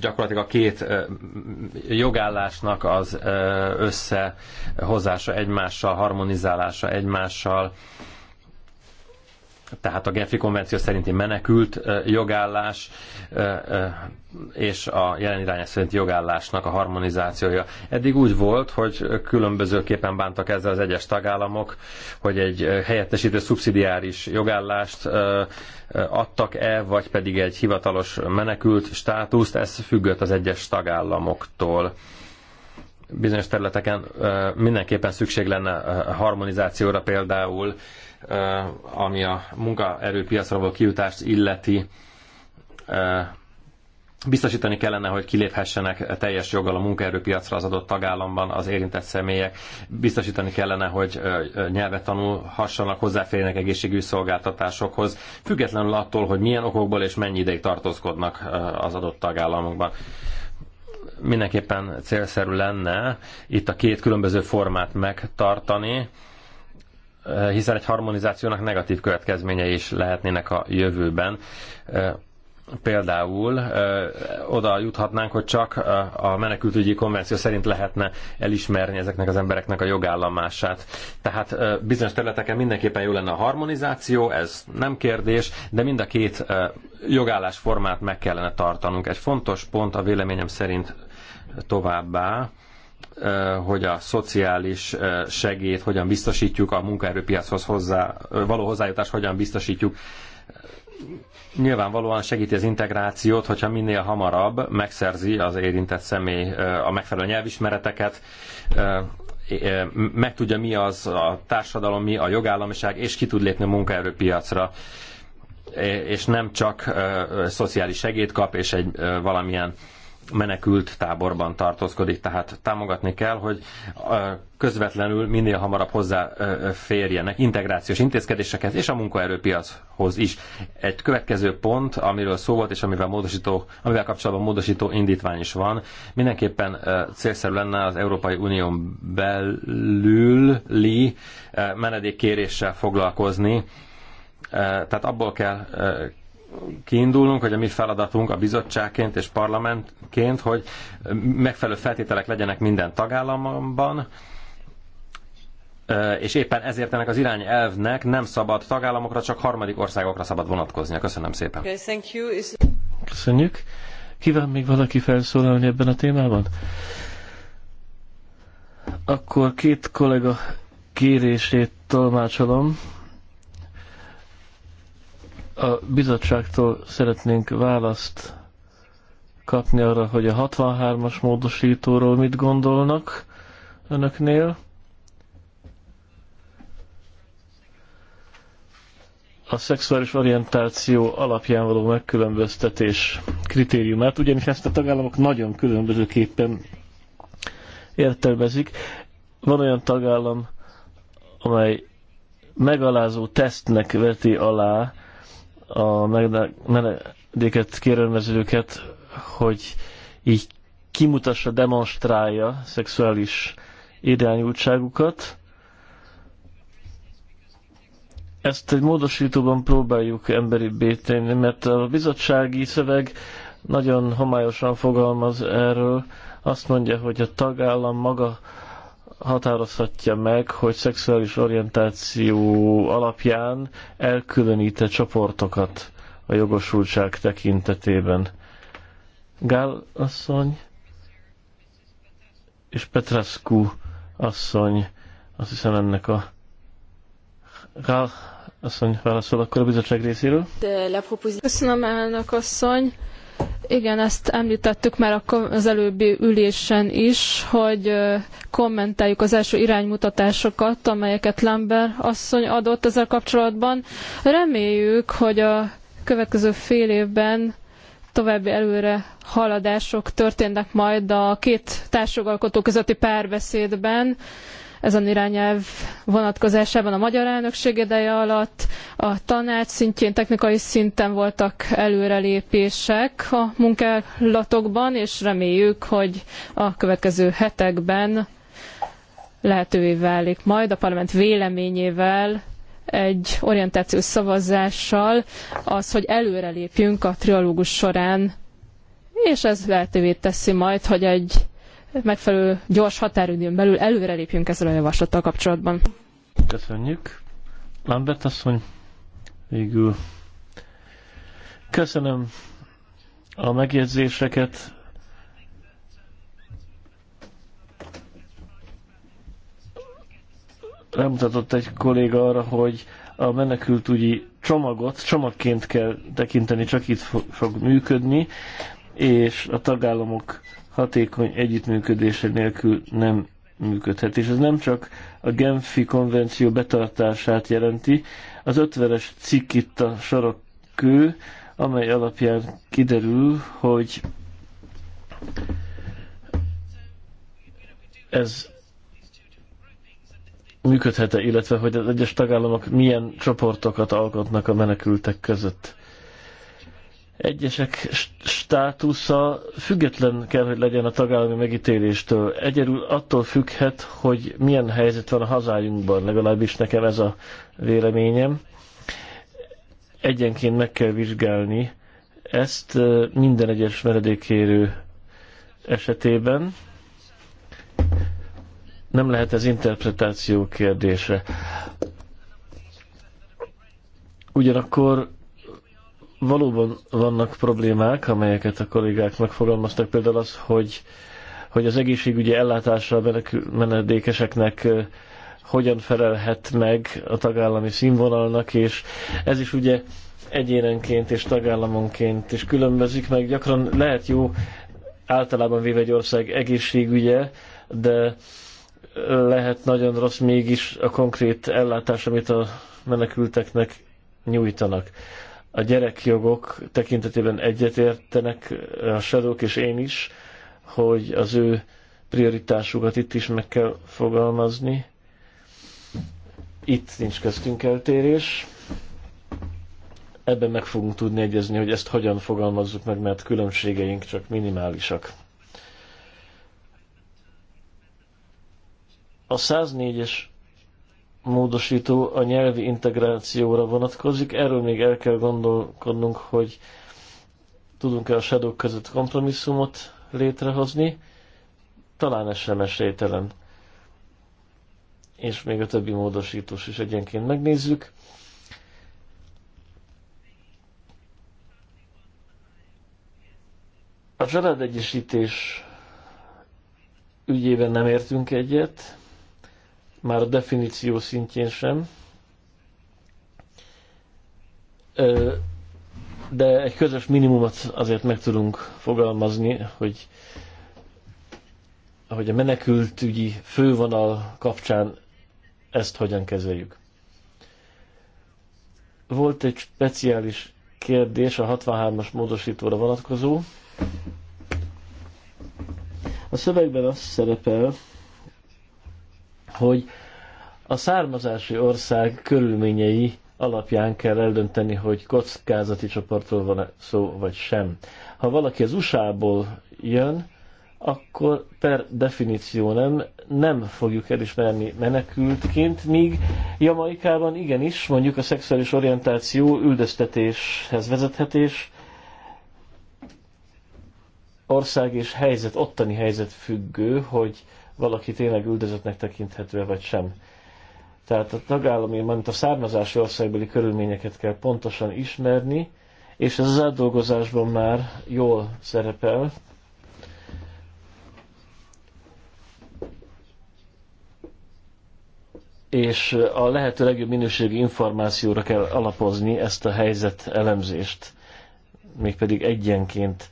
gyakorlatilag a két jogállásnak az összehozása egymással, harmonizálása egymással, tehát a Genfi konvenció szerinti menekült jogállás és a jelen irányás szerinti jogállásnak a harmonizációja. Eddig úgy volt, hogy különbözőképpen bántak ezzel az egyes tagállamok, hogy egy helyettesítő szubszidiáris jogállást adtak el, vagy pedig egy hivatalos menekült státuszt, ez függött az egyes tagállamoktól bizonyos területeken mindenképpen szükség lenne harmonizációra, például Eh, ami a munkaerőpiacra való kijutást illeti, eh, biztosítani kellene, hogy kiléphessenek teljes joggal a munkaerőpiacra az adott tagállamban az érintett személyek, biztosítani kellene, hogy eh, nyelvet tanulhassanak, hozzáférjenek egészségügyi szolgáltatásokhoz, függetlenül attól, hogy milyen okokból és mennyi ideig tartózkodnak az adott tagállamokban. Mindenképpen célszerű lenne itt a két különböző formát megtartani, Eh, hiszen egy harmonizációnak negatív következményei is lehetnének a jövőben. Eh, például eh, oda juthatnánk, hogy csak a menekültügyi konvenció szerint lehetne elismerni ezeknek az embereknek a jogállamását. Tehát bizonyos területeken mindenképpen jó lenne a harmonizáció, ez nem kérdés, de mind a két jogállásformát meg kellene tartanunk. Egy fontos pont a véleményem szerint továbbá, hogy a szociális segélyt hogyan biztosítjuk, a munkaerőpiachoz hozzá, való hozzájutást hogyan biztosítjuk. Nyilvánvalóan segíti az integrációt, hogyha minél hamarabb megszerzi az érintett személy a megfelelő nyelvismereteket, megtudja mi az a társadalom, mi a jogállamiság, és ki tud lépni a munkaerőpiacra és nem csak szociális segélyt kap, és egy valamilyen menekült táborban tartózkodik, tehát támogatni kell, hogy közvetlenül minél hamarabb hozzáférjenek integrációs intézkedéseket és a munkaerőpiachoz is. Egy következő pont, amiről szó volt, és amivel, módosító, amivel kapcsolatban módosító indítvány is van, mindenképpen célszerű lenne az Európai Unión belüli menedékkéréssel foglalkozni, tehát abból kell kiindulnunk, hogy a mi feladatunk a bizottságként és parlamentként, hogy megfelelő feltételek legyenek minden tagállamban, és éppen ezért ennek az irányelvnek nem szabad tagállamokra, csak harmadik országokra szabad vonatkoznia. Köszönöm szépen. Köszönjük. Kíván még valaki felszólalni ebben a témában? Akkor két kollega kérését tolmácsolom. A bizottságtól szeretnénk választ kapni arra, hogy a 63-as módosítóról mit gondolnak önöknél. a szexuális orientáció alapján való megkülönböztetés kritériumát, ugyanis ezt a tagállamok nagyon különbözőképpen értelmezik. Van olyan tagállam, amely megalázó tesztnek veti alá a menedéket kérelmezőket, hogy így kimutassa, demonstrálja szexuális irányultságukat. Ezt egy módosítóban próbáljuk emberi tenni, mert a bizottsági szöveg nagyon homályosan fogalmaz erről. Azt mondja, hogy a tagállam maga határozhatja meg, hogy szexuális orientáció alapján elkülönít csoportokat a jogosultság tekintetében. Gál asszony és Petrescu asszony, azt hiszem ennek a Gál asszony válaszol akkor a bizottság részéről. Köszönöm elnök asszony. Igen, ezt említettük már az előbbi ülésen is, hogy kommentáljuk az első iránymutatásokat, amelyeket Lember asszony adott ezzel kapcsolatban. Reméljük, hogy a következő fél évben további előre haladások történnek majd a két társjogalkotó közötti párbeszédben, ezen irányelv vonatkozásában a magyar elnökség ideje alatt. A tanács szintjén, technikai szinten voltak előrelépések a munkálatokban, és reméljük, hogy a következő hetekben lehetővé válik majd a parlament véleményével egy orientációs szavazással az, hogy előrelépjünk a trialógus során, és ez lehetővé teszi majd, hogy egy megfelelő gyors határidőn belül előrelépjünk ezzel a javaslattal kapcsolatban. Köszönjük. Lambert asszony, végül. Köszönöm a megjegyzéseket. Remutatott egy kolléga arra, hogy a menekültügyi csomagot csomagként kell tekinteni, csak itt fog működni, és a tagállamok hatékony együttműködése nélkül nem működhet. És ez nem csak a Genfi konvenció betartását jelenti, az ötveres cikk itt a sarokkő, amely alapján kiderül, hogy ez működhet-e, illetve hogy az egyes tagállamok milyen csoportokat alkotnak a menekültek között egyesek státusza független kell, hogy legyen a tagállami megítéléstől. Egyedül attól függhet, hogy milyen helyzet van a hazájunkban, legalábbis nekem ez a véleményem. Egyenként meg kell vizsgálni ezt minden egyes meredékérő esetében. Nem lehet ez interpretáció kérdése. Ugyanakkor valóban vannak problémák, amelyeket a kollégák megfogalmaztak, például az, hogy, hogy az egészségügyi a menedékeseknek hogyan felelhet meg a tagállami színvonalnak, és ez is ugye egyénenként és tagállamonként is különbözik, meg gyakran lehet jó általában véve egy ország egészségügye, de lehet nagyon rossz mégis a konkrét ellátás, amit a menekülteknek nyújtanak a gyerekjogok tekintetében egyetértenek eh, a Shadowk és én is, hogy az ő prioritásukat itt is meg kell fogalmazni. Itt nincs köztünk eltérés. Ebben meg fogunk tudni egyezni, hogy ezt hogyan fogalmazzuk meg, mert különbségeink csak minimálisak. A 104-es módosító a nyelvi integrációra vonatkozik. Erről még el kell gondolkodnunk, hogy tudunk-e a shadow között kompromisszumot létrehozni. Talán ez sem esélytelen. És még a többi módosítós is egyenként megnézzük. A családegyesítés ügyében nem értünk egyet, már a definíció szintjén sem. De egy közös minimumot azért meg tudunk fogalmazni, hogy, hogy a menekültügyi fővonal kapcsán ezt hogyan kezeljük. Volt egy speciális kérdés a 63-as módosítóra vonatkozó. A szövegben az szerepel, hogy a származási ország körülményei alapján kell eldönteni, hogy kockázati csoportról van -e szó, vagy sem. Ha valaki az USA-ból jön, akkor per definíció nem, nem fogjuk elismerni menekültként, míg Jamaikában igenis, mondjuk a szexuális orientáció üldöztetéshez vezethetés, ország és helyzet, ottani helyzet függő, hogy valaki tényleg üldözöttnek tekinthető vagy sem. Tehát a tagállami, mint a származási országbeli körülményeket kell pontosan ismerni, és ez az átdolgozásban már jól szerepel. És a lehető legjobb minőségű információra kell alapozni ezt a helyzet elemzést, mégpedig egyenként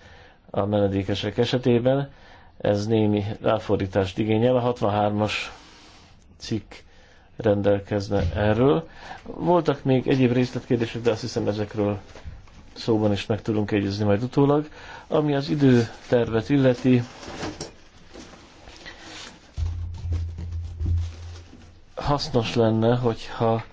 a menedékesek esetében ez némi ráfordítást igényel. A 63-as cikk rendelkezne erről. Voltak még egyéb részletkérdések, de azt hiszem ezekről szóban is meg tudunk egyezni majd utólag. Ami az időtervet illeti, hasznos lenne, hogyha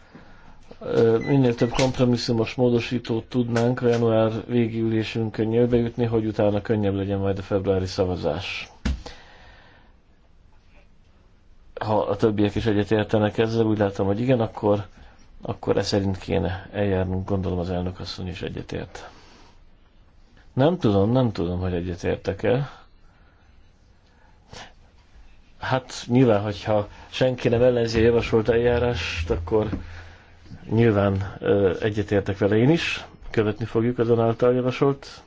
minél több kompromisszumos módosítót tudnánk a január végi ülésünkön jutni, hogy utána könnyebb legyen majd a februári szavazás. ha a többiek is egyetértenek ezzel, úgy látom, hogy igen, akkor, akkor ez szerint kéne eljárnunk, gondolom az elnök asszony is egyetért. Nem tudom, nem tudom, hogy egyetértek-e. Hát nyilván, hogyha senki nem ellenzi a javasolt eljárást, akkor nyilván egyetértek vele én is, követni fogjuk azon által javasolt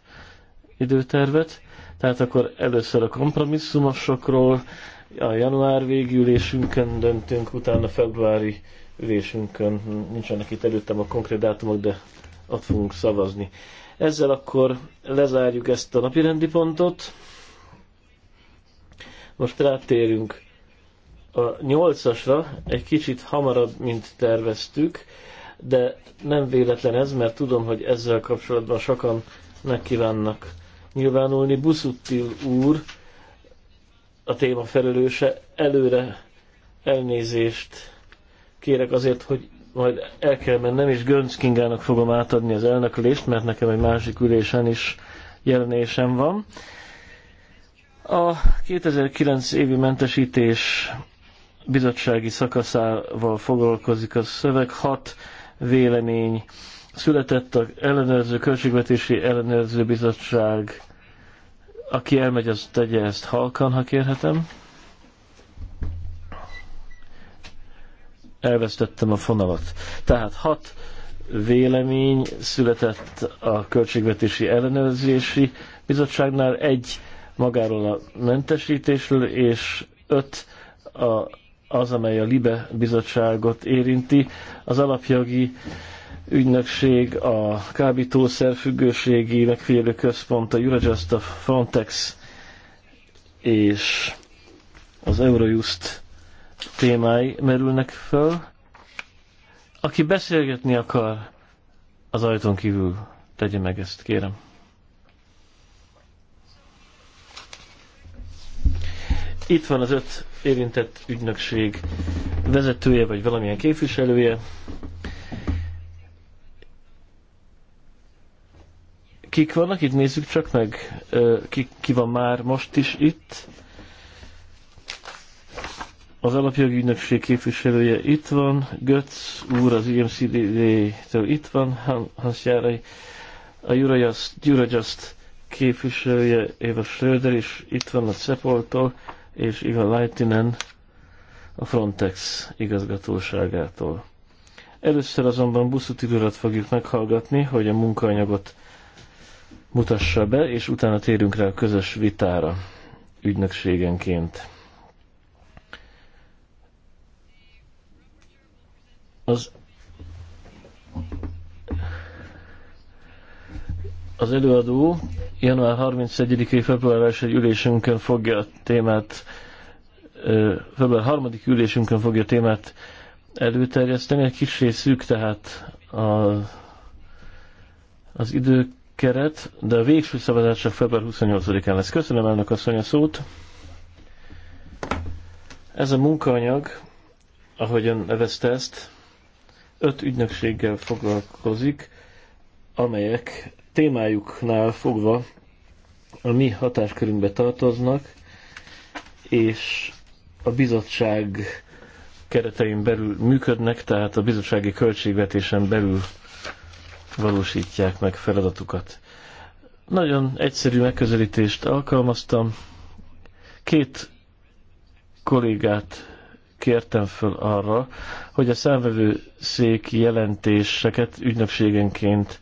időtervet. Tehát akkor először a kompromisszumosokról, a január végülésünkön döntünk, utána februári ülésünkön, nincsenek itt előttem a konkrét dátumok, de ott fogunk szavazni. Ezzel akkor lezárjuk ezt a napirendi pontot. Most rátérünk a nyolcasra, egy kicsit hamarabb, mint terveztük, de nem véletlen ez, mert tudom, hogy ezzel kapcsolatban sokan megkívánnak nyilvánulni. Busuttil úr a téma felelőse. Előre elnézést kérek azért, hogy majd el kell mennem, és Gönc Kingának fogom átadni az elnökülést, mert nekem egy másik ülésen is jelenésem van. A 2009 évi mentesítés bizottsági szakaszával foglalkozik a szöveg. Hat vélemény született a ellenőrző költségvetési ellenőrző bizottság aki elmegy, az tegye ezt halkan, ha kérhetem. Elvesztettem a fonalat. Tehát hat vélemény született a Költségvetési Ellenőrzési Bizottságnál, egy magáról a mentesítésről, és öt a, az, amely a LIBE bizottságot érinti, az alapjogi ügynökség, a kábítószer függőségi megfigyelő központ, a Eurojust, a Frontex és az Eurojust témái merülnek föl. Aki beszélgetni akar, az ajtón kívül tegye meg ezt, kérem. Itt van az öt érintett ügynökség vezetője, vagy valamilyen képviselője. kik vannak itt, nézzük csak meg, ki, ki van már most is itt. Az alapjogi ügynökség képviselője itt van, Götz úr az IMCD-től itt van, Hans Járai, a Eurojust, Eurojust képviselője Éva Schröder is itt van a Cepoltól, és Iva Leitinen a Frontex igazgatóságától. Először azonban buszuti fogjuk meghallgatni, hogy a munkaanyagot mutassa be, és utána térünk rá a közös vitára ügynökségenként. Az, az előadó január 31-i február 1 ülésünkön fogja a témát, február 3 ülésünkön fogja a témát előterjeszteni, egy kis részük, tehát a, az idő keret, de a végső szavazás csak február 28-án lesz. Köszönöm elnök asszony a szót. Ez a munkaanyag, ahogyan nevezte ezt, öt ügynökséggel foglalkozik, amelyek témájuknál fogva a mi hatáskörünkbe tartoznak, és a bizottság keretein belül működnek, tehát a bizottsági költségvetésen belül valósítják meg feladatukat. Nagyon egyszerű megközelítést alkalmaztam. Két kollégát kértem föl arra, hogy a számvevő szék jelentéseket ügynökségenként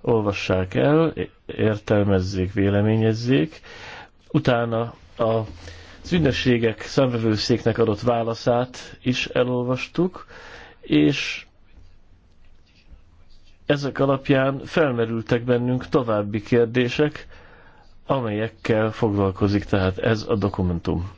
olvassák el, értelmezzék, véleményezzék. Utána a az ügynökségek számvevőszéknek adott válaszát is elolvastuk, és ezek alapján felmerültek bennünk további kérdések, amelyekkel foglalkozik tehát ez a dokumentum.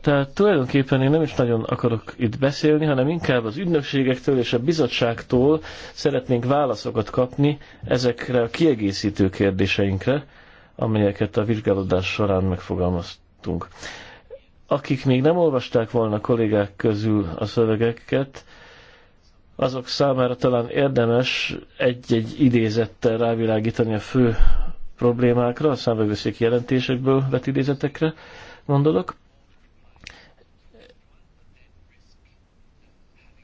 Tehát tulajdonképpen én nem is nagyon akarok itt beszélni, hanem inkább az ügynökségektől és a bizottságtól szeretnénk válaszokat kapni ezekre a kiegészítő kérdéseinkre, amelyeket a vizsgálódás során megfogalmaztunk. Akik még nem olvasták volna kollégák közül a szövegeket, azok számára talán érdemes egy-egy idézettel rávilágítani a fő problémákra, a számvevőszék jelentésekből vett idézetekre gondolok.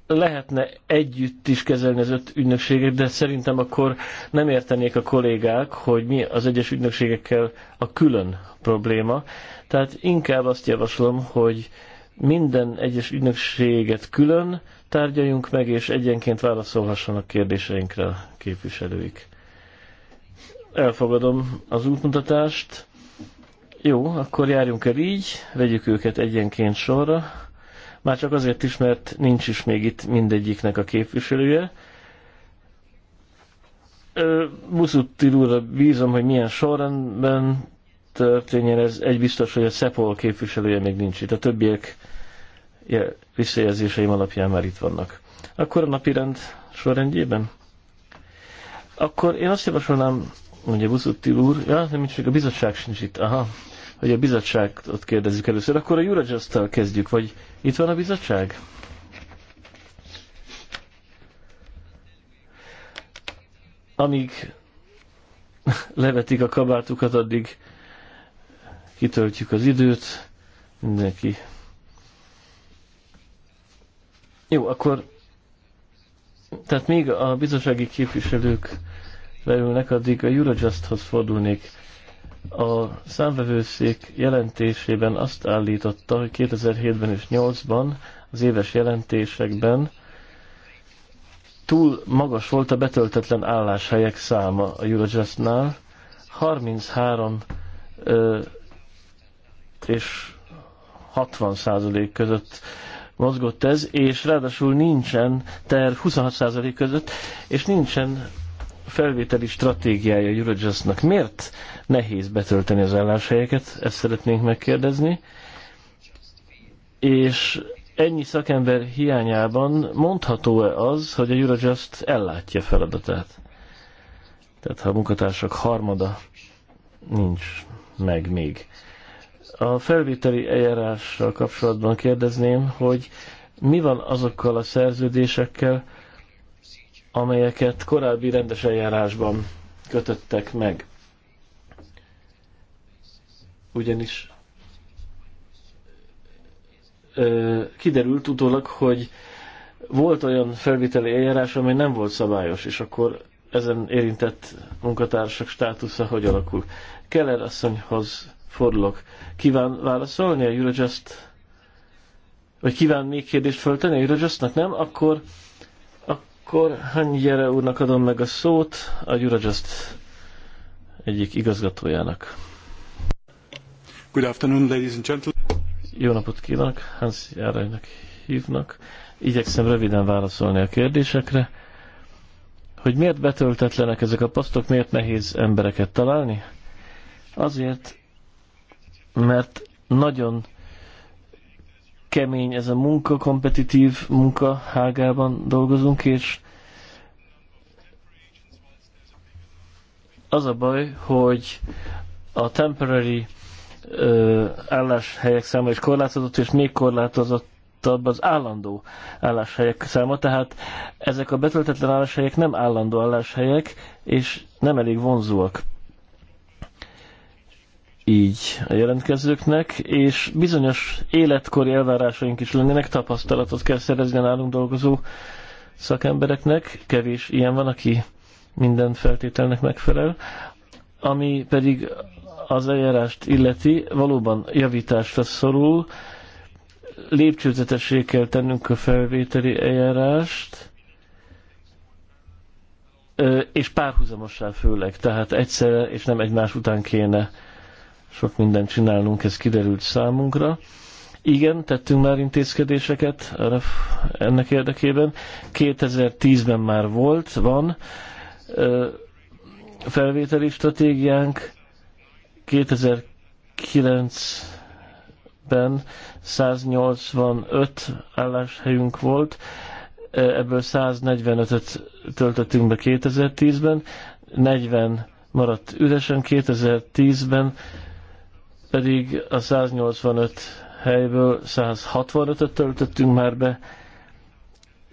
Lehetne együtt is kezelni az öt ügynökséget, de szerintem akkor nem értenék a kollégák, hogy mi az egyes ügynökségekkel a külön probléma. Tehát inkább azt javaslom, hogy minden egyes ügynökséget külön tárgyaljunk meg, és egyenként válaszolhassanak kérdéseinkre a képviselőik. Elfogadom az útmutatást. Jó, akkor járjunk el így, vegyük őket egyenként sorra. Már csak azért is, mert nincs is még itt mindegyiknek a képviselője. Buszuttil úrra bízom, hogy milyen sorrendben történjen ez. Egy biztos, hogy a Szepol képviselője még nincs itt. A többiek visszajelzéseim alapján már itt vannak. Akkor a napirend sorrendjében? Akkor én azt javasolnám, mondja Buzutti úr, ja, nem csak a bizottság sincs itt, aha, hogy a bizottságot kérdezzük először, akkor a eurojust kezdjük, vagy itt van a bizottság? Amíg levetik a kabátukat, addig kitöltjük az időt, mindenki jó, akkor tehát még a bizottsági képviselők leülnek, addig a Eurojusthoz fordulnék. A számvevőszék jelentésében azt állította, hogy 2007-ben és 2008-ban az éves jelentésekben túl magas volt a betöltetlen álláshelyek száma a Eurojustnál. 33 ö, és 60 százalék között mozgott ez, és ráadásul nincsen terv 26% között, és nincsen felvételi stratégiája Eurojustnak. Miért nehéz betölteni az álláshelyeket? Ezt szeretnénk megkérdezni. És ennyi szakember hiányában mondható-e az, hogy a Eurojust ellátja feladatát? Tehát ha a munkatársak harmada nincs meg még. A felvételi eljárással kapcsolatban kérdezném, hogy mi van azokkal a szerződésekkel, amelyeket korábbi rendes eljárásban kötöttek meg. Ugyanis ö, kiderült utólag, hogy volt olyan felvételi eljárás, amely nem volt szabályos, és akkor ezen érintett munkatársak státusza hogy alakul. Keller asszonyhoz fordulok. Kíván válaszolni a Eurojust? Vagy kíván még kérdést föltenni a Eurojustnak? Nem? Akkor, akkor Hangyere úrnak adom meg a szót, a Eurojust egyik igazgatójának. Good afternoon, ladies and gentlemen. Jó napot kívánok, Hans Járajnak hívnak. Igyekszem röviden válaszolni a kérdésekre. Hogy miért betöltetlenek ezek a posztok, miért nehéz embereket találni? Azért, mert nagyon kemény ez a munka, kompetitív munka hágában dolgozunk, és az a baj, hogy a temporary ö, álláshelyek száma is korlátozott, és még korlátozottabb az állandó álláshelyek száma, tehát ezek a betöltetlen álláshelyek nem állandó álláshelyek, és nem elég vonzóak így a jelentkezőknek, és bizonyos életkori elvárásaink is lennének, tapasztalatot kell szerezni a nálunk dolgozó szakembereknek, kevés ilyen van, aki minden feltételnek megfelel, ami pedig az eljárást illeti, valóban javításra szorul, lépcsőzetessé kell tennünk a felvételi eljárást, és párhuzamosan főleg, tehát egyszerre és nem egymás után kéne sok mindent csinálnunk, ez kiderült számunkra. Igen, tettünk már intézkedéseket ennek érdekében. 2010-ben már volt, van felvételi stratégiánk. 2009-ben 185 álláshelyünk volt, ebből 145-öt töltöttünk be 2010-ben, 40 maradt üresen 2010-ben, pedig a 185 helyből 165-öt töltöttünk már be,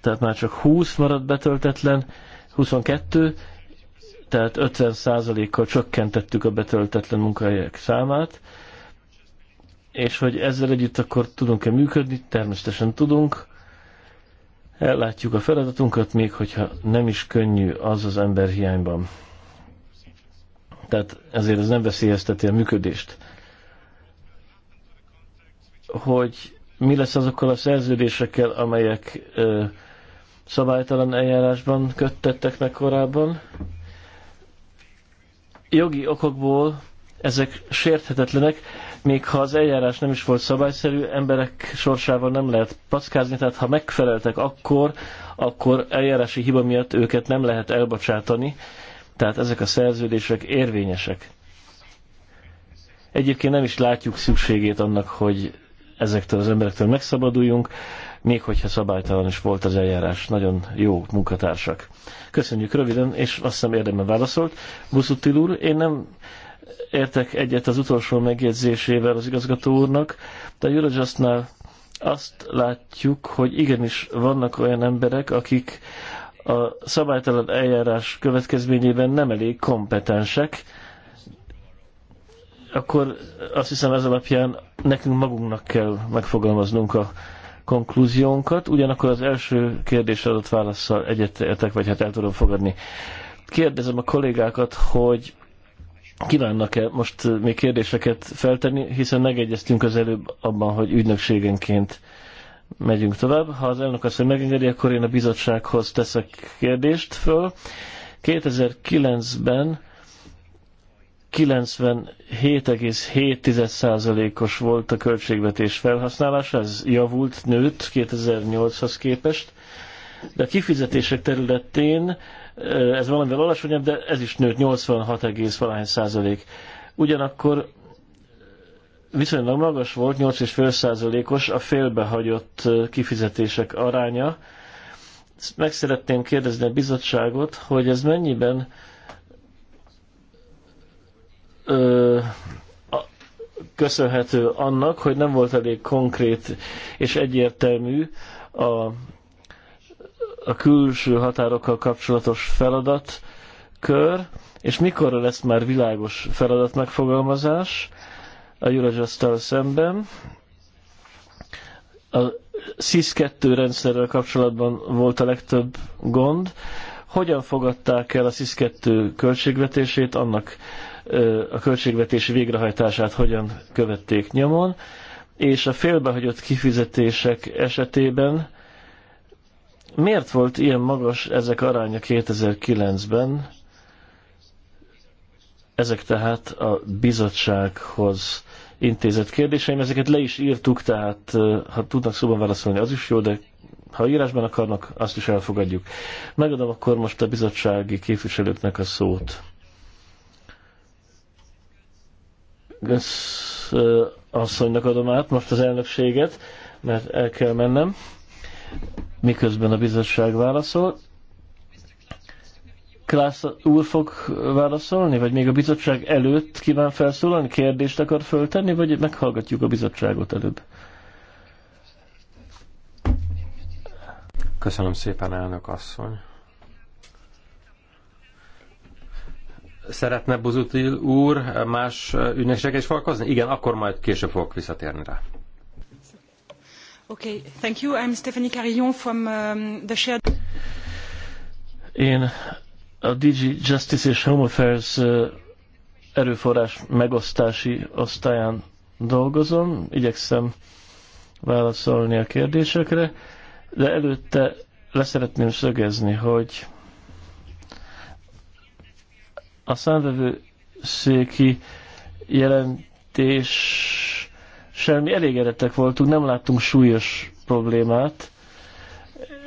tehát már csak 20 maradt betöltetlen, 22, tehát 50%-kal csökkentettük a betöltetlen munkahelyek számát, és hogy ezzel együtt akkor tudunk-e működni, természetesen tudunk, ellátjuk a feladatunkat, még hogyha nem is könnyű az az ember hiányban. Tehát ezért ez nem veszélyezteti a működést hogy mi lesz azokkal a szerződésekkel, amelyek ö, szabálytalan eljárásban köttettek meg korábban. Jogi okokból ezek sérthetetlenek, még ha az eljárás nem is volt szabályszerű, emberek sorsával nem lehet packázni, tehát ha megfeleltek akkor, akkor eljárási hiba miatt őket nem lehet elbocsátani, tehát ezek a szerződések érvényesek. Egyébként nem is látjuk szükségét annak, hogy ezektől az emberektől megszabaduljunk, még hogyha szabálytalan is volt az eljárás. Nagyon jó munkatársak. Köszönjük röviden, és azt hiszem érdemben válaszolt. Buszutil úr, én nem értek egyet az utolsó megjegyzésével az igazgató úrnak, de a Eurojustnál azt látjuk, hogy igenis vannak olyan emberek, akik a szabálytalan eljárás következményében nem elég kompetensek, akkor azt hiszem ez alapján nekünk magunknak kell megfogalmaznunk a konklúziónkat. Ugyanakkor az első kérdésre adott válaszsal egyetértek, vagy hát el tudom fogadni. Kérdezem a kollégákat, hogy kívánnak-e most még kérdéseket feltenni, hiszen megegyeztünk az előbb abban, hogy ügynökségenként megyünk tovább. Ha az elnök azt megengedi, akkor én a bizottsághoz teszek kérdést föl. 2009-ben 97,7%-os volt a költségvetés felhasználása, ez javult, nőtt 2008-hoz képest, de a kifizetések területén eh, ez valamivel alacsonyabb, de ez is nőtt 86, százalék. Ugyanakkor viszonylag magas volt, 8,5 os a félbehagyott eh, kifizetések aránya. Ezt meg szeretném kérdezni a bizottságot, hogy ez mennyiben ö, köszönhető annak, hogy nem volt elég konkrét és egyértelmű a, a külső határokkal kapcsolatos feladat kör, és mikorra lesz már világos feladat megfogalmazás a eurojust szemben. A SIS-2 rendszerrel kapcsolatban volt a legtöbb gond. Hogyan fogadták el a SIS-2 költségvetését, annak a költségvetési végrehajtását hogyan követték nyomon, és a félbehagyott kifizetések esetében miért volt ilyen magas ezek aránya 2009-ben? Ezek tehát a bizottsághoz intézett kérdéseim, ezeket le is írtuk, tehát ha tudnak szóban válaszolni, az is jó, de ha írásban akarnak, azt is elfogadjuk. Megadom akkor most a bizottsági képviselőknek a szót. Gösz asszonynak adom át most az elnökséget, mert el kell mennem, miközben a bizottság válaszol. Klász úr fog válaszolni, vagy még a bizottság előtt kíván felszólalni, kérdést akar föltenni, vagy meghallgatjuk a bizottságot előbb? Köszönöm szépen, elnök asszony. Szeretne Buzutil úr más ügynökséggel is foglalkozni? Igen, akkor majd később fogok visszatérni rá. Okay, thank you. I'm Stephanie Carillon from um, the shared... Én a DG Justice és Home Affairs uh, erőforrás megosztási osztályán dolgozom, igyekszem válaszolni a kérdésekre, de előtte leszeretném szögezni, hogy a számvevő széki jelentés semmi elégedettek voltunk, nem láttunk súlyos problémát.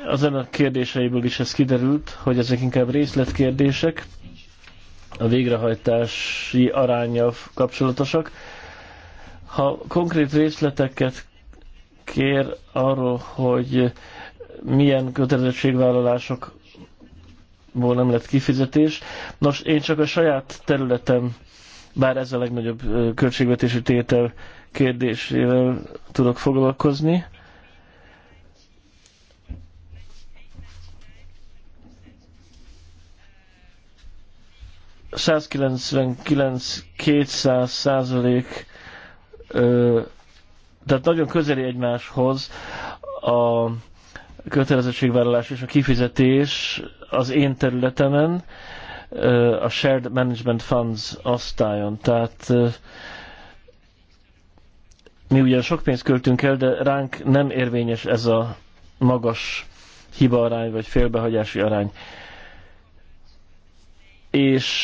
Az ennek kérdéseiből is ez kiderült, hogy ezek inkább részletkérdések, a végrehajtási arányjal kapcsolatosak. Ha konkrét részleteket kér arról, hogy milyen kötelezettségvállalások ból nem lett kifizetés. Nos, én csak a saját területem, bár ez a legnagyobb költségvetési tétel kérdésével tudok foglalkozni. százalék, tehát nagyon közeli egymáshoz a kötelezettségvállalás és a kifizetés az én területemen, a Shared Management Funds osztályon. Tehát mi ugyan sok pénzt költünk el, de ránk nem érvényes ez a magas hibaarány vagy félbehagyási arány. És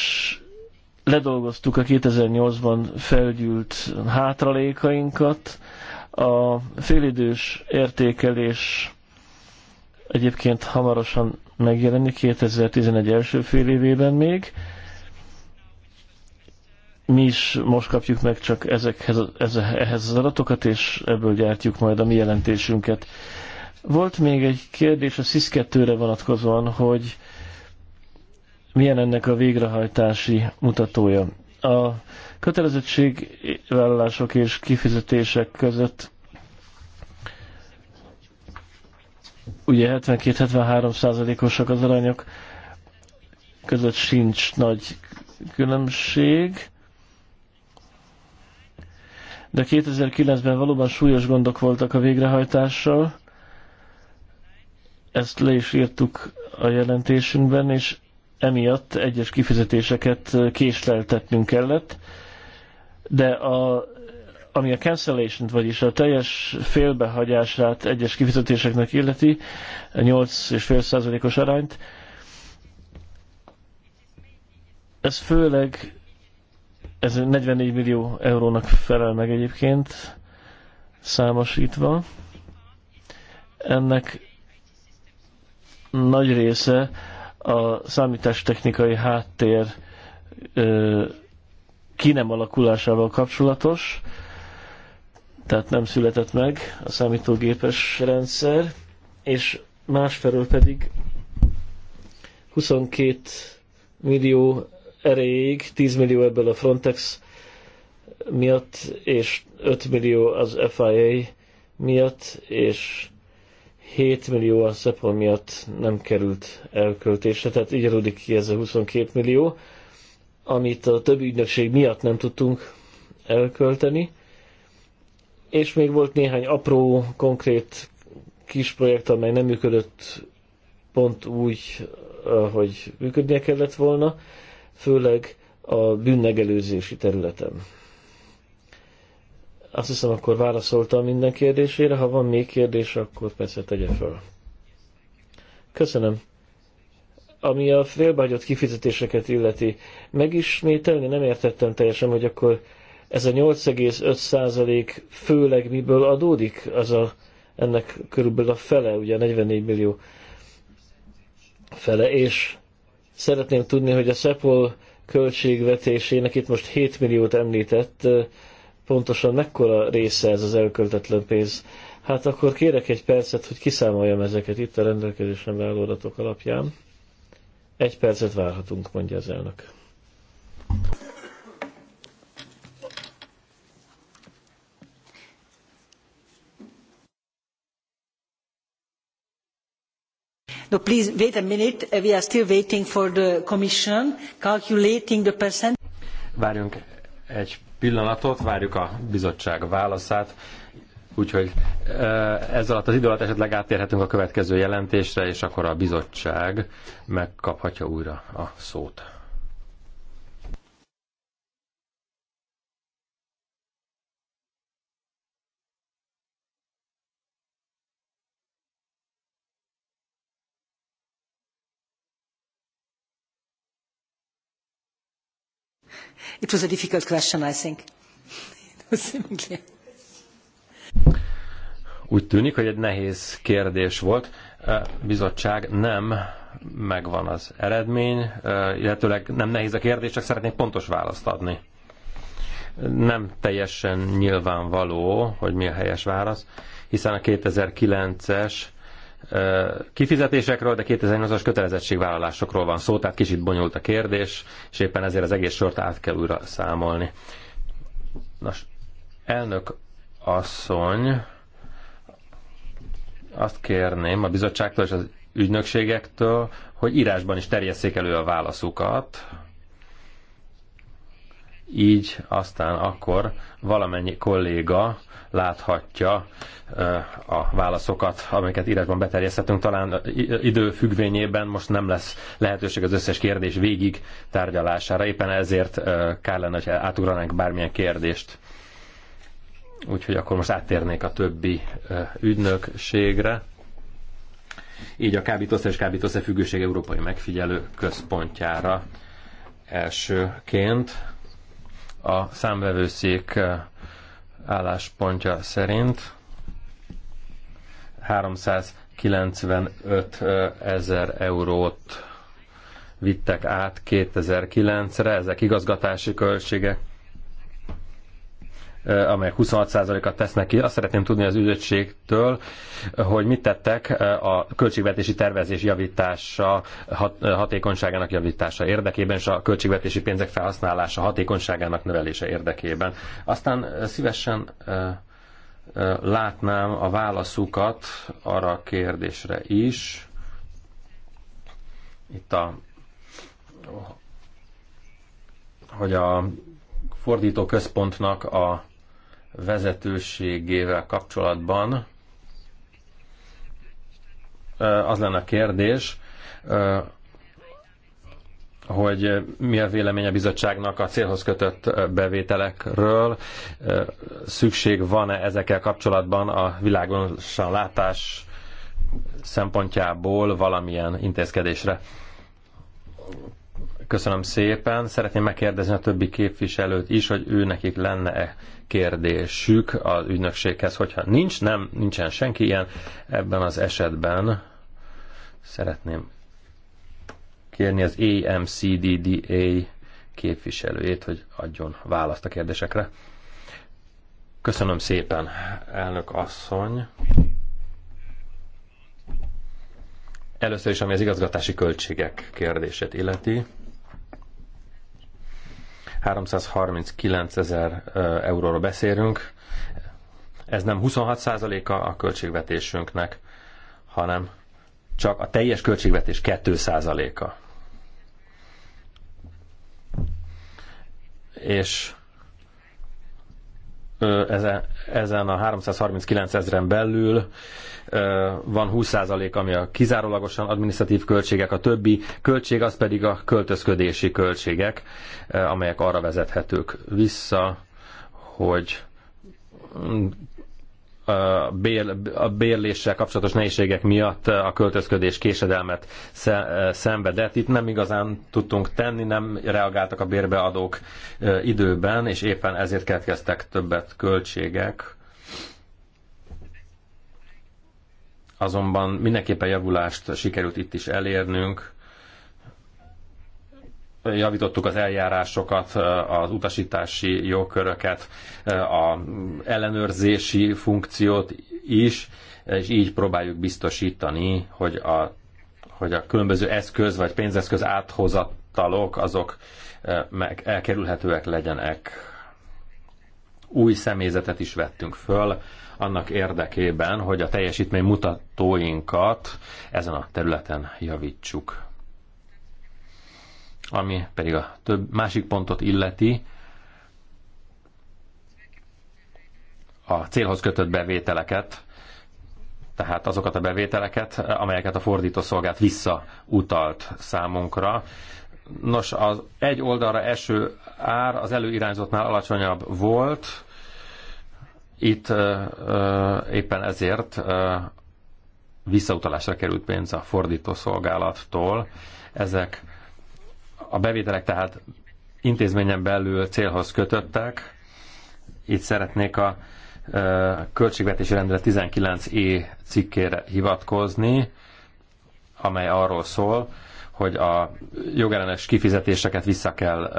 ledolgoztuk a 2008-ban felgyűlt hátralékainkat. A félidős értékelés egyébként hamarosan megjelenni, 2011 első fél évében még. Mi is most kapjuk meg csak ezekhez, ez, ehhez az adatokat, és ebből gyártjuk majd a mi jelentésünket. Volt még egy kérdés a sis 2 re vonatkozóan, hogy milyen ennek a végrehajtási mutatója. A kötelezettségvállalások és kifizetések között ugye 72-73 százalékosak az arányok, között sincs nagy különbség. De 2009-ben valóban súlyos gondok voltak a végrehajtással. Ezt le is írtuk a jelentésünkben, és emiatt egyes kifizetéseket késleltetnünk kellett. De a ami a cancellation vagyis a teljes félbehagyását egyes kifizetéseknek illeti, 8,5%-os arányt, ez főleg, ez 44 millió eurónak felel meg egyébként, számosítva. Ennek nagy része a számítástechnikai háttér ö, ki nem alakulásával kapcsolatos, tehát nem született meg a számítógépes rendszer, és másfelől pedig 22 millió erejéig, 10 millió ebből a Frontex miatt, és 5 millió az FIA miatt, és 7 millió a SEPOL miatt nem került elköltésre, tehát így adódik ki ez a 22 millió, amit a többi ügynökség miatt nem tudtunk elkölteni és még volt néhány apró, konkrét kis projekt, amely nem működött pont úgy, eh, hogy működnie kellett volna, főleg a bűnmegelőzési területen. Azt hiszem, akkor válaszoltam minden kérdésére, ha van még kérdés, akkor persze tegye föl. Köszönöm. Ami a félbágyott kifizetéseket illeti, megismételni nem értettem teljesen, hogy akkor ez a 8,5% főleg miből adódik? Az a, ennek körülbelül a fele, ugye 44 millió fele, és szeretném tudni, hogy a SEPOL költségvetésének itt most 7 milliót említett, pontosan mekkora része ez az elköltetlen pénz. Hát akkor kérek egy percet, hogy kiszámoljam ezeket itt a rendelkezésre álló adatok alapján. Egy percet várhatunk, mondja az elnök. Uh, Várjunk egy pillanatot, várjuk a bizottság válaszát. Úgyhogy uh, ez alatt az idő alatt esetleg áttérhetünk a következő jelentésre, és akkor a bizottság megkaphatja újra a szót. It was a difficult question, I think. Úgy tűnik, hogy egy nehéz kérdés volt. A bizottság nem megvan az eredmény, illetőleg nem nehéz a kérdés, csak szeretnék pontos választ adni. Nem teljesen nyilvánvaló, hogy mi a helyes válasz, hiszen a 2009-es kifizetésekről, de 2008-as kötelezettségvállalásokról van szó, tehát kicsit bonyolult a kérdés, és éppen ezért az egész sort át kell újra számolni. Nos, elnök asszony, azt kérném a bizottságtól és az ügynökségektől, hogy írásban is terjesszék elő a válaszukat, így aztán akkor valamennyi kolléga láthatja a válaszokat, amelyeket írásban beterjesztettünk. Talán idő függvényében most nem lesz lehetőség az összes kérdés végig tárgyalására. Éppen ezért kár lenne, hogy átugranánk bármilyen kérdést. Úgyhogy akkor most áttérnék a többi ügynökségre. Így a kábítószer és kábítószer függőség Európai Megfigyelő Központjára elsőként a számvevőszék eh, álláspontja szerint 395 eh, ezer eurót vittek át 2009-re, ezek igazgatási költségek, Eh, amelyek 26%-at tesznek ki. Azt szeretném tudni az üzöttségtől, hogy mit tettek eh, a költségvetési tervezés javítása, eh, hatékonyságának javítása érdekében, és a költségvetési pénzek felhasználása hatékonyságának növelése érdekében. Aztán szívesen látnám a válaszukat arra a kérdésre is. Itt a hogy a fordító központnak a vezetőségével kapcsolatban az lenne a kérdés, hogy mi a vélemény a bizottságnak a célhoz kötött bevételekről, szükség van-e ezekkel kapcsolatban a világosan látás szempontjából valamilyen intézkedésre. Köszönöm szépen. Szeretném megkérdezni a többi képviselőt is, hogy ő nekik lenne-e kérdésük az ügynökséghez, hogyha nincs, nem, nincsen senki ilyen. Ebben az esetben szeretném kérni az AMCDDA képviselőjét, hogy adjon választ a kérdésekre. Köszönöm szépen, elnök asszony. Először is, ami az igazgatási költségek kérdését illeti. 339 ezer euróról beszélünk. Ez nem 26%-a a költségvetésünknek, hanem csak a teljes költségvetés 2%-a. És ezen, ezen a 339 ezeren belül van 20% ami a kizárólagosan adminisztratív költségek, a többi költség az pedig a költözködési költségek, amelyek arra vezethetők vissza, hogy a, bérléssel kapcsolatos nehézségek miatt a költözködés késedelmet szenvedett. Itt nem igazán tudtunk tenni, nem reagáltak a bérbeadók időben, és éppen ezért keletkeztek többet költségek. Azonban mindenképpen javulást sikerült itt is elérnünk javítottuk az eljárásokat, az utasítási jogköröket, a ellenőrzési funkciót is, és így próbáljuk biztosítani, hogy a, hogy a különböző eszköz vagy pénzeszköz áthozatalok azok meg elkerülhetőek legyenek. Új személyzetet is vettünk föl, annak érdekében, hogy a teljesítmény mutatóinkat ezen a területen javítsuk. Ami pedig a több másik pontot illeti, a célhoz kötött bevételeket, tehát azokat a bevételeket, amelyeket a fordítószolgált visszautalt számunkra. Nos, az egy oldalra eső ár az előirányzottnál alacsonyabb volt, itt ö, ö, éppen ezért ö, visszautalásra került pénz a fordítószolgálattól. Ezek a bevételek tehát intézményen belül célhoz kötöttek. Itt szeretnék a költségvetési rendelet 19E cikkére hivatkozni, amely arról szól, hogy a jogellenes kifizetéseket vissza kell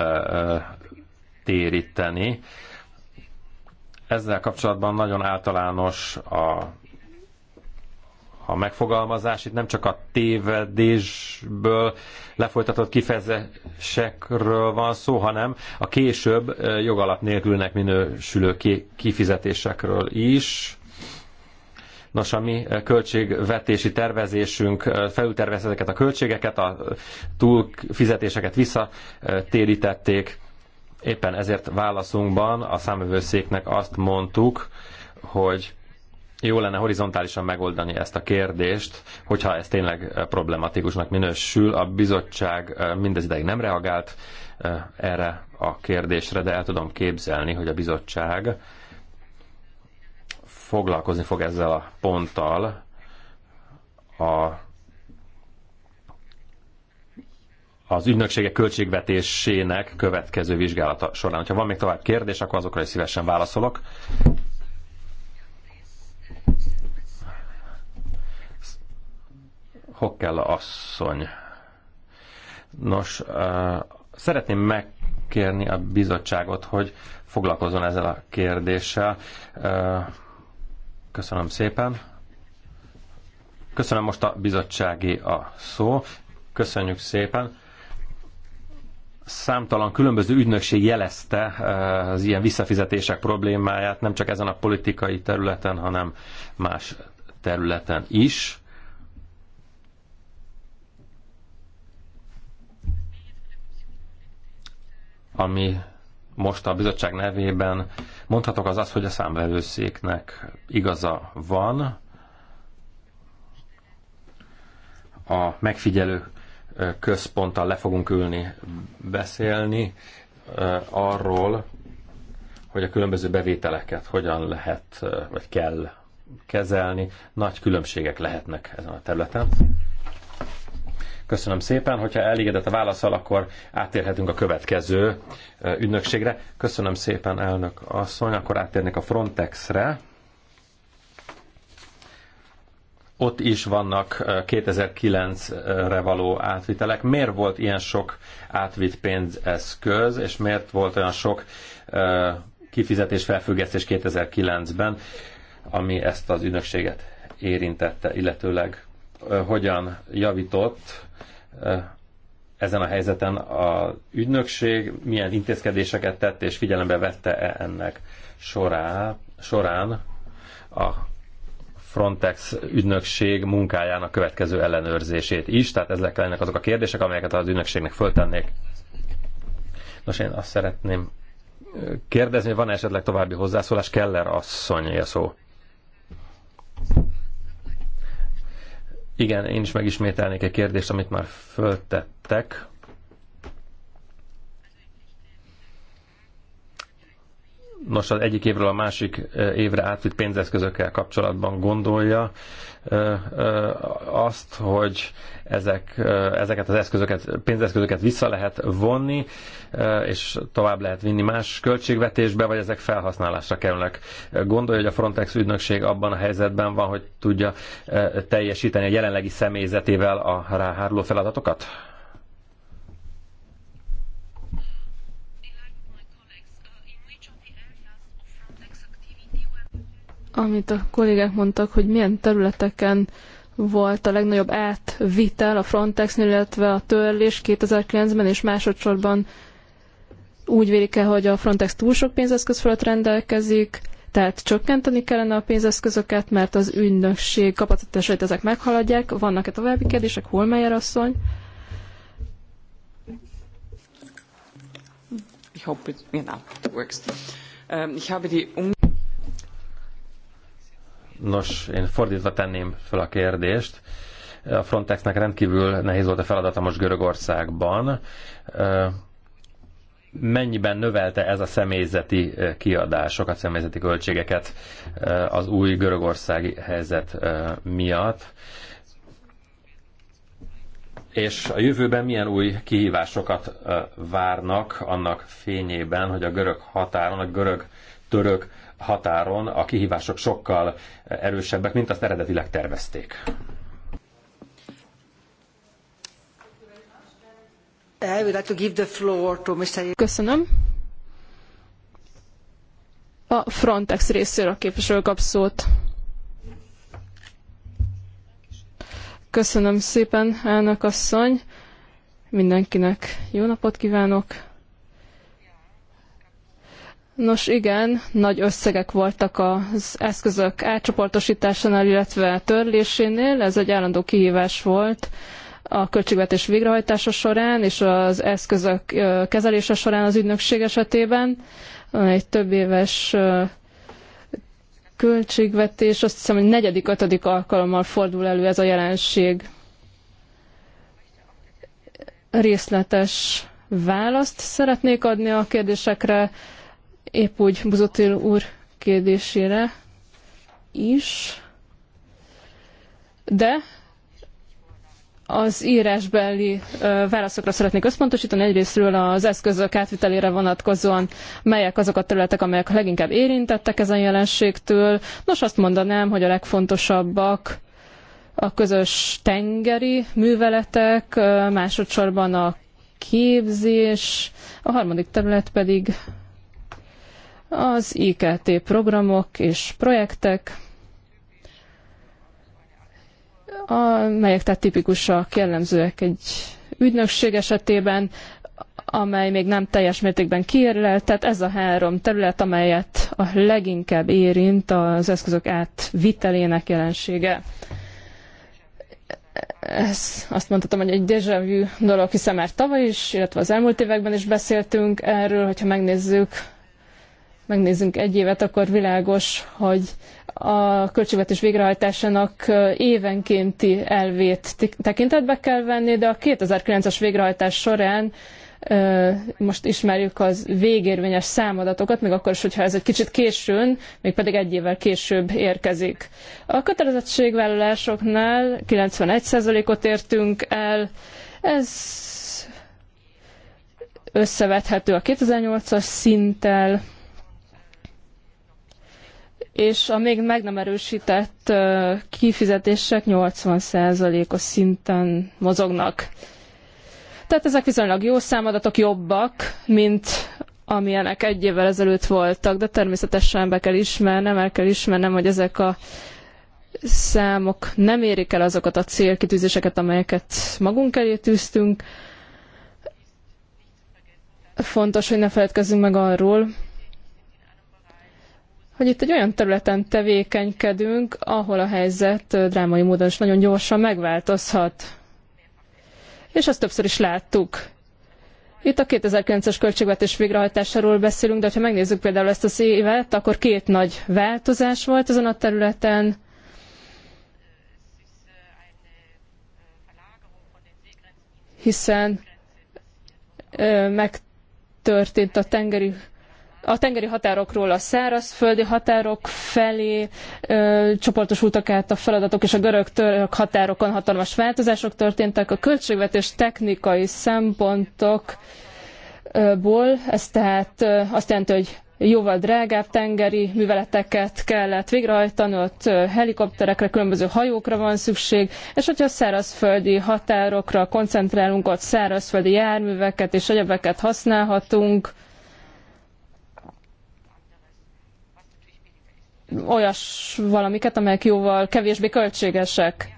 téríteni. Ezzel kapcsolatban nagyon általános a a megfogalmazás. Itt nem csak a tévedésből lefolytatott kifejezesekről van szó, hanem a később jogalap nélkülnek minősülő kifizetésekről is. Nos, a mi költségvetési tervezésünk felültervez ezeket a költségeket, a túlfizetéseket visszatérítették. Éppen ezért válaszunkban a számövőszéknek azt mondtuk, hogy jó lenne horizontálisan megoldani ezt a kérdést, hogyha ez tényleg eh, problematikusnak minősül. A bizottság eh, mindez ideig nem reagált eh, erre a kérdésre, de el tudom képzelni, hogy a bizottság foglalkozni fog ezzel a ponttal a az ügynöksége költségvetésének következő vizsgálata során. Ha van még tovább kérdés, akkor azokra is szívesen válaszolok. Hokkel asszony. Nos, szeretném megkérni a bizottságot, hogy foglalkozzon ezzel a kérdéssel. Köszönöm szépen. Köszönöm most a bizottsági a szó. Köszönjük szépen számtalan különböző ügynökség jelezte az ilyen visszafizetések problémáját, nem csak ezen a politikai területen, hanem más területen is. Ami most a bizottság nevében mondhatok az az, hogy a számvevőszéknek igaza van. A megfigyelő központtal le fogunk ülni beszélni arról, hogy a különböző bevételeket hogyan lehet, vagy kell kezelni. Nagy különbségek lehetnek ezen a területen. Köszönöm szépen, hogyha elégedett a válaszal, akkor átérhetünk a következő ügynökségre. Köszönöm szépen, elnök asszony, akkor átérnék a Frontexre. Ott is vannak 2009-re való átvitelek. Miért volt ilyen sok átvitt pénzeszköz, és miért volt olyan sok kifizetés felfüggesztés 2009-ben, ami ezt az ügynökséget érintette, illetőleg hogyan javított ezen a helyzeten a ügynökség, milyen intézkedéseket tett és figyelembe vette-e ennek során, során a Frontex ügynökség munkájának következő ellenőrzését is, tehát ezek lennek azok a kérdések, amelyeket az ügynökségnek föltennék. Nos, én azt szeretném kérdezni, van -e esetleg további hozzászólás? Keller asszony a szó. Igen, én is megismételnék egy kérdést, amit már föltettek. nos az egyik évről a másik évre átvitt pénzeszközökkel kapcsolatban gondolja azt, hogy ezek, ezeket az eszközöket, pénzeszközöket vissza lehet vonni, és tovább lehet vinni más költségvetésbe, vagy ezek felhasználásra kerülnek. Gondolja, hogy a Frontex ügynökség abban a helyzetben van, hogy tudja teljesíteni a jelenlegi személyzetével a ráháruló feladatokat? amit a kollégák mondtak, hogy milyen területeken volt a legnagyobb átvitel a Frontexnél, illetve a törlés 2009-ben, és másodszorban úgy vélik el, hogy a Frontex túl sok pénzeszköz fölött rendelkezik, tehát csökkenteni kellene a pénzeszközöket, mert az ügynökség kapacitásait ezek meghaladják. Vannak-e további kérdések? Holmeyer asszony? Ich hoffe, genau, works. Ähm, ich habe die um- Nos, én fordítva tenném fel a kérdést. A Frontexnek rendkívül nehéz volt a feladata most Görögországban. Mennyiben növelte ez a személyzeti kiadásokat, személyzeti költségeket az új görögországi helyzet miatt? És a jövőben milyen új kihívásokat várnak annak fényében, hogy a görög határon, a görög-török határon a kihívások sokkal erősebbek, mint azt eredetileg tervezték. Köszönöm. A Frontex részéről a képviselő kap szót. Köszönöm szépen, elnök asszony. Mindenkinek jó napot kívánok. Nos igen, nagy összegek voltak az eszközök átcsoportosításánál, illetve törlésénél. Ez egy állandó kihívás volt a költségvetés végrehajtása során és az eszközök kezelése során az ügynökség esetében. Egy több éves költségvetés, azt hiszem, hogy negyedik, ötödik alkalommal fordul elő ez a jelenség. Részletes választ szeretnék adni a kérdésekre épp úgy Buzotil úr kérdésére is, de az írásbeli válaszokra szeretnék összpontosítani. Egyrésztről az eszközök átvitelére vonatkozóan, melyek azok a területek, amelyek leginkább érintettek ezen jelenségtől. Nos, azt mondanám, hogy a legfontosabbak a közös tengeri műveletek, másodszorban a képzés, a harmadik terület pedig az IKT programok és projektek, amelyek tehát tipikusak, jellemzőek egy ügynökség esetében, amely még nem teljes mértékben kiérlelt, tehát ez a három terület, amelyet a leginkább érint az eszközök átvitelének jelensége. Ez azt mondhatom, hogy egy déjà vu dolog, hiszen már tavaly is, illetve az elmúlt években is beszéltünk erről, hogyha megnézzük megnézzünk egy évet, akkor világos, hogy a költségvetés végrehajtásának évenkénti elvét tekintetbe kell venni, de a 2009-es végrehajtás során most ismerjük az végérvényes számadatokat, még akkor is, hogyha ez egy kicsit későn, még pedig egy évvel később érkezik. A kötelezettségvállalásoknál 91%-ot értünk el, ez összevethető a 2008-as szinttel, és a még meg nem erősített kifizetések 80%-os szinten mozognak. Tehát ezek viszonylag jó számadatok, jobbak, mint amilyenek egy évvel ezelőtt voltak, de természetesen be kell ismernem, el kell ismernem, hogy ezek a számok nem érik el azokat a célkitűzéseket, amelyeket magunk elé tűztünk. Fontos, hogy ne feledkezzünk meg arról, hogy itt egy olyan területen tevékenykedünk, ahol a helyzet drámai módon is nagyon gyorsan megváltozhat. És azt többször is láttuk. Itt a 2009-es költségvetés végrehajtásáról beszélünk, de ha megnézzük például ezt az évet, akkor két nagy változás volt ezen a területen. Hiszen megtörtént a tengeri a tengeri határokról a szárazföldi határok felé ö, csoportosultak át a feladatok, és a görög-török határokon hatalmas változások történtek. A költségvetés technikai szempontokból ez tehát ö, azt jelenti, hogy jóval drágább tengeri műveleteket kellett végrehajtani, ott helikopterekre, különböző hajókra van szükség, és hogyha szárazföldi határokra koncentrálunk, ott szárazföldi járműveket és egyebeket használhatunk, olyas valamiket, amelyek jóval kevésbé költségesek.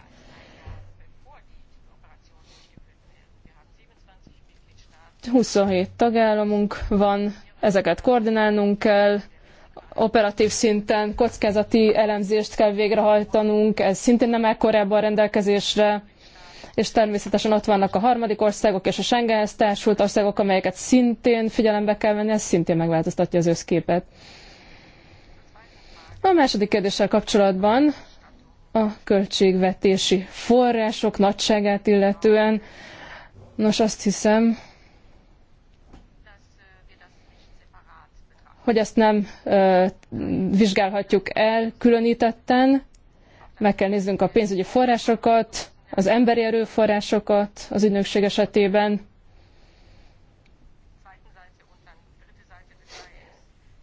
Huszonhét tagállamunk van, ezeket koordinálnunk kell, operatív szinten kockázati elemzést kell végrehajtanunk, ez szintén nem áll korábban rendelkezésre, és természetesen ott vannak a harmadik országok és a Schengenhez társult országok, amelyeket szintén figyelembe kell venni, ez szintén megváltoztatja az összképet. A második kérdéssel kapcsolatban a költségvetési források nagyságát illetően, nos azt hiszem, hogy ezt nem ö, vizsgálhatjuk el különítetten, meg kell néznünk a pénzügyi forrásokat, az emberi erőforrásokat az ügynökség esetében.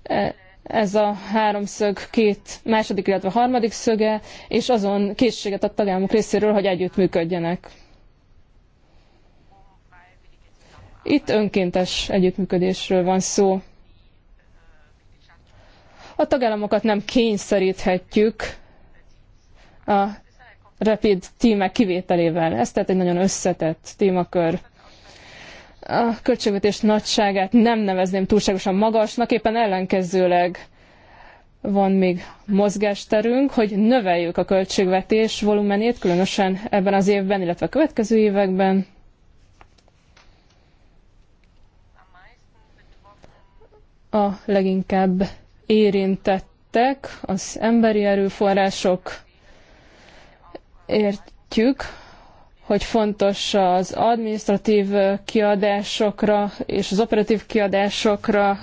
E, ez a háromszög két második, illetve harmadik szöge, és azon készséget a tagállamok részéről, hogy együttműködjenek. Itt önkéntes együttműködésről van szó. A tagállamokat nem kényszeríthetjük a rapid tímek kivételével. Ez tehát egy nagyon összetett témakör a költségvetés nagyságát nem nevezném túlságosan magasnak, éppen ellenkezőleg van még mozgásterünk, hogy növeljük a költségvetés volumenét, különösen ebben az évben, illetve a következő években. A leginkább érintettek az emberi erőforrások. Értjük, hogy fontos az administratív kiadásokra és az operatív kiadásokra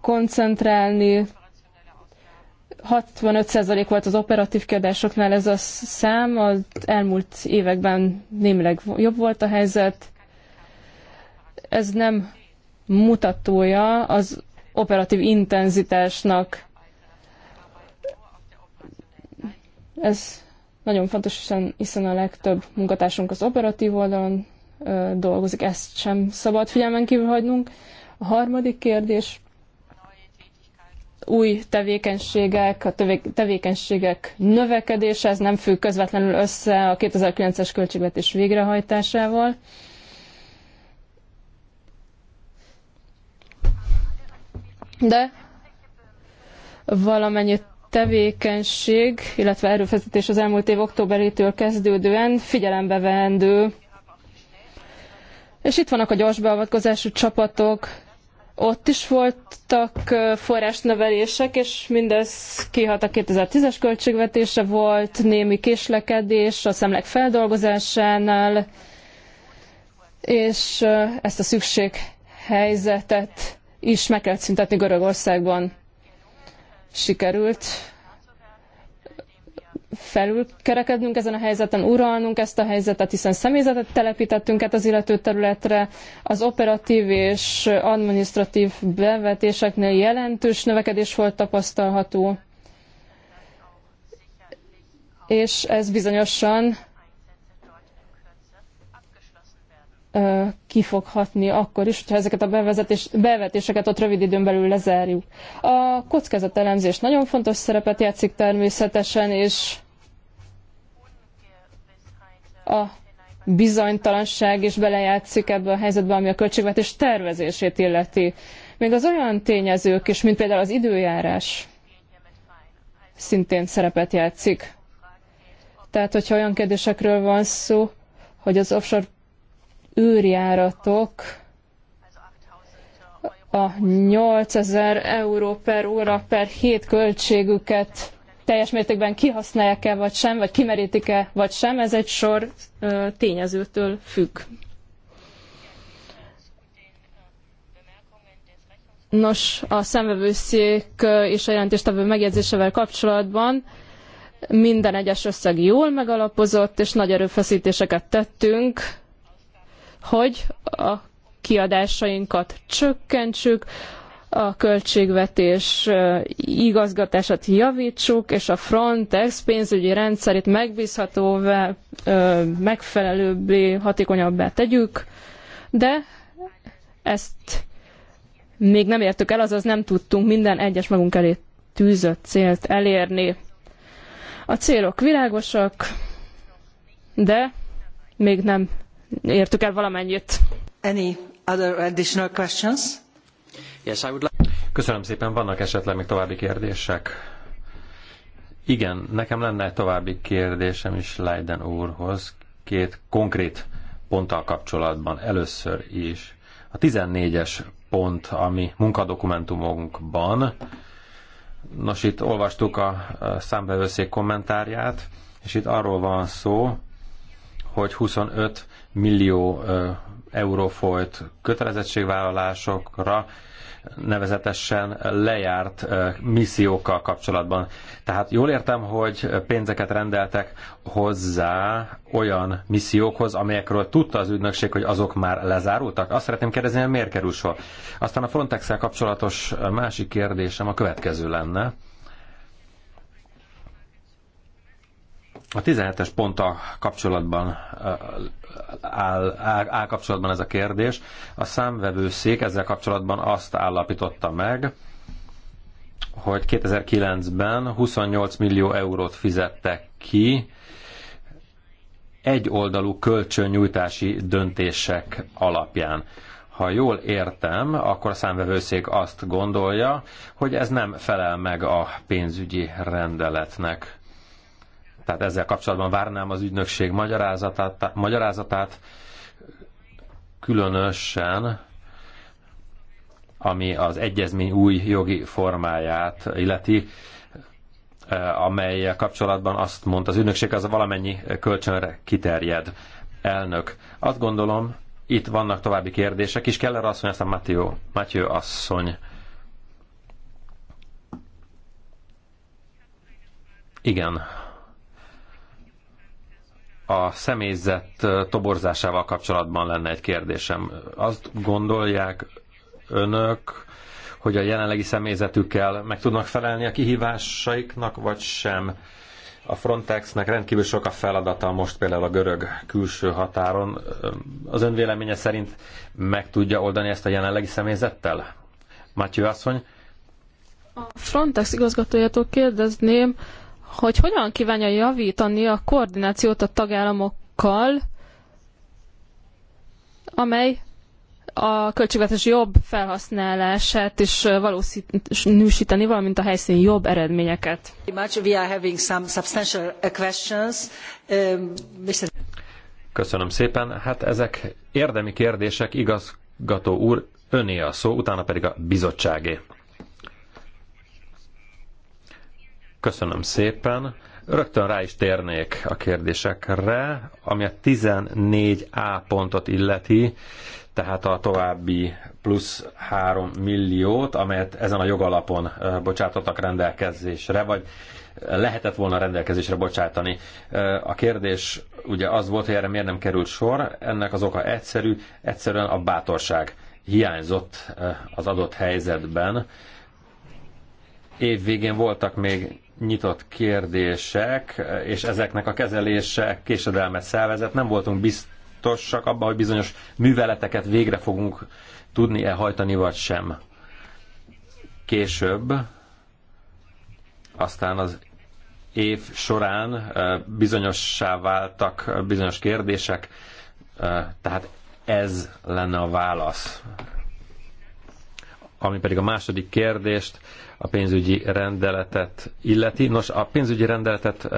koncentrálni. 65% volt az operatív kiadásoknál ez a szám, az elmúlt években némileg jobb volt a helyzet. Ez nem mutatója az operatív intenzitásnak. Ez nagyon fontos, hiszen, a legtöbb munkatársunk az operatív oldalon ö, dolgozik, ezt sem szabad figyelmen kívül hagynunk. A harmadik kérdés, új tevékenységek, a tevékenységek növekedése, ez nem függ közvetlenül össze a 2009-es költségvetés végrehajtásával. De valamennyit tevékenység, illetve erőfeszítés az elmúlt év októberétől kezdődően figyelembe veendő. És itt vannak a gyors beavatkozású csapatok, ott is voltak forrásnövelések, és mindez kihat a 2010-es költségvetése volt, némi késlekedés a szemlek feldolgozásánál, és ezt a szükséghelyzetet is meg kell szüntetni Görögországban sikerült felülkerekednünk ezen a helyzeten, uralnunk ezt a helyzetet, hiszen személyzetet telepítettünk át az illető területre. Az operatív és administratív bevetéseknél jelentős növekedés volt tapasztalható, és ez bizonyosan ki fog hatni akkor is, hogyha ezeket a bevezetés, bevetéseket ott rövid időn belül lezárjuk. A kockázatelemzés nagyon fontos szerepet játszik természetesen, és a bizonytalanság is belejátszik ebbe a helyzetbe, ami a költségvetés tervezését illeti. Még az olyan tényezők is, mint például az időjárás, szintén szerepet játszik. Tehát, hogyha olyan kérdésekről van szó, hogy az offshore űrjáratok a 8000 euró per óra per hét költségüket teljes mértékben kihasználják-e vagy sem, vagy kimerítik-e vagy sem, ez egy sor tényezőtől függ. Nos, a szemvevőszék és a jelentéstevő megjegyzésevel kapcsolatban minden egyes összeg jól megalapozott, és nagy erőfeszítéseket tettünk hogy a kiadásainkat csökkentsük, a költségvetés igazgatását javítsuk, és a Frontex pénzügyi rendszerét megbízhatóvá, megfelelőbbé, hatékonyabbá tegyük, de ezt még nem értük el, azaz nem tudtunk minden egyes magunk elé tűzött célt elérni. A célok világosak, de még nem értük el valamennyit. Any other additional questions? Yes, I would like... Köszönöm szépen, vannak esetleg még további kérdések? Igen, nekem lenne egy további kérdésem is Leiden úrhoz, két konkrét ponttal kapcsolatban először is. A 14-es pont, ami munkadokumentumunkban, nos itt olvastuk a számbevőszék kommentárját, és itt arról van szó, hogy 25 millió euró folyt kötelezettségvállalásokra, nevezetesen lejárt missziókkal kapcsolatban. Tehát jól értem, hogy pénzeket rendeltek hozzá olyan missziókhoz, amelyekről tudta az ügynökség, hogy azok már lezárultak. Azt szeretném kérdezni, hogy miért kerül sor. Aztán a frontex kapcsolatos másik kérdésem a következő lenne. A 17-es ponttal kapcsolatban áll, áll, áll kapcsolatban ez a kérdés. A számvevőszék ezzel kapcsolatban azt állapította meg, hogy 2009-ben 28 millió eurót fizettek ki egyoldalú kölcsönnyújtási döntések alapján. Ha jól értem, akkor a számvevőszék azt gondolja, hogy ez nem felel meg a pénzügyi rendeletnek. Tehát ezzel kapcsolatban várnám az ügynökség magyarázatát, magyarázatát különösen ami az egyezmény új jogi formáját illeti, eh, amely kapcsolatban azt mondta az ügynökség, az a valamennyi kölcsönre kiterjed. Elnök. Azt gondolom, itt vannak további kérdések is. Keller asszony, aztán Matteo, Matteo asszony. Igen a személyzet toborzásával kapcsolatban lenne egy kérdésem. Azt gondolják önök, hogy a jelenlegi személyzetükkel meg tudnak felelni a kihívásaiknak, vagy sem? A Frontexnek rendkívül sok a feladata most például a görög külső határon. Az ön véleménye szerint meg tudja oldani ezt a jelenlegi személyzettel? Matyő asszony? A Frontex igazgatójától kérdezném, hogy hogyan kívánja javítani a koordinációt a tagállamokkal, amely a költségvetés jobb felhasználását is valószínűsíteni, valamint a helyszíni jobb eredményeket. Uh, um, Köszönöm szépen. Hát ezek érdemi kérdések, igazgató úr, öné a szó, utána pedig a bizottságé. Köszönöm szépen. Rögtön rá is térnék a kérdésekre, ami a 14A pontot illeti, tehát a további plusz 3 milliót, amelyet ezen a jogalapon bocsátottak rendelkezésre, vagy lehetett volna rendelkezésre bocsátani. A kérdés ugye az volt, hogy erre miért nem került sor, ennek az oka egyszerű, egyszerűen a bátorság hiányzott az adott helyzetben. Év végén voltak még nyitott kérdések, és ezeknek a kezelése késedelmet szervezett. Nem voltunk biztosak abban, hogy bizonyos műveleteket végre fogunk tudni elhajtani, vagy sem. Később, aztán az év során bizonyossá váltak bizonyos kérdések, tehát ez lenne a válasz. Ami pedig a második kérdést a pénzügyi rendeletet illeti. Nos, a pénzügyi rendeletet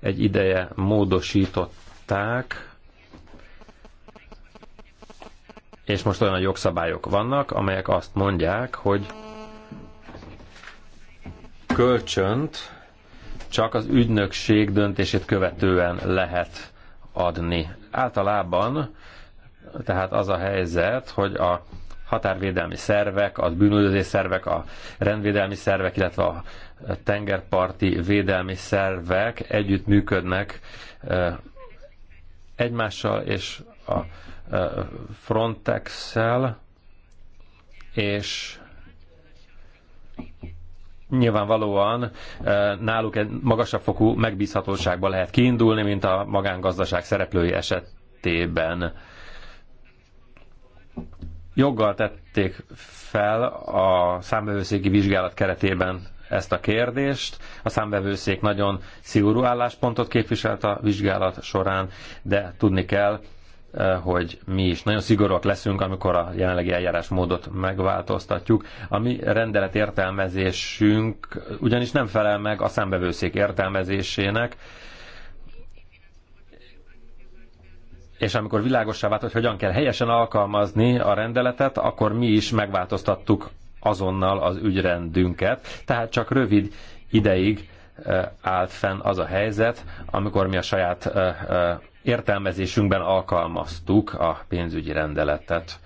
egy ideje módosították, és most olyan jogszabályok vannak, amelyek azt mondják, hogy kölcsönt csak az ügynökség döntését követően lehet adni. Általában tehát az a helyzet, hogy a határvédelmi szervek, a bűnüldözés szervek, a rendvédelmi szervek, illetve a tengerparti védelmi szervek együtt működnek eh, egymással és a eh, Frontex-szel, és nyilvánvalóan eh, náluk egy magasabb fokú megbízhatóságba lehet kiindulni, mint a magángazdaság szereplői esetében. Joggal tették fel a számbevőszéki vizsgálat keretében ezt a kérdést. A számbevőszék nagyon szigorú álláspontot képviselt a vizsgálat során, de tudni kell, eh, hogy mi is nagyon szigorúak leszünk, amikor a jelenlegi eljárásmódot megváltoztatjuk. A mi rendelet értelmezésünk ugyanis nem felel meg a számbevőszék értelmezésének, és amikor világosá vált, hogy hogyan kell helyesen alkalmazni a rendeletet, akkor mi is megváltoztattuk azonnal az ügyrendünket. Tehát csak rövid ideig eh, állt fenn az a helyzet, amikor mi a saját eh, eh, értelmezésünkben alkalmaztuk a pénzügyi rendeletet.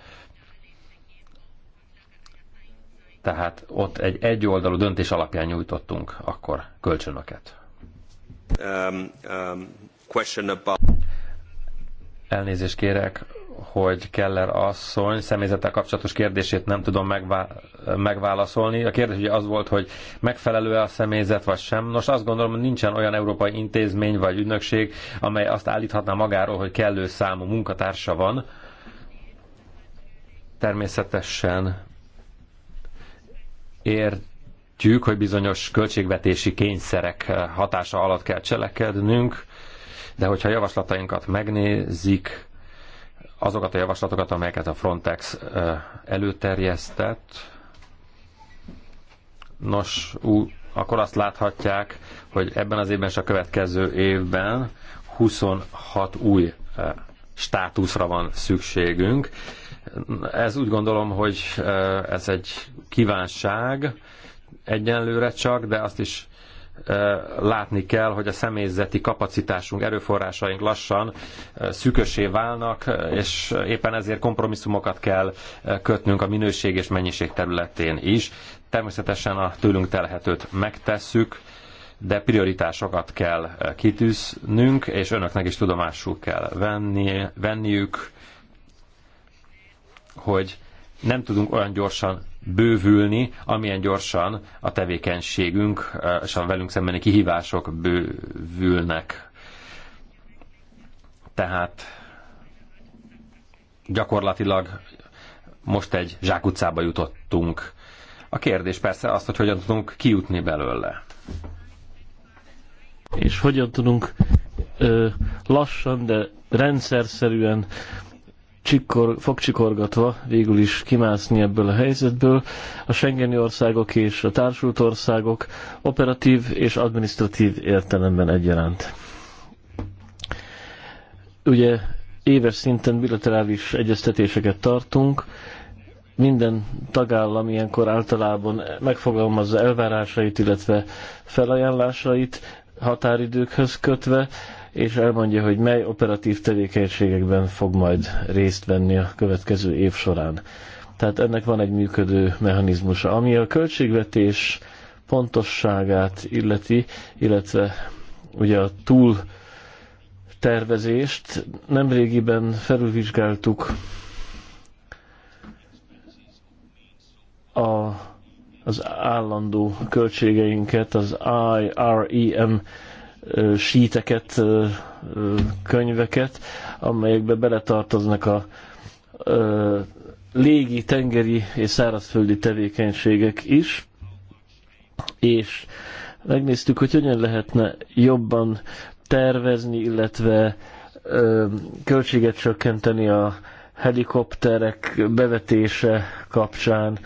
Tehát ott egy egyoldalú döntés alapján nyújtottunk akkor kölcsönöket. Um, um, question about... Elnézést kérek, hogy Keller asszony személyzettel kapcsolatos kérdését nem tudom megvá- megválaszolni. A kérdés ugye az volt, hogy megfelelő-e a személyzet, vagy sem. Nos, azt gondolom, hogy nincsen olyan európai intézmény vagy ügynökség, amely azt állíthatná magáról, hogy kellő számú munkatársa van. Természetesen értjük, hogy bizonyos költségvetési kényszerek hatása alatt kell cselekednünk, de hogyha javaslatainkat megnézik, azokat a javaslatokat, amelyeket a Frontex előterjesztett, nos, ú, akkor azt láthatják, hogy ebben az évben és a következő évben 26 új státuszra van szükségünk. Ez úgy gondolom, hogy ez egy kívánság egyenlőre csak, de azt is látni kell, hogy a személyzeti kapacitásunk, erőforrásaink lassan szükösé válnak, és éppen ezért kompromisszumokat kell kötnünk a minőség és mennyiség területén is. Természetesen a tőlünk telhetőt megtesszük, de prioritásokat kell kitűznünk, és önöknek is tudomásul kell venni, venniük, hogy nem tudunk olyan gyorsan bővülni, amilyen gyorsan a tevékenységünk és a velünk szembeni kihívások bővülnek. Tehát gyakorlatilag most egy zsákutcába jutottunk. A kérdés persze az, hogy hogyan tudunk kijutni belőle. És hogyan tudunk ö, lassan, de rendszer szerűen csikor, fogcsikorgatva végül is kimászni ebből a helyzetből. A Schengeni országok és a társult országok operatív és administratív értelemben egyaránt. Ugye éves szinten bilaterális egyeztetéseket tartunk, minden tagállam ilyenkor általában megfogalmazza elvárásait, illetve felajánlásait határidőkhöz kötve, és elmondja, hogy mely operatív tevékenységekben fog majd részt venni a következő év során. Tehát ennek van egy működő mechanizmusa. Ami a költségvetés pontosságát illeti, illetve ugye a túl tervezést, nemrégiben felülvizsgáltuk a, az állandó költségeinket, az IREM síteket, könyveket, amelyekbe beletartoznak a légi, tengeri és szárazföldi tevékenységek is, és megnéztük, hogy hogyan lehetne jobban tervezni, illetve költséget csökkenteni a helikopterek bevetése kapcsán,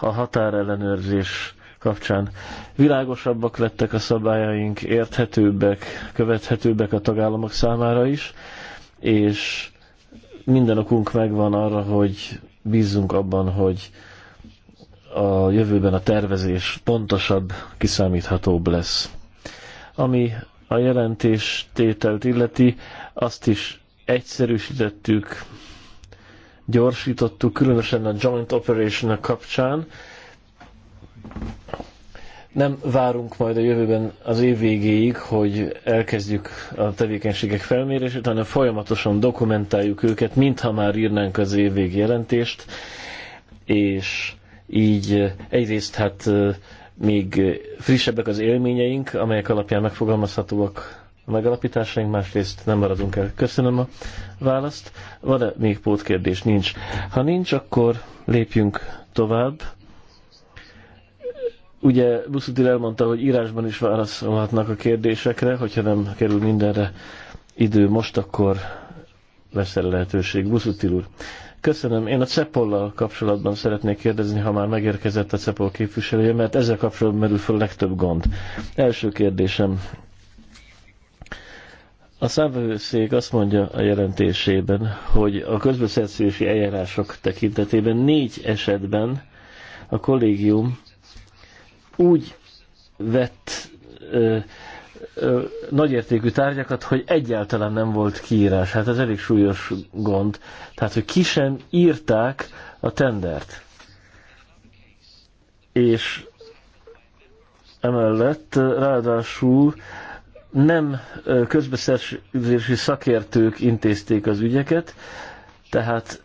a határellenőrzés kapcsán. Világosabbak lettek a szabályaink, érthetőbbek, követhetőbbek a tagállamok számára is, és minden okunk megvan arra, hogy bízzunk abban, hogy a jövőben a tervezés pontosabb, kiszámíthatóbb lesz. Ami a jelentés tételt illeti, azt is egyszerűsítettük, gyorsítottuk, különösen a joint operation kapcsán, nem várunk majd a jövőben az év végéig, hogy elkezdjük a tevékenységek felmérését, hanem folyamatosan dokumentáljuk őket, mintha már írnánk az év évvégi jelentést, és így egyrészt hát még frissebbek az élményeink, amelyek alapján megfogalmazhatóak a megalapításaink, másrészt nem maradunk el. Köszönöm a választ. Van-e még pótkérdés? Nincs. Ha nincs, akkor lépjünk tovább. Ugye Buszutil elmondta, hogy írásban is válaszolhatnak a kérdésekre, hogyha nem kerül mindenre idő most, akkor lesz erre lehetőség. Buszutil úr, köszönöm. Én a Cepollal kapcsolatban szeretnék kérdezni, ha már megérkezett a Cepol képviselője, mert ezzel kapcsolatban merül föl legtöbb gond. Első kérdésem. A számvevőszék azt mondja a jelentésében, hogy a közbeszerzési eljárások tekintetében négy esetben a kollégium úgy vett ö, ö, nagyértékű tárgyakat, hogy egyáltalán nem volt kiírás. Hát ez elég súlyos gond. Tehát, hogy ki sem írták a tendert. És emellett ráadásul nem közbeszerzési szakértők intézték az ügyeket, tehát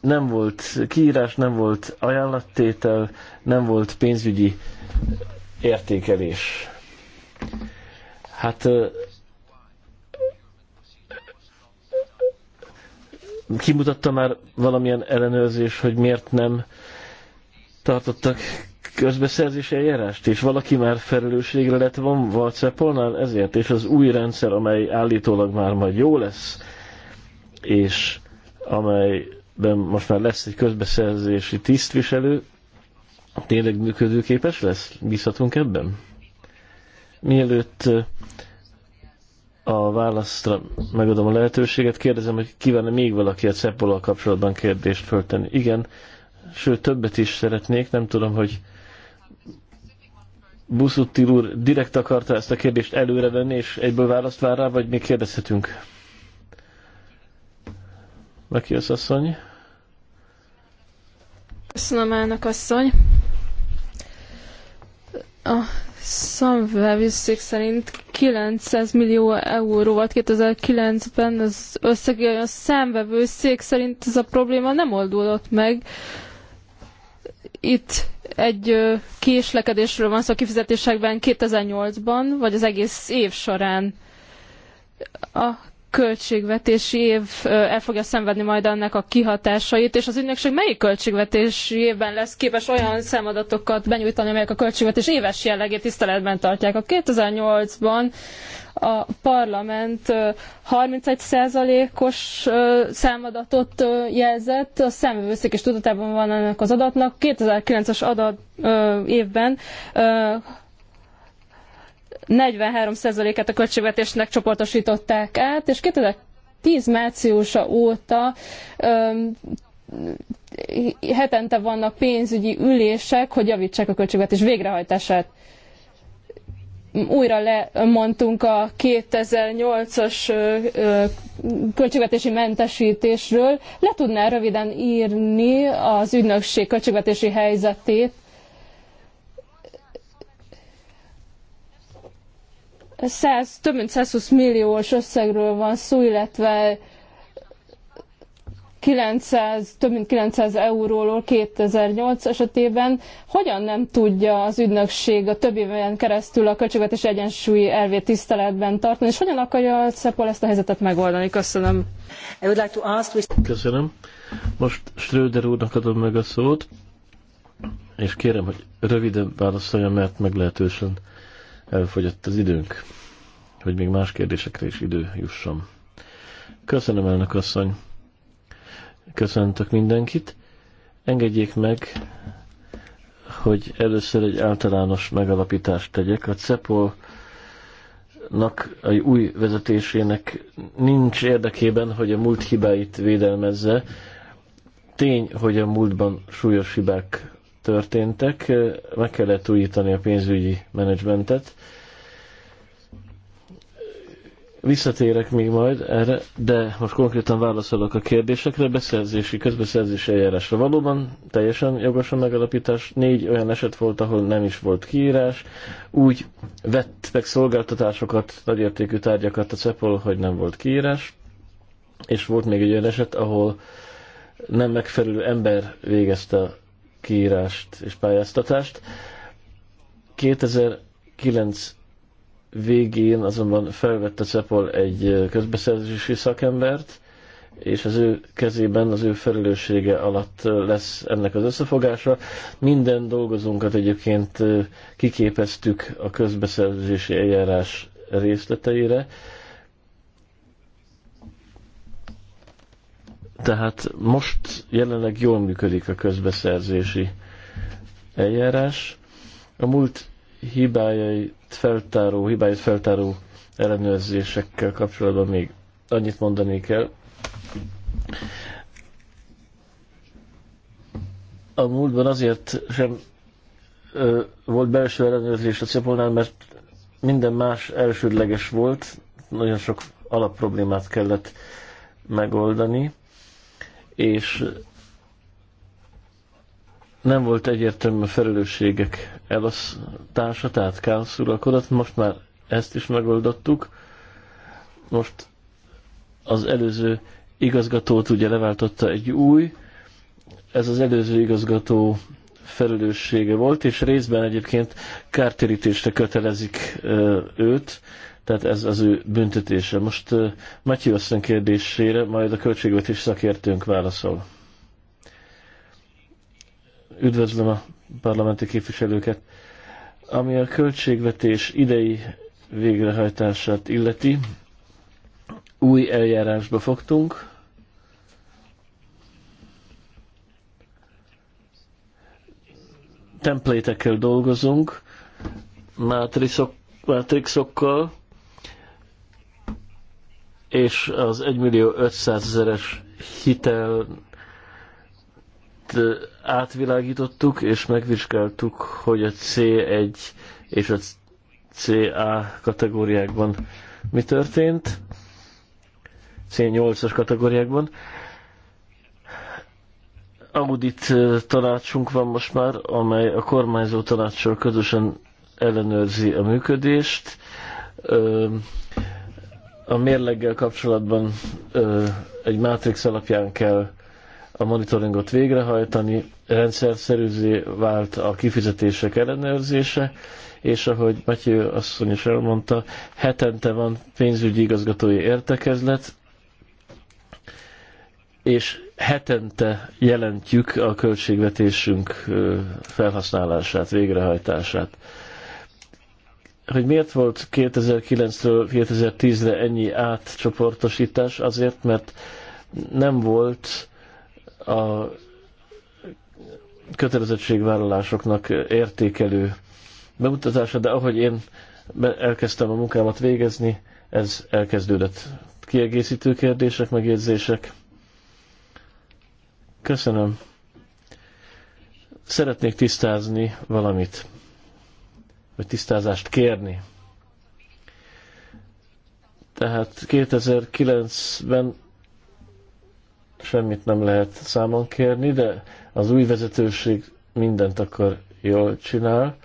nem volt kiírás, nem volt ajánlattétel, nem volt pénzügyi értékelés. Hát kimutatta már valamilyen ellenőrzés, hogy miért nem tartottak közbeszerzési eljárást, és valaki már felelősségre lett van WhatsApp-olnál ezért, és az új rendszer, amely állítólag már majd jó lesz, és amely ben most már lesz egy közbeszerzési tisztviselő, tényleg működőképes lesz? Bízhatunk ebben? Mielőtt eh, a választra megadom a lehetőséget, kérdezem, hogy kívánna még valaki a cepol kapcsolatban kérdést föltenni. Igen, sőt többet is szeretnék, nem tudom, hogy Buszuttil úr direkt akarta ezt a kérdést előre venni, és egyből választ vár rá, vagy még kérdezhetünk? az asszony? Köszönöm, elnök asszony. A Sunweb szerint 900 millió euró volt 2009-ben az összeg, a számvevőszék szerint ez a probléma nem oldódott meg. Itt egy késlekedésről van szó a kifizetésekben 2008-ban, vagy az egész év során. A költségvetési év el fogja szenvedni majd ennek a kihatásait, és az ügynökség melyik költségvetési évben lesz képes olyan számadatokat benyújtani, amelyek a költségvetés éves jellegét tiszteletben tartják. A 2008-ban a parlament 31%-os számadatot jelzett, a számvevőszék is tudatában van ennek az adatnak. 2009-es adat évben 43%-át a költségvetésnek csoportosították át, és 2010 márciusa óta öm, hetente vannak pénzügyi ülések, hogy javítsák a költségvetés végrehajtását. Újra lemondtunk a 2008-as költségvetési mentesítésről. Le tudnál röviden írni az ügynökség költségvetési helyzetét, 100, több mint 120 milliós összegről van szó, illetve 900, több mint 900 euróról 2008 esetében. Hogyan nem tudja az ügynökség a több évben keresztül a költségvetés egyensúlyi elvét tiszteletben tartani, és hogyan akarja a CEPOL ezt a helyzetet megoldani? Köszönöm. Köszönöm. Most Schröder úrnak adom meg a szót, és kérem, hogy röviden válaszoljon, mert meglehetősen elfogyott az időnk, hogy még más kérdésekre is idő jusson. Köszönöm, elnök asszony. Köszöntök mindenkit. Engedjék meg, hogy először egy általános megalapítást tegyek. A CEPOL-nak a új vezetésének nincs érdekében, hogy a múlt hibáit védelmezze. Tény, hogy a múltban súlyos hibák történtek, meg kellett újítani a pénzügyi menedzsmentet. Visszatérek még majd erre, de most konkrétan válaszolok a kérdésekre. Beszerzési, közbeszerzési eljárásra valóban teljesen jogos a megalapítás. Négy olyan eset volt, ahol nem is volt kiírás. Úgy vettek szolgáltatásokat, nagyértékű tárgyakat a CEPOL, hogy nem volt kiírás. És volt még egy olyan eset, ahol nem megfelelő ember végezte kiírást és pályáztatást. 2009 végén azonban felvette Cepol egy közbeszerzési szakembert, és az ő kezében, az ő felelőssége alatt lesz ennek az összefogása. Minden dolgozónkat egyébként kiképeztük a közbeszerzési eljárás részleteire, Tehát most jelenleg jól működik a közbeszerzési eljárás. A múlt hibájait feltáró, hibáit feltáró ellenőrzésekkel kapcsolatban még annyit mondani kell. A múltban azért sem ö, volt belső ellenőrzés a Cepolnál, mert minden más elsődleges volt, nagyon sok alapproblémát kellett megoldani és nem volt egyértelmű a felelősségek elosztása, tehát káosz uralkodott, most már ezt is megoldottuk. Most az előző igazgatót ugye leváltotta egy új, ez az előző igazgató felelőssége volt, és részben egyébként kártérítésre kötelezik őt, tehát ez az ő büntetése. Most Matthew Asszony kérdésére majd a költségvetés szakértőnk válaszol. Üdvözlöm a parlamenti képviselőket. Ami a költségvetés idei végrehajtását illeti, új eljárásba fogtunk. Templétekkel dolgozunk, mátrixok, mátrixokkal, és az 1 millió 500 ezeres hitel átvilágítottuk, és megvizsgáltuk, hogy a C1 és a CA kategóriákban mi történt. C8-as kategóriákban. Audit tanácsunk van most már, amely a kormányzó tanácssal közösen ellenőrzi a működést a mérleggel kapcsolatban ö, egy mátrix alapján kell a monitoringot végrehajtani, rendszer szerűzé vált a kifizetések ellenőrzése, és ahogy Matyő asszony is elmondta, hetente van pénzügyi igazgatói értekezlet, és hetente jelentjük a költségvetésünk felhasználását, végrehajtását hogy miért volt 2009-től 2010-re ennyi átcsoportosítás, azért, mert nem volt a kötelezettségvállalásoknak értékelő bemutatása, de ahogy én elkezdtem a munkámat végezni, ez elkezdődött. Kiegészítő kérdések, megjegyzések. Köszönöm. Szeretnék tisztázni valamit vagy tisztázást kérni. Tehát 2009-ben semmit nem lehet számon kérni, de az új vezetőség mindent akkor jól csinál.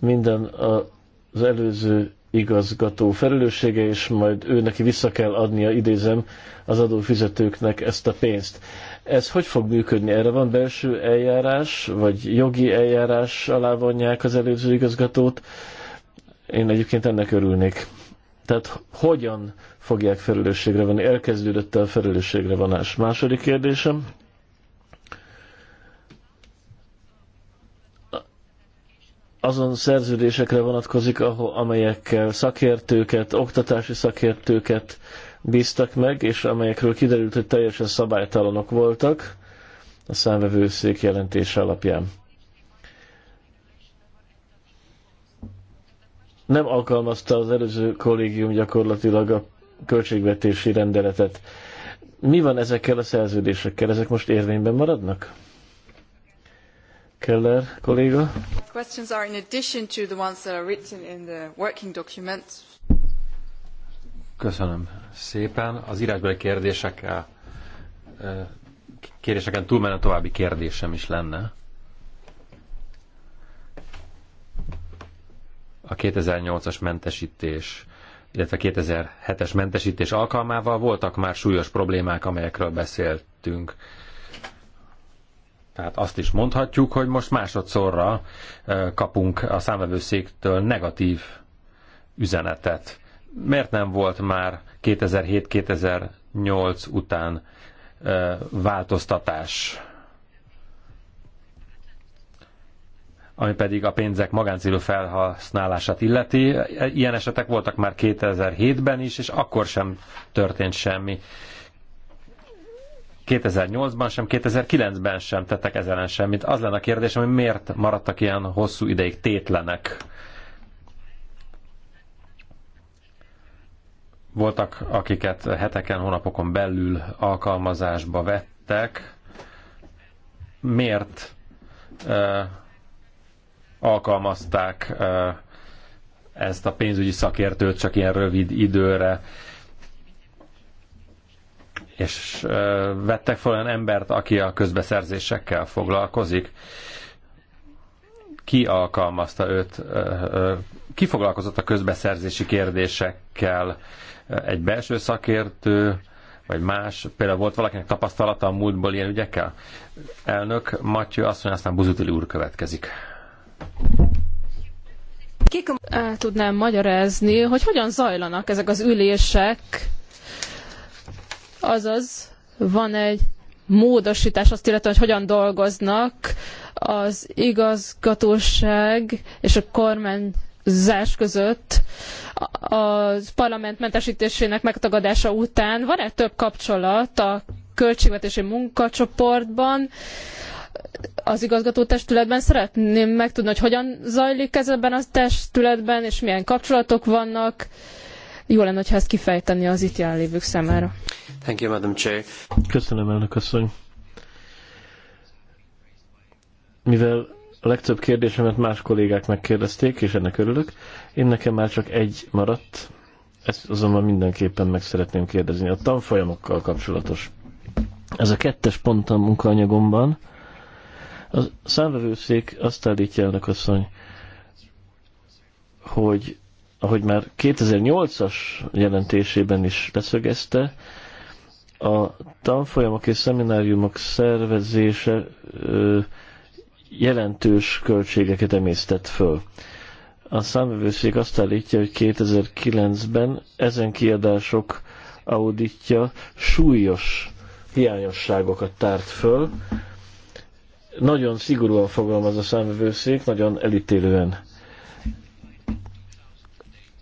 Minden az előző igazgató felelőssége, és majd ő neki vissza kell adnia, idézem, az adófizetőknek ezt a pénzt. Ez hogy fog működni? Erre van belső eljárás, vagy jogi eljárás alá vonják az előző igazgatót? Én egyébként ennek örülnék. Tehát hogyan fogják felelősségre vonni? Elkezdődött a felelősségre vonás. Második kérdésem. azon szerződésekre vonatkozik, ahol, amelyekkel szakértőket, oktatási szakértőket bíztak meg, és amelyekről kiderült, hogy teljesen szabálytalanok voltak a számvevőszék jelentése alapján. Nem alkalmazta az előző kollégium gyakorlatilag a költségvetési rendeletet. Mi van ezekkel a szerződésekkel? Ezek most érvényben maradnak? Keller kolléga. Questions are in addition to the ones that are written in the working document. Köszönöm szépen. Az írásbeli eh, kérdéseken túlmenő további kérdésem is lenne. A 2008-as mentesítés, illetve 2007-es mentesítés alkalmával voltak már súlyos problémák, amelyekről beszéltünk tehát azt is mondhatjuk, hogy most másodszorra kapunk a számvevőszéktől negatív üzenetet. Miért nem volt már 2007-2008 után változtatás? ami pedig a pénzek magáncélú felhasználását illeti. Ilyen esetek voltak már 2007-ben is, és akkor sem történt semmi. 2008-ban sem, 2009-ben sem tettek ez ellen semmit. Az lenne a kérdés, hogy miért maradtak ilyen hosszú ideig tétlenek? Voltak, akiket heteken, hónapokon belül alkalmazásba vettek. Miért uh, alkalmazták uh, ezt a pénzügyi szakértőt csak ilyen rövid időre? és vettek fel olyan embert, aki a közbeszerzésekkel foglalkozik. Ki alkalmazta őt? Ki foglalkozott a közbeszerzési kérdésekkel? Egy belső szakértő, vagy más? Például volt valakinek tapasztalata a múltból ilyen ügyekkel? Elnök Matyő azt mondja, aztán Buzutili úr következik. Kik tudnám magyarázni, hogy hogyan zajlanak ezek az ülések, Azaz van egy módosítás azt illetően, hogy hogyan dolgoznak az igazgatóság és a kormányzás között a parlament mentesítésének megtagadása után. Van-e több kapcsolat a költségvetési munkacsoportban, az igazgatótestületben szeretném megtudni, hogy hogyan zajlik ez ebben a testületben, és milyen kapcsolatok vannak jó lenne, ha ezt kifejteni az itt jelenlévők számára. Thank you, Madam Chair. Köszönöm, elnök asszony. Mivel a legtöbb kérdésemet más kollégák megkérdezték, és ennek örülök, én nekem már csak egy maradt, ezt azonban mindenképpen meg szeretném kérdezni, a tanfolyamokkal kapcsolatos. Ez a kettes pont a munkaanyagomban. A számvevőszék azt állítja elnök asszony, hogy ahogy már 2008-as jelentésében is leszögezte, a tanfolyamok és szemináriumok szervezése ö, jelentős költségeket emésztett föl. A számvevőszék azt állítja, hogy 2009-ben ezen kiadások auditja súlyos hiányosságokat tárt föl. Nagyon szigorúan fogalmaz a számvevőszék, nagyon elítélően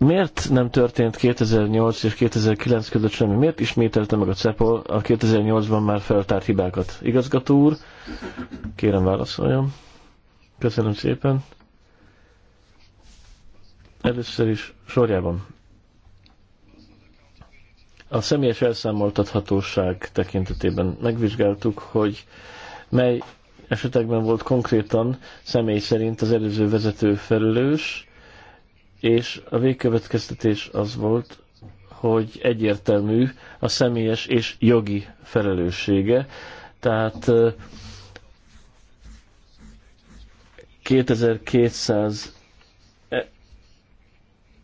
Miért nem történt 2008 és 2009 között semmi? Miért ismételte meg a CEPOL a 2008-ban már feltárt hibákat? Igazgató úr, kérem válaszoljam. Köszönöm szépen. Először is sorjában. A személyes elszámoltathatóság tekintetében megvizsgáltuk, hogy mely esetekben volt konkrétan személy szerint az előző vezető felelős, és a végkövetkeztetés az volt, hogy egyértelmű a személyes és jogi felelőssége. Tehát 2200 e-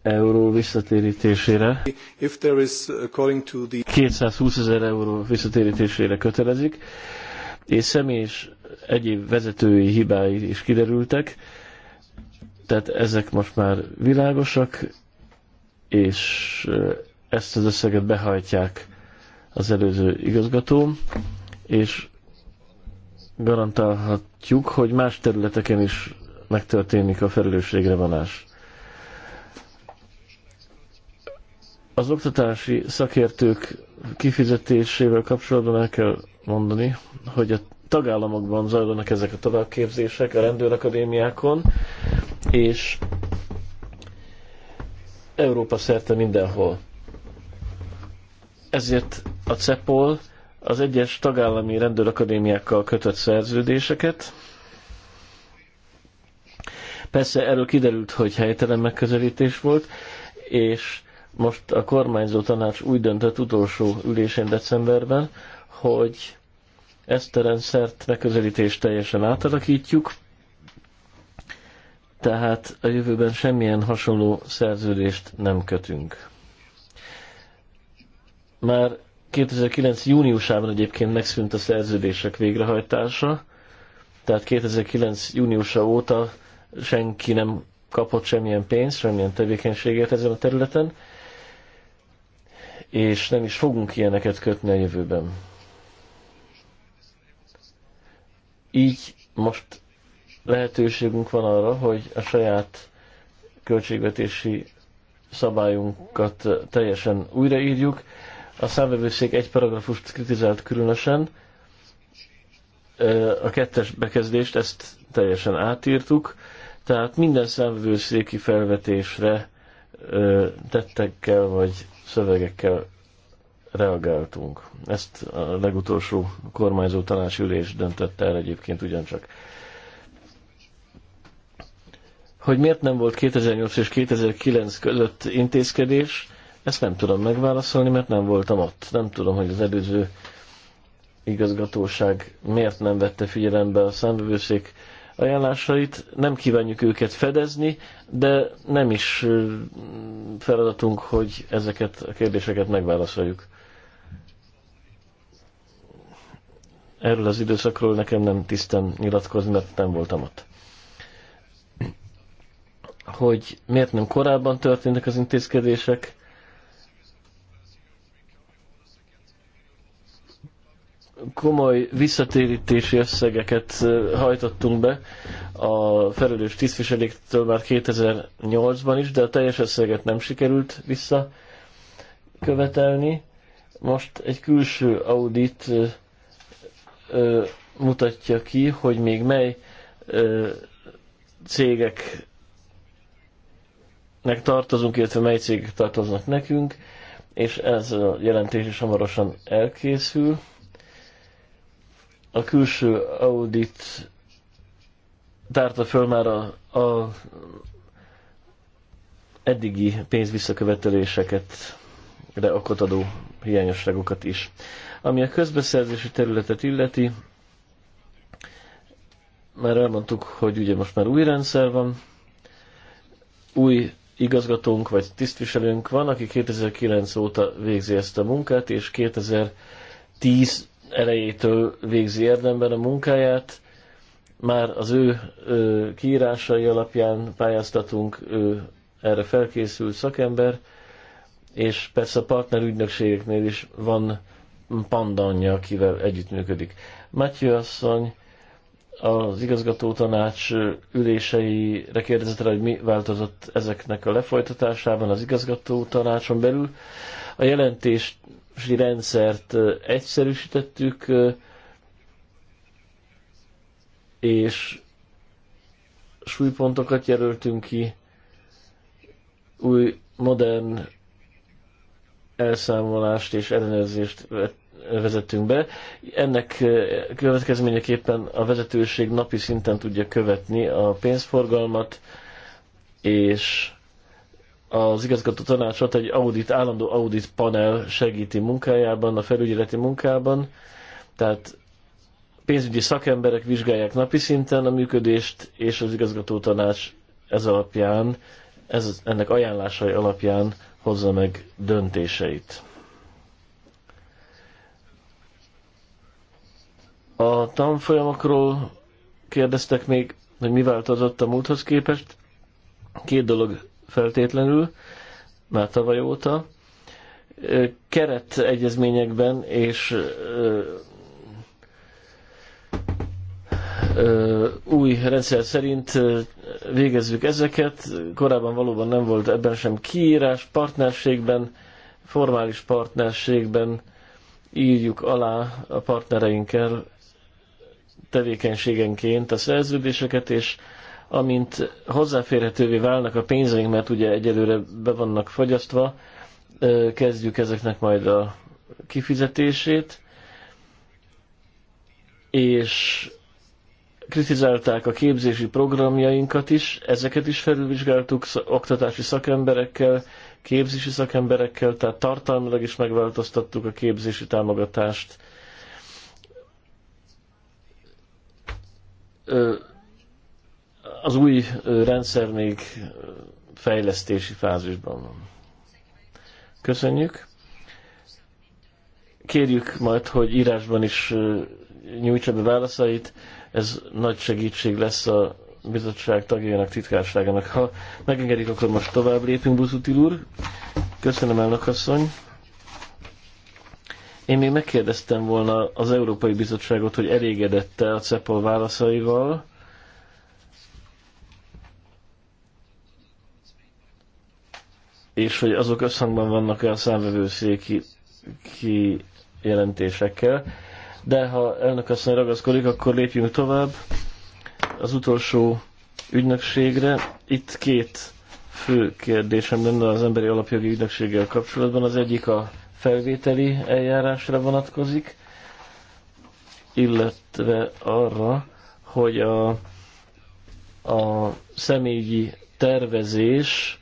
euró visszatérítésére, 220 uh, ezer euró visszatérítésére kötelezik, és személyes egyéb vezetői hibái is kiderültek, tehát ezek most már világosak, és ezt az összeget behajtják az előző igazgató, és garantálhatjuk, hogy más területeken is megtörténik a felelősségre vonás. Az oktatási szakértők kifizetésével kapcsolatban el kell mondani, hogy a tagállamokban zajlanak ezek a továbbképzések, a rendőrakadémiákon, és Európa szerte mindenhol. Ezért a CEPOL az egyes tagállami rendőrakadémiákkal kötött szerződéseket. Persze erről kiderült, hogy helytelen megközelítés volt, és most a kormányzó tanács úgy döntött utolsó ülésén decemberben, hogy ezt a rendszert, megközelítést teljesen átalakítjuk, tehát a jövőben semmilyen hasonló szerződést nem kötünk. Már 2009. júniusában egyébként megszűnt a szerződések végrehajtása, tehát 2009. júniusa óta senki nem kapott semmilyen pénzt, semmilyen tevékenységet ezen a területen, és nem is fogunk ilyeneket kötni a jövőben. Így most lehetőségünk van arra, hogy a saját költségvetési szabályunkat teljesen újraírjuk. A számvevőszék egy paragrafust kritizált különösen, a kettes bekezdést ezt teljesen átírtuk, tehát minden számvevőszéki felvetésre tettekkel vagy szövegekkel reagáltunk. Ezt a legutolsó kormányzó tanácsülés döntette el egyébként ugyancsak. Hogy miért nem volt 2008 és 2009 között intézkedés, ezt nem tudom megválaszolni, mert nem voltam ott. Nem tudom, hogy az előző igazgatóság miért nem vette figyelembe a számbevőszék ajánlásait. Nem kívánjuk őket fedezni, de nem is feladatunk, hogy ezeket a kérdéseket megválaszoljuk. erről az időszakról nekem nem tisztem nyilatkozni, mert nem voltam ott. Hogy miért nem korábban történtek az intézkedések, komoly visszatérítési összegeket hajtottunk be a felelős tisztviseléktől már 2008-ban is, de a teljes összeget nem sikerült visszakövetelni. Most egy külső audit ö, mutatja ki, hogy még mely ö, cégeknek tartozunk, illetve mely cégek tartoznak nekünk, és ez a jelentés is hamarosan elkészül. A külső audit tárta föl már a, a eddigi pénzvisszaköveteléseket, de okot adó hiányosságokat is. Ami a közbeszerzési területet illeti, már elmondtuk, hogy ugye most már új rendszer van, új igazgatónk vagy tisztviselőnk van, aki 2009 óta végzi ezt a munkát, és 2010 elejétől végzi érdemben a munkáját. Már az ő ö, kiírásai alapján pályáztatunk, ő erre felkészült szakember, és persze a partnerügynökségeknél is van pandanja, akivel együttműködik. Matthew asszony az igazgató tanács üléseire kérdezett rá, hogy mi változott ezeknek a lefolytatásában az igazgató tanácson belül. A jelentési rendszert egyszerűsítettük, és súlypontokat jelöltünk ki, új modern elszámolást és ellenőrzést vezetünk be. Ennek eh, következményeképpen a vezetőség napi szinten tudja követni a pénzforgalmat, és az igazgató tanácsot egy audit, állandó audit panel segíti munkájában, a felügyeleti munkában, tehát pénzügyi szakemberek vizsgálják napi szinten a működést, és az igazgató tanács ez alapján, ez, ennek ajánlásai alapján hozza meg döntéseit. A tanfolyamokról kérdeztek még, hogy mi változott a múlthoz képest. Két dolog feltétlenül, már tavaly óta. Keret egyezményekben és ö, ö, új rendszer szerint végezzük ezeket. Korábban valóban nem volt ebben sem kiírás, partnerségben, formális partnerségben írjuk alá a partnereinkkel tevékenységenként a szerződéseket, és amint hozzáférhetővé válnak a pénzeink, mert ugye egyelőre be vannak fogyasztva, kezdjük ezeknek majd a kifizetését, és kritizálták a képzési programjainkat is, ezeket is felülvizsgáltuk oktatási szakemberekkel, képzési szakemberekkel, tehát tartalmilag is megváltoztattuk a képzési támogatást. Az új rendszer még fejlesztési fázisban van. Köszönjük. Kérjük majd, hogy írásban is nyújtsa be válaszait. Ez nagy segítség lesz a bizottság tagjainak, titkárságának. Ha megengedik, akkor most tovább lépünk, Buzutil úr. Köszönöm, elnök asszony. Én még megkérdeztem volna az Európai Bizottságot, hogy elégedette a CEPOL válaszaival. És hogy azok összhangban vannak-e a számvevőszéki jelentésekkel de ha elnök asszony ragaszkodik, akkor lépjünk tovább az utolsó ügynökségre. Itt két fő kérdésem lenne az emberi alapjogi ügynökséggel kapcsolatban. Az egyik a felvételi eljárásra vonatkozik, illetve arra, hogy a, a személyi tervezés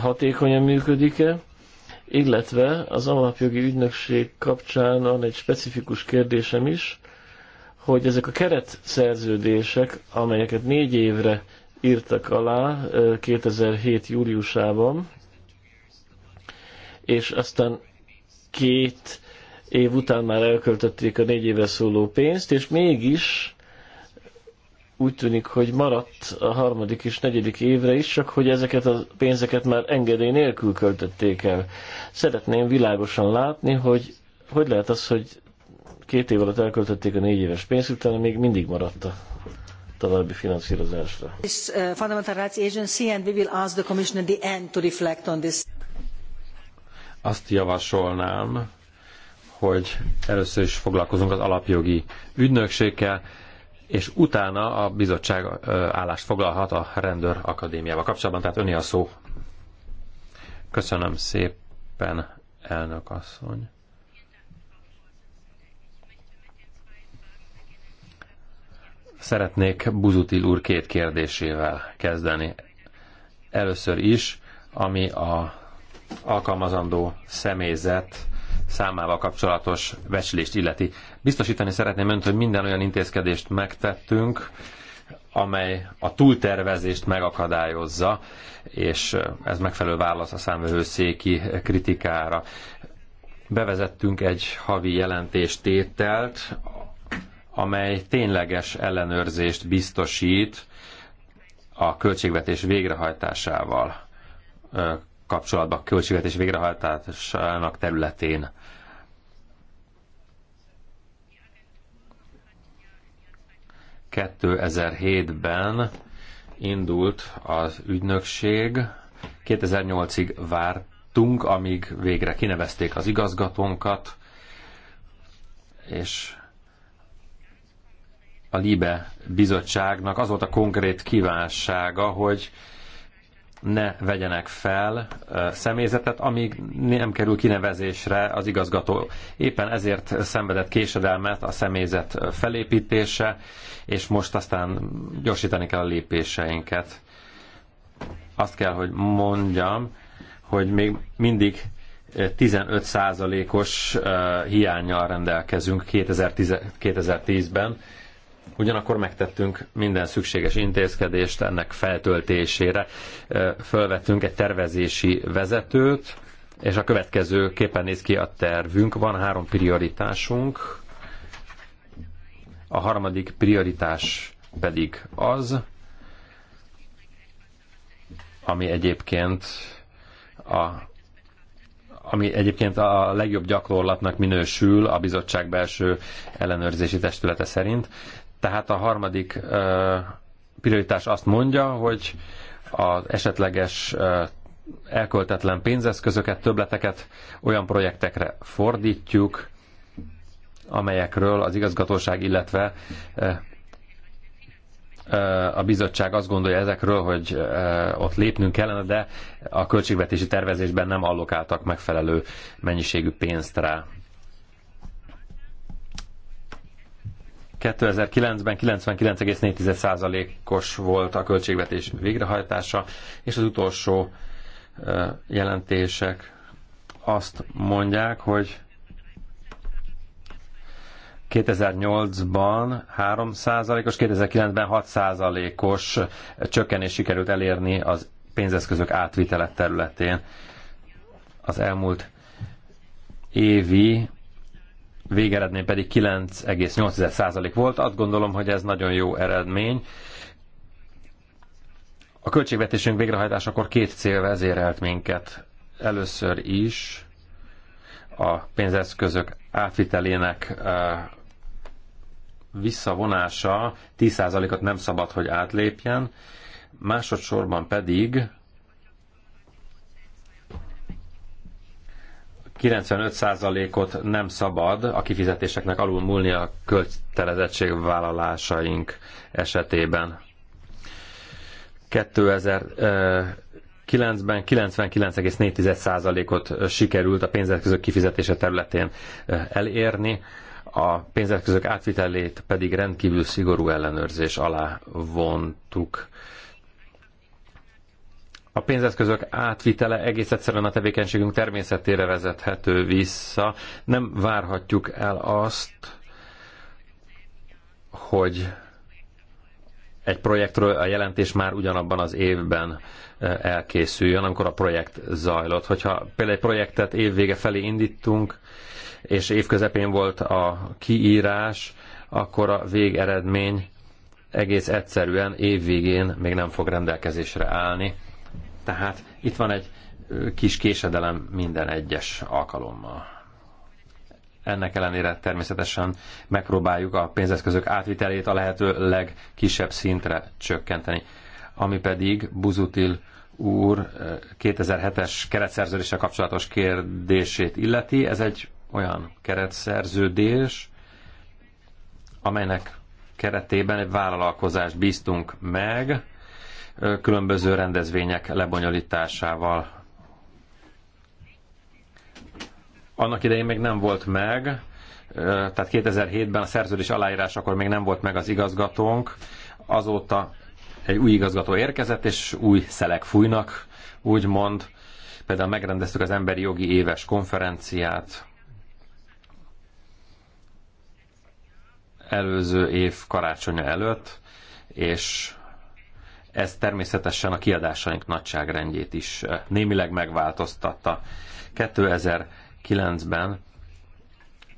hatékonyan működik-e, illetve az alapjogi ügynökség kapcsán van egy specifikus kérdésem is, hogy ezek a keretszerződések, amelyeket négy évre írtak alá 2007. júliusában, és aztán két év után már elköltötték a négy éve szóló pénzt, és mégis úgy tűnik, hogy maradt a harmadik és negyedik évre is, csak hogy ezeket a pénzeket már engedély nélkül költötték el. Szeretném világosan látni, hogy hogy lehet az, hogy két év alatt elköltötték a négy éves pénzt, utána még mindig maradt a további finanszírozásra. This uh, fundamental rights agency and we will ask the commissioner the end to reflect on this. Azt javasolnám, hogy először is foglalkozunk az alapjogi ügynökséggel, és utána a bizottság állást foglalhat a rendőr akadémiával kapcsolatban, tehát öné a szó. Köszönöm szépen, elnök asszony. Szeretnék Buzutil úr két kérdésével kezdeni. Először is, ami a alkalmazandó személyzet számával kapcsolatos becslést illeti. Biztosítani szeretném önt, hogy minden olyan intézkedést megtettünk, amely a túltervezést megakadályozza, és ez megfelelő válasz a számvevőszéki kritikára. Bevezettünk egy havi jelentéstételt, amely tényleges ellenőrzést biztosít a költségvetés végrehajtásával kapcsolatban, költségvetés végrehajtásának területén. 2007-ben indult az ügynökség, 2008-ig vártunk, amíg végre kinevezték az igazgatónkat, és a LIBE bizottságnak az volt a konkrét kívánsága, hogy ne vegyenek fel személyzetet, amíg nem kerül kinevezésre az igazgató. Éppen ezért szenvedett késedelmet a személyzet felépítése, és most aztán gyorsítani kell a lépéseinket. Azt kell, hogy mondjam, hogy még mindig 15%-os hiányjal rendelkezünk 2010-ben Ugyanakkor megtettünk minden szükséges intézkedést ennek feltöltésére. Fölvettünk egy tervezési vezetőt, és a következő képen néz ki a tervünk. Van három prioritásunk. A harmadik prioritás pedig az, ami egyébként a ami egyébként a legjobb gyakorlatnak minősül a bizottság belső ellenőrzési testülete szerint. Tehát a harmadik prioritás azt mondja, hogy az esetleges elköltetlen pénzeszközöket, töbleteket olyan projektekre fordítjuk, amelyekről az igazgatóság, illetve a bizottság azt gondolja ezekről, hogy ott lépnünk kellene, de a költségvetési tervezésben nem allokáltak megfelelő mennyiségű pénzt rá. 2009-ben 99,4%-os volt a költségvetés végrehajtása, és az utolsó jelentések azt mondják, hogy 2008-ban 3%-os, 2009-ben 6%-os csökkenés sikerült elérni az pénzeszközök átvitele területén. Az elmúlt évi végeredmény pedig 9,8% volt. Azt gondolom, hogy ez nagyon jó eredmény. A költségvetésünk végrehajtásakor két cél vezérelt minket. Először is a pénzeszközök átvitelének eh, visszavonása 10%-ot nem szabad, hogy átlépjen, másodszorban pedig 95%-ot nem szabad a kifizetéseknek alul múlni a vállalásaink esetében. 2009-ben 99,4%-ot sikerült a pénzeszközök kifizetése területén elérni, a pénzeszközök átvitelét pedig rendkívül szigorú ellenőrzés alá vontuk a pénzeszközök átvitele egész egyszerűen a tevékenységünk természetére vezethető vissza. Nem várhatjuk el azt, hogy egy projektről a jelentés már ugyanabban az évben e, elkészüljön, amikor a projekt zajlott. Hogyha például egy projektet évvége felé indítunk, és évközepén volt a kiírás, akkor a végeredmény egész egyszerűen évvégén még nem fog rendelkezésre állni. Tehát itt van egy kis késedelem minden egyes alkalommal. Ennek ellenére természetesen megpróbáljuk a pénzeszközök átvitelét a lehető legkisebb szintre csökkenteni. Ami pedig Buzutil úr 2007-es keretszerződéssel kapcsolatos kérdését illeti. Ez egy olyan keretszerződés, amelynek keretében egy vállalkozást bíztunk meg, különböző rendezvények lebonyolításával. Annak idején még nem volt meg, tehát 2007-ben a szerződés aláírásakor még nem volt meg az igazgatónk, azóta egy új igazgató érkezett, és új szelek fújnak, úgymond. Például megrendeztük az emberi jogi éves konferenciát, előző év karácsonya előtt, és ez természetesen a kiadásaink nagyságrendjét is eh, némileg megváltoztatta. 2009-ben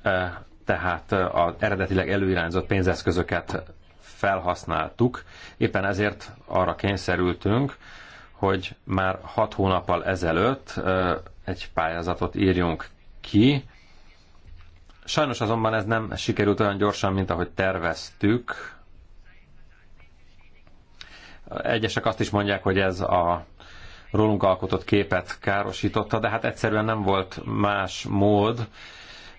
eh, tehát eh, az eredetileg előirányzott pénzeszközöket felhasználtuk, éppen ezért arra kényszerültünk, hogy már hat hónappal ezelőtt egy pályázatot írjunk ki. Sajnos azonban ez nem sikerült olyan gyorsan, mint ahogy terveztük, Egyesek azt is mondják, hogy ez a rólunk alkotott képet károsította, de hát egyszerűen nem volt más mód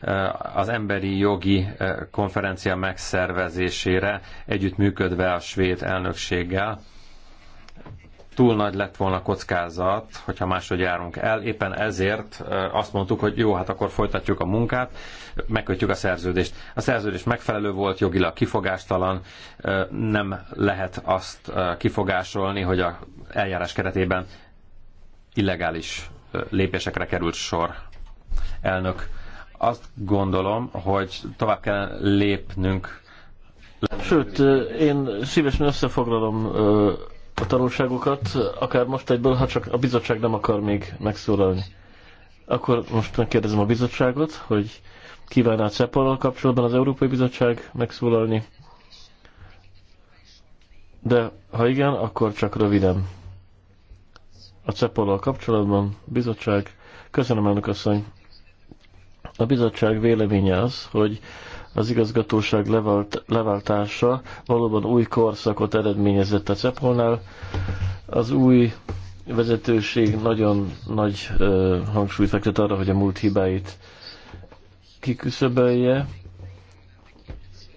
eh, az emberi jogi eh, konferencia megszervezésére együttműködve a svéd elnökséggel túl nagy lett volna kockázat, hogyha máshogy járunk el. Éppen ezért azt mondtuk, hogy jó, hát akkor folytatjuk a munkát, megkötjük a szerződést. A szerződés megfelelő volt, jogilag kifogástalan, nem lehet azt kifogásolni, hogy a eljárás keretében illegális lépésekre került sor. Elnök, azt gondolom, hogy tovább kell lépnünk. Sőt, én szívesen összefoglalom a tanulságokat, akár most egyből, ha csak a bizottság nem akar még megszólalni. Akkor most megkérdezem a bizottságot, hogy kívánná cepol kapcsolatban az Európai Bizottság megszólalni. De ha igen, akkor csak röviden. A cepol kapcsolatban, bizottság, köszönöm elnök asszony. A bizottság véleménye az, hogy az igazgatóság levált, leváltása valóban új korszakot eredményezett a Cepolnál. Az új vezetőség nagyon nagy ö, hangsúlyt fektet arra, hogy a múlt hibáit kiküszöbölje,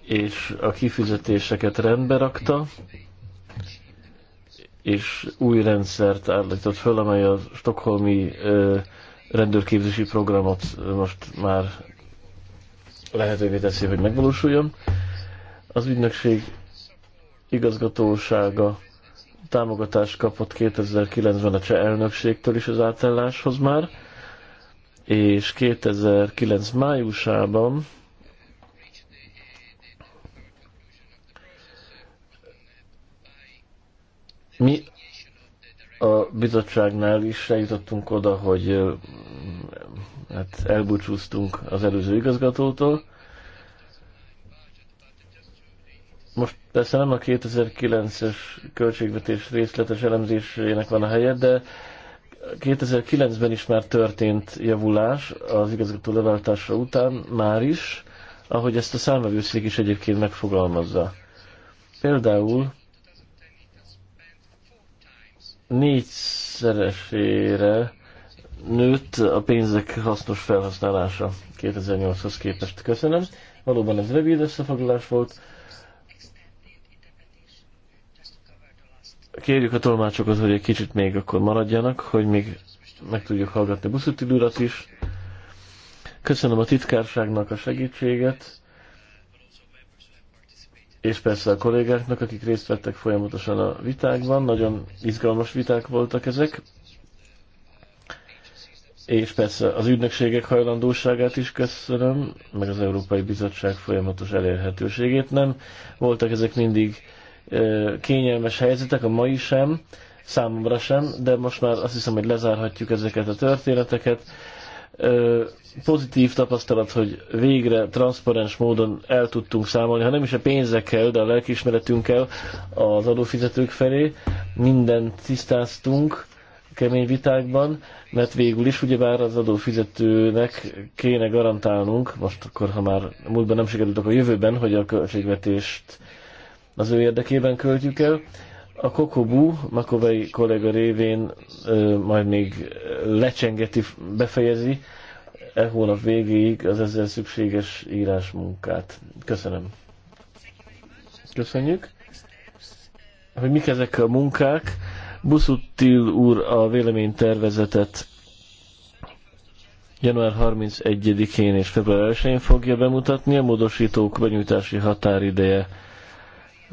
és a kifizetéseket rendbe rakta, és új rendszert állított föl, amely a stokholmi ö, rendőrképzési programot most már lehetővé teszi, hogy megvalósuljon. Az ügynökség igazgatósága támogatást kapott 2009-ben a cseh elnökségtől is az átálláshoz már, és 2009 májusában mi a bizottságnál is eljutottunk oda, hogy hát elbúcsúztunk az előző igazgatótól. Most persze nem a 2009-es költségvetés részletes elemzésének van a helye, de 2009-ben is már történt javulás az igazgató leváltása után, már is, ahogy ezt a számvevőszék is egyébként megfogalmazza. Például négyszeresére nőtt a pénzek hasznos felhasználása 2008-hoz képest. Köszönöm. Valóban ez rövid összefoglalás volt. Kérjük a tolmácsokat, hogy egy kicsit még akkor maradjanak, hogy még meg tudjuk hallgatni buszuti urat is. Köszönöm a titkárságnak a segítséget, és persze a kollégáknak, akik részt vettek folyamatosan a vitákban. Nagyon izgalmas viták voltak ezek és persze az ügynökségek hajlandóságát is köszönöm, meg az Európai Bizottság folyamatos elérhetőségét. Nem voltak ezek mindig kényelmes helyzetek, a mai sem, számomra sem, de most már azt hiszem, hogy lezárhatjuk ezeket a történeteket. Pozitív tapasztalat, hogy végre transzparens módon el tudtunk számolni, ha nem is a pénzekkel, de a lelkiismeretünkkel az adófizetők felé. Mindent tisztáztunk, kemény vitákban, mert végül is ugyebár az adófizetőnek kéne garantálnunk, most akkor, ha már múltban nem sikerült, akkor a jövőben, hogy a költségvetést az ő érdekében költjük el. A Kokobú, Makovei kollega révén ö, majd még lecsengeti, befejezi e hónap végéig az ezzel szükséges írásmunkát. Köszönöm. Köszönjük. Hogy mik ezek a munkák? Buszuttil úr a véleménytervezetet január 31-én és február 1-én fogja bemutatni. A módosítók benyújtási határideje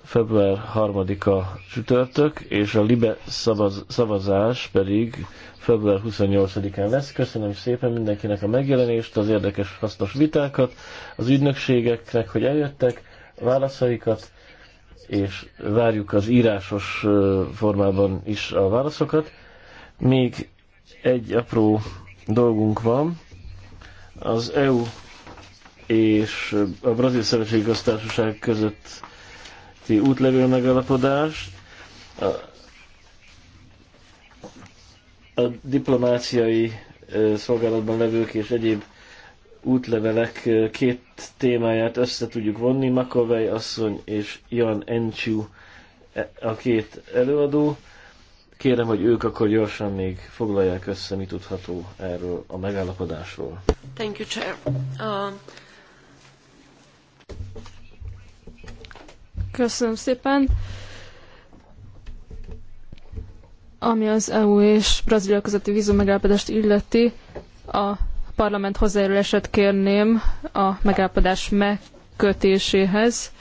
február 3-a csütörtök, és a LIBE szavaz, szavazás pedig február 28-án lesz. Köszönöm szépen mindenkinek a megjelenést, az érdekes, hasznos vitákat, az ügynökségeknek, hogy eljöttek, válaszaikat és várjuk az írásos formában is a válaszokat. Még egy apró dolgunk van. Az EU és a Brazil Szövetségi Köztársaság közötti útlevél megalapodást. A, a diplomáciai szolgálatban levők és egyéb útlevelek két témáját össze tudjuk vonni, Makovej asszony és Jan Enchu e, a két előadó. Kérem, hogy ők akkor gyorsan még foglalják össze, mi tudható erről a megállapodásról. Thank you, Chair. Uh... Köszönöm szépen. Ami az EU és Brazília közötti vízum megállapodást illeti, a parlament hozzájárulását kérném a megállapodás megkötéséhez.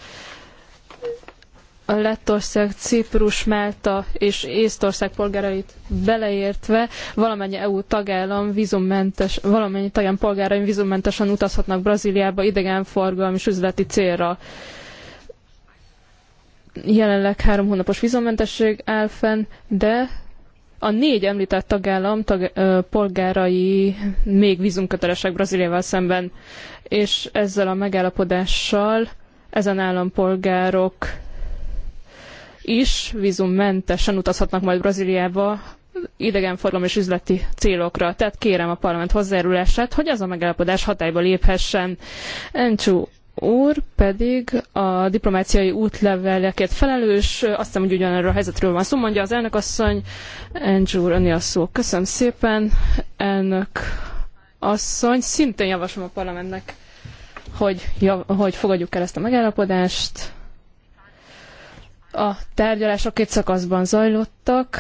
A Lettország, Ciprus, Málta és Észtország polgárait beleértve valamennyi EU tagállam vízummentes, valamennyi tagállam polgárai vízummentesen utazhatnak Brazíliába idegenforgalmi és üzleti célra jelenleg három hónapos vízummentesség áll fenn, de a négy említett tagállam tag, ö, polgárai még vízumkötelesek Brazíliával szemben, és ezzel a megállapodással ezen állampolgárok is vízummentesen utazhatnak majd Brazíliába idegenforgalom és üzleti célokra. Tehát kérem a parlament hozzájárulását, hogy ez a megállapodás hatályba léphessen. Encsú úr pedig a diplomáciai útlevelekért felelős, azt hiszem, hogy ugyanerről a helyzetről van szó, mondja az elnökasszony, Andrew Rani a szó. Köszönöm szépen, elnök asszony, szintén javaslom a parlamentnek, hogy, hogy fogadjuk el ezt a megállapodást. A tárgyalások két szakaszban zajlottak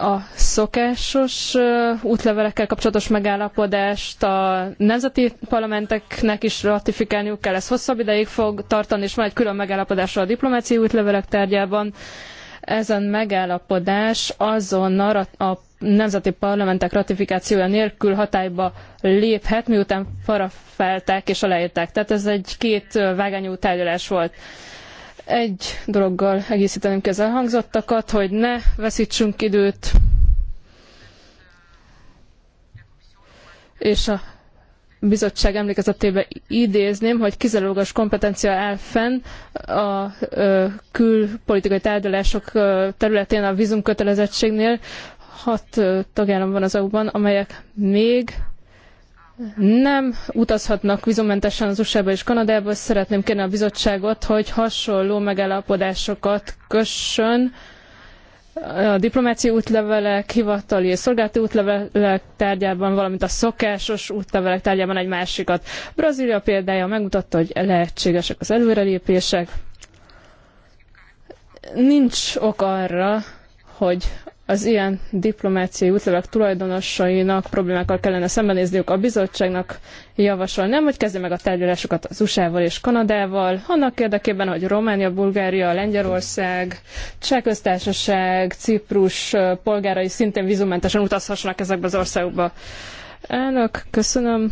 a szokásos útlevelekkel kapcsolatos megállapodást a nemzeti parlamenteknek is ratifikálniuk kell, ez hosszabb ideig fog tartani, és van egy külön megállapodás a diplomáciai útlevelek tárgyában. Ezen megállapodás azonnal a nemzeti parlamentek ratifikációja nélkül hatályba léphet, miután parafelták és aláírták. Tehát ez egy két vágányú tárgyalás volt. Egy dologgal ki az elhangzottakat, hogy ne veszítsünk időt, és a bizottság emlékezetébe idézném, hogy kizárólagos kompetencia áll fenn a ö, külpolitikai tárgyalások területén a vízumkötelezettségnél. Hat tagállam van az EU-ban, amelyek még nem utazhatnak vízumentesen az USA-ba és Kanadába, és szeretném kérni a bizottságot, hogy hasonló megállapodásokat kössön a diplomáciai útlevelek, hivatali és szolgálati útlevelek tárgyában, valamint a szokásos útlevelek tárgyában egy másikat. Brazília példája megmutatta, hogy lehetségesek az előrelépések. Nincs ok arra, hogy az ilyen diplomáciai útlevelek tulajdonosainak problémákkal kellene szembenézniük a bizottságnak, nem, hogy kezdje meg a tárgyalásokat az USA-val és Kanadával, annak érdekében, hogy Románia, Bulgária, Lengyelország, köztársaság, Ciprus polgárai szintén vízumentesen utazhassanak ezekbe az országokba. Elnök, köszönöm.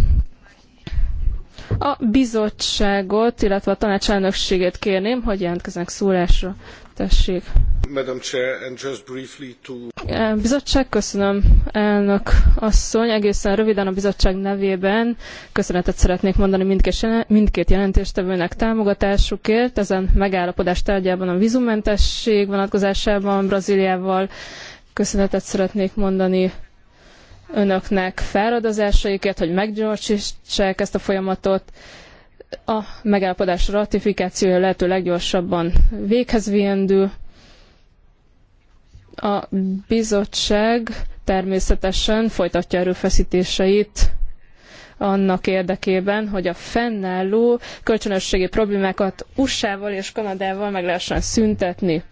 A bizottságot, illetve a tanácselnökségét kérném, hogy jelentkeznek szólásra. Tessék. Madam Chair, and just briefly to... Eh, bizottság, köszönöm elnök asszony. Egészen röviden a bizottság nevében köszönetet szeretnék mondani mindkét, jelentéstevőnek támogatásukért. Ezen megállapodás tárgyában a vízummentesség vonatkozásában Brazíliával köszönetet szeretnék mondani önöknek fáradozásaikért, hogy meggyorsítsák ezt a folyamatot a megállapodás ratifikációja lehető leggyorsabban véghez viendő. A bizottság természetesen folytatja erőfeszítéseit annak érdekében, hogy a fennálló kölcsönösségi problémákat USA-val és Kanadával meg lehessen szüntetni.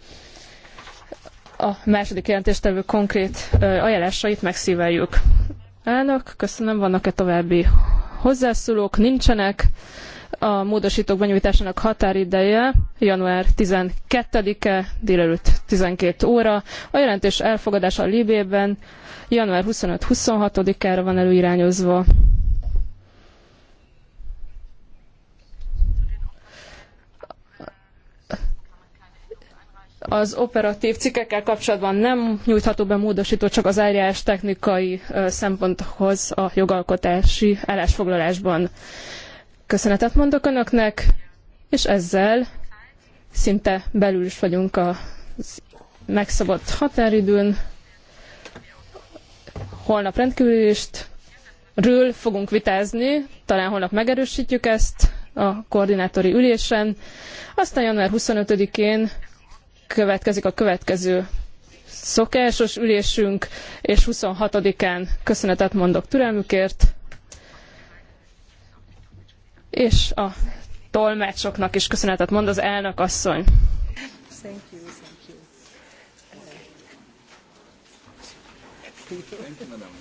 A második jelentéstevő konkrét ajánlásait megszíveljük. Elnök, köszönöm, vannak-e további hozzászólók? Nincsenek. A módosítók benyújtásának határideje január 12-e délelőtt 12 óra. A jelentés elfogadása a Libében január 25-26-ára van előirányozva. az operatív cikkekkel kapcsolatban nem nyújtható be módosító, csak az eljárás technikai szemponthoz a jogalkotási állásfoglalásban. Köszönetet mondok önöknek, és ezzel szinte belül is vagyunk a megszabott határidőn. Holnap rendkívülést ről fogunk vitázni, talán holnap megerősítjük ezt a koordinátori ülésen. Aztán január 25-én következik a következő szokásos ülésünk, és 26-án köszönetet mondok türelmükért és a tolmácsoknak is köszönetet mond az elnök asszony. Thank you, thank you. Thank you,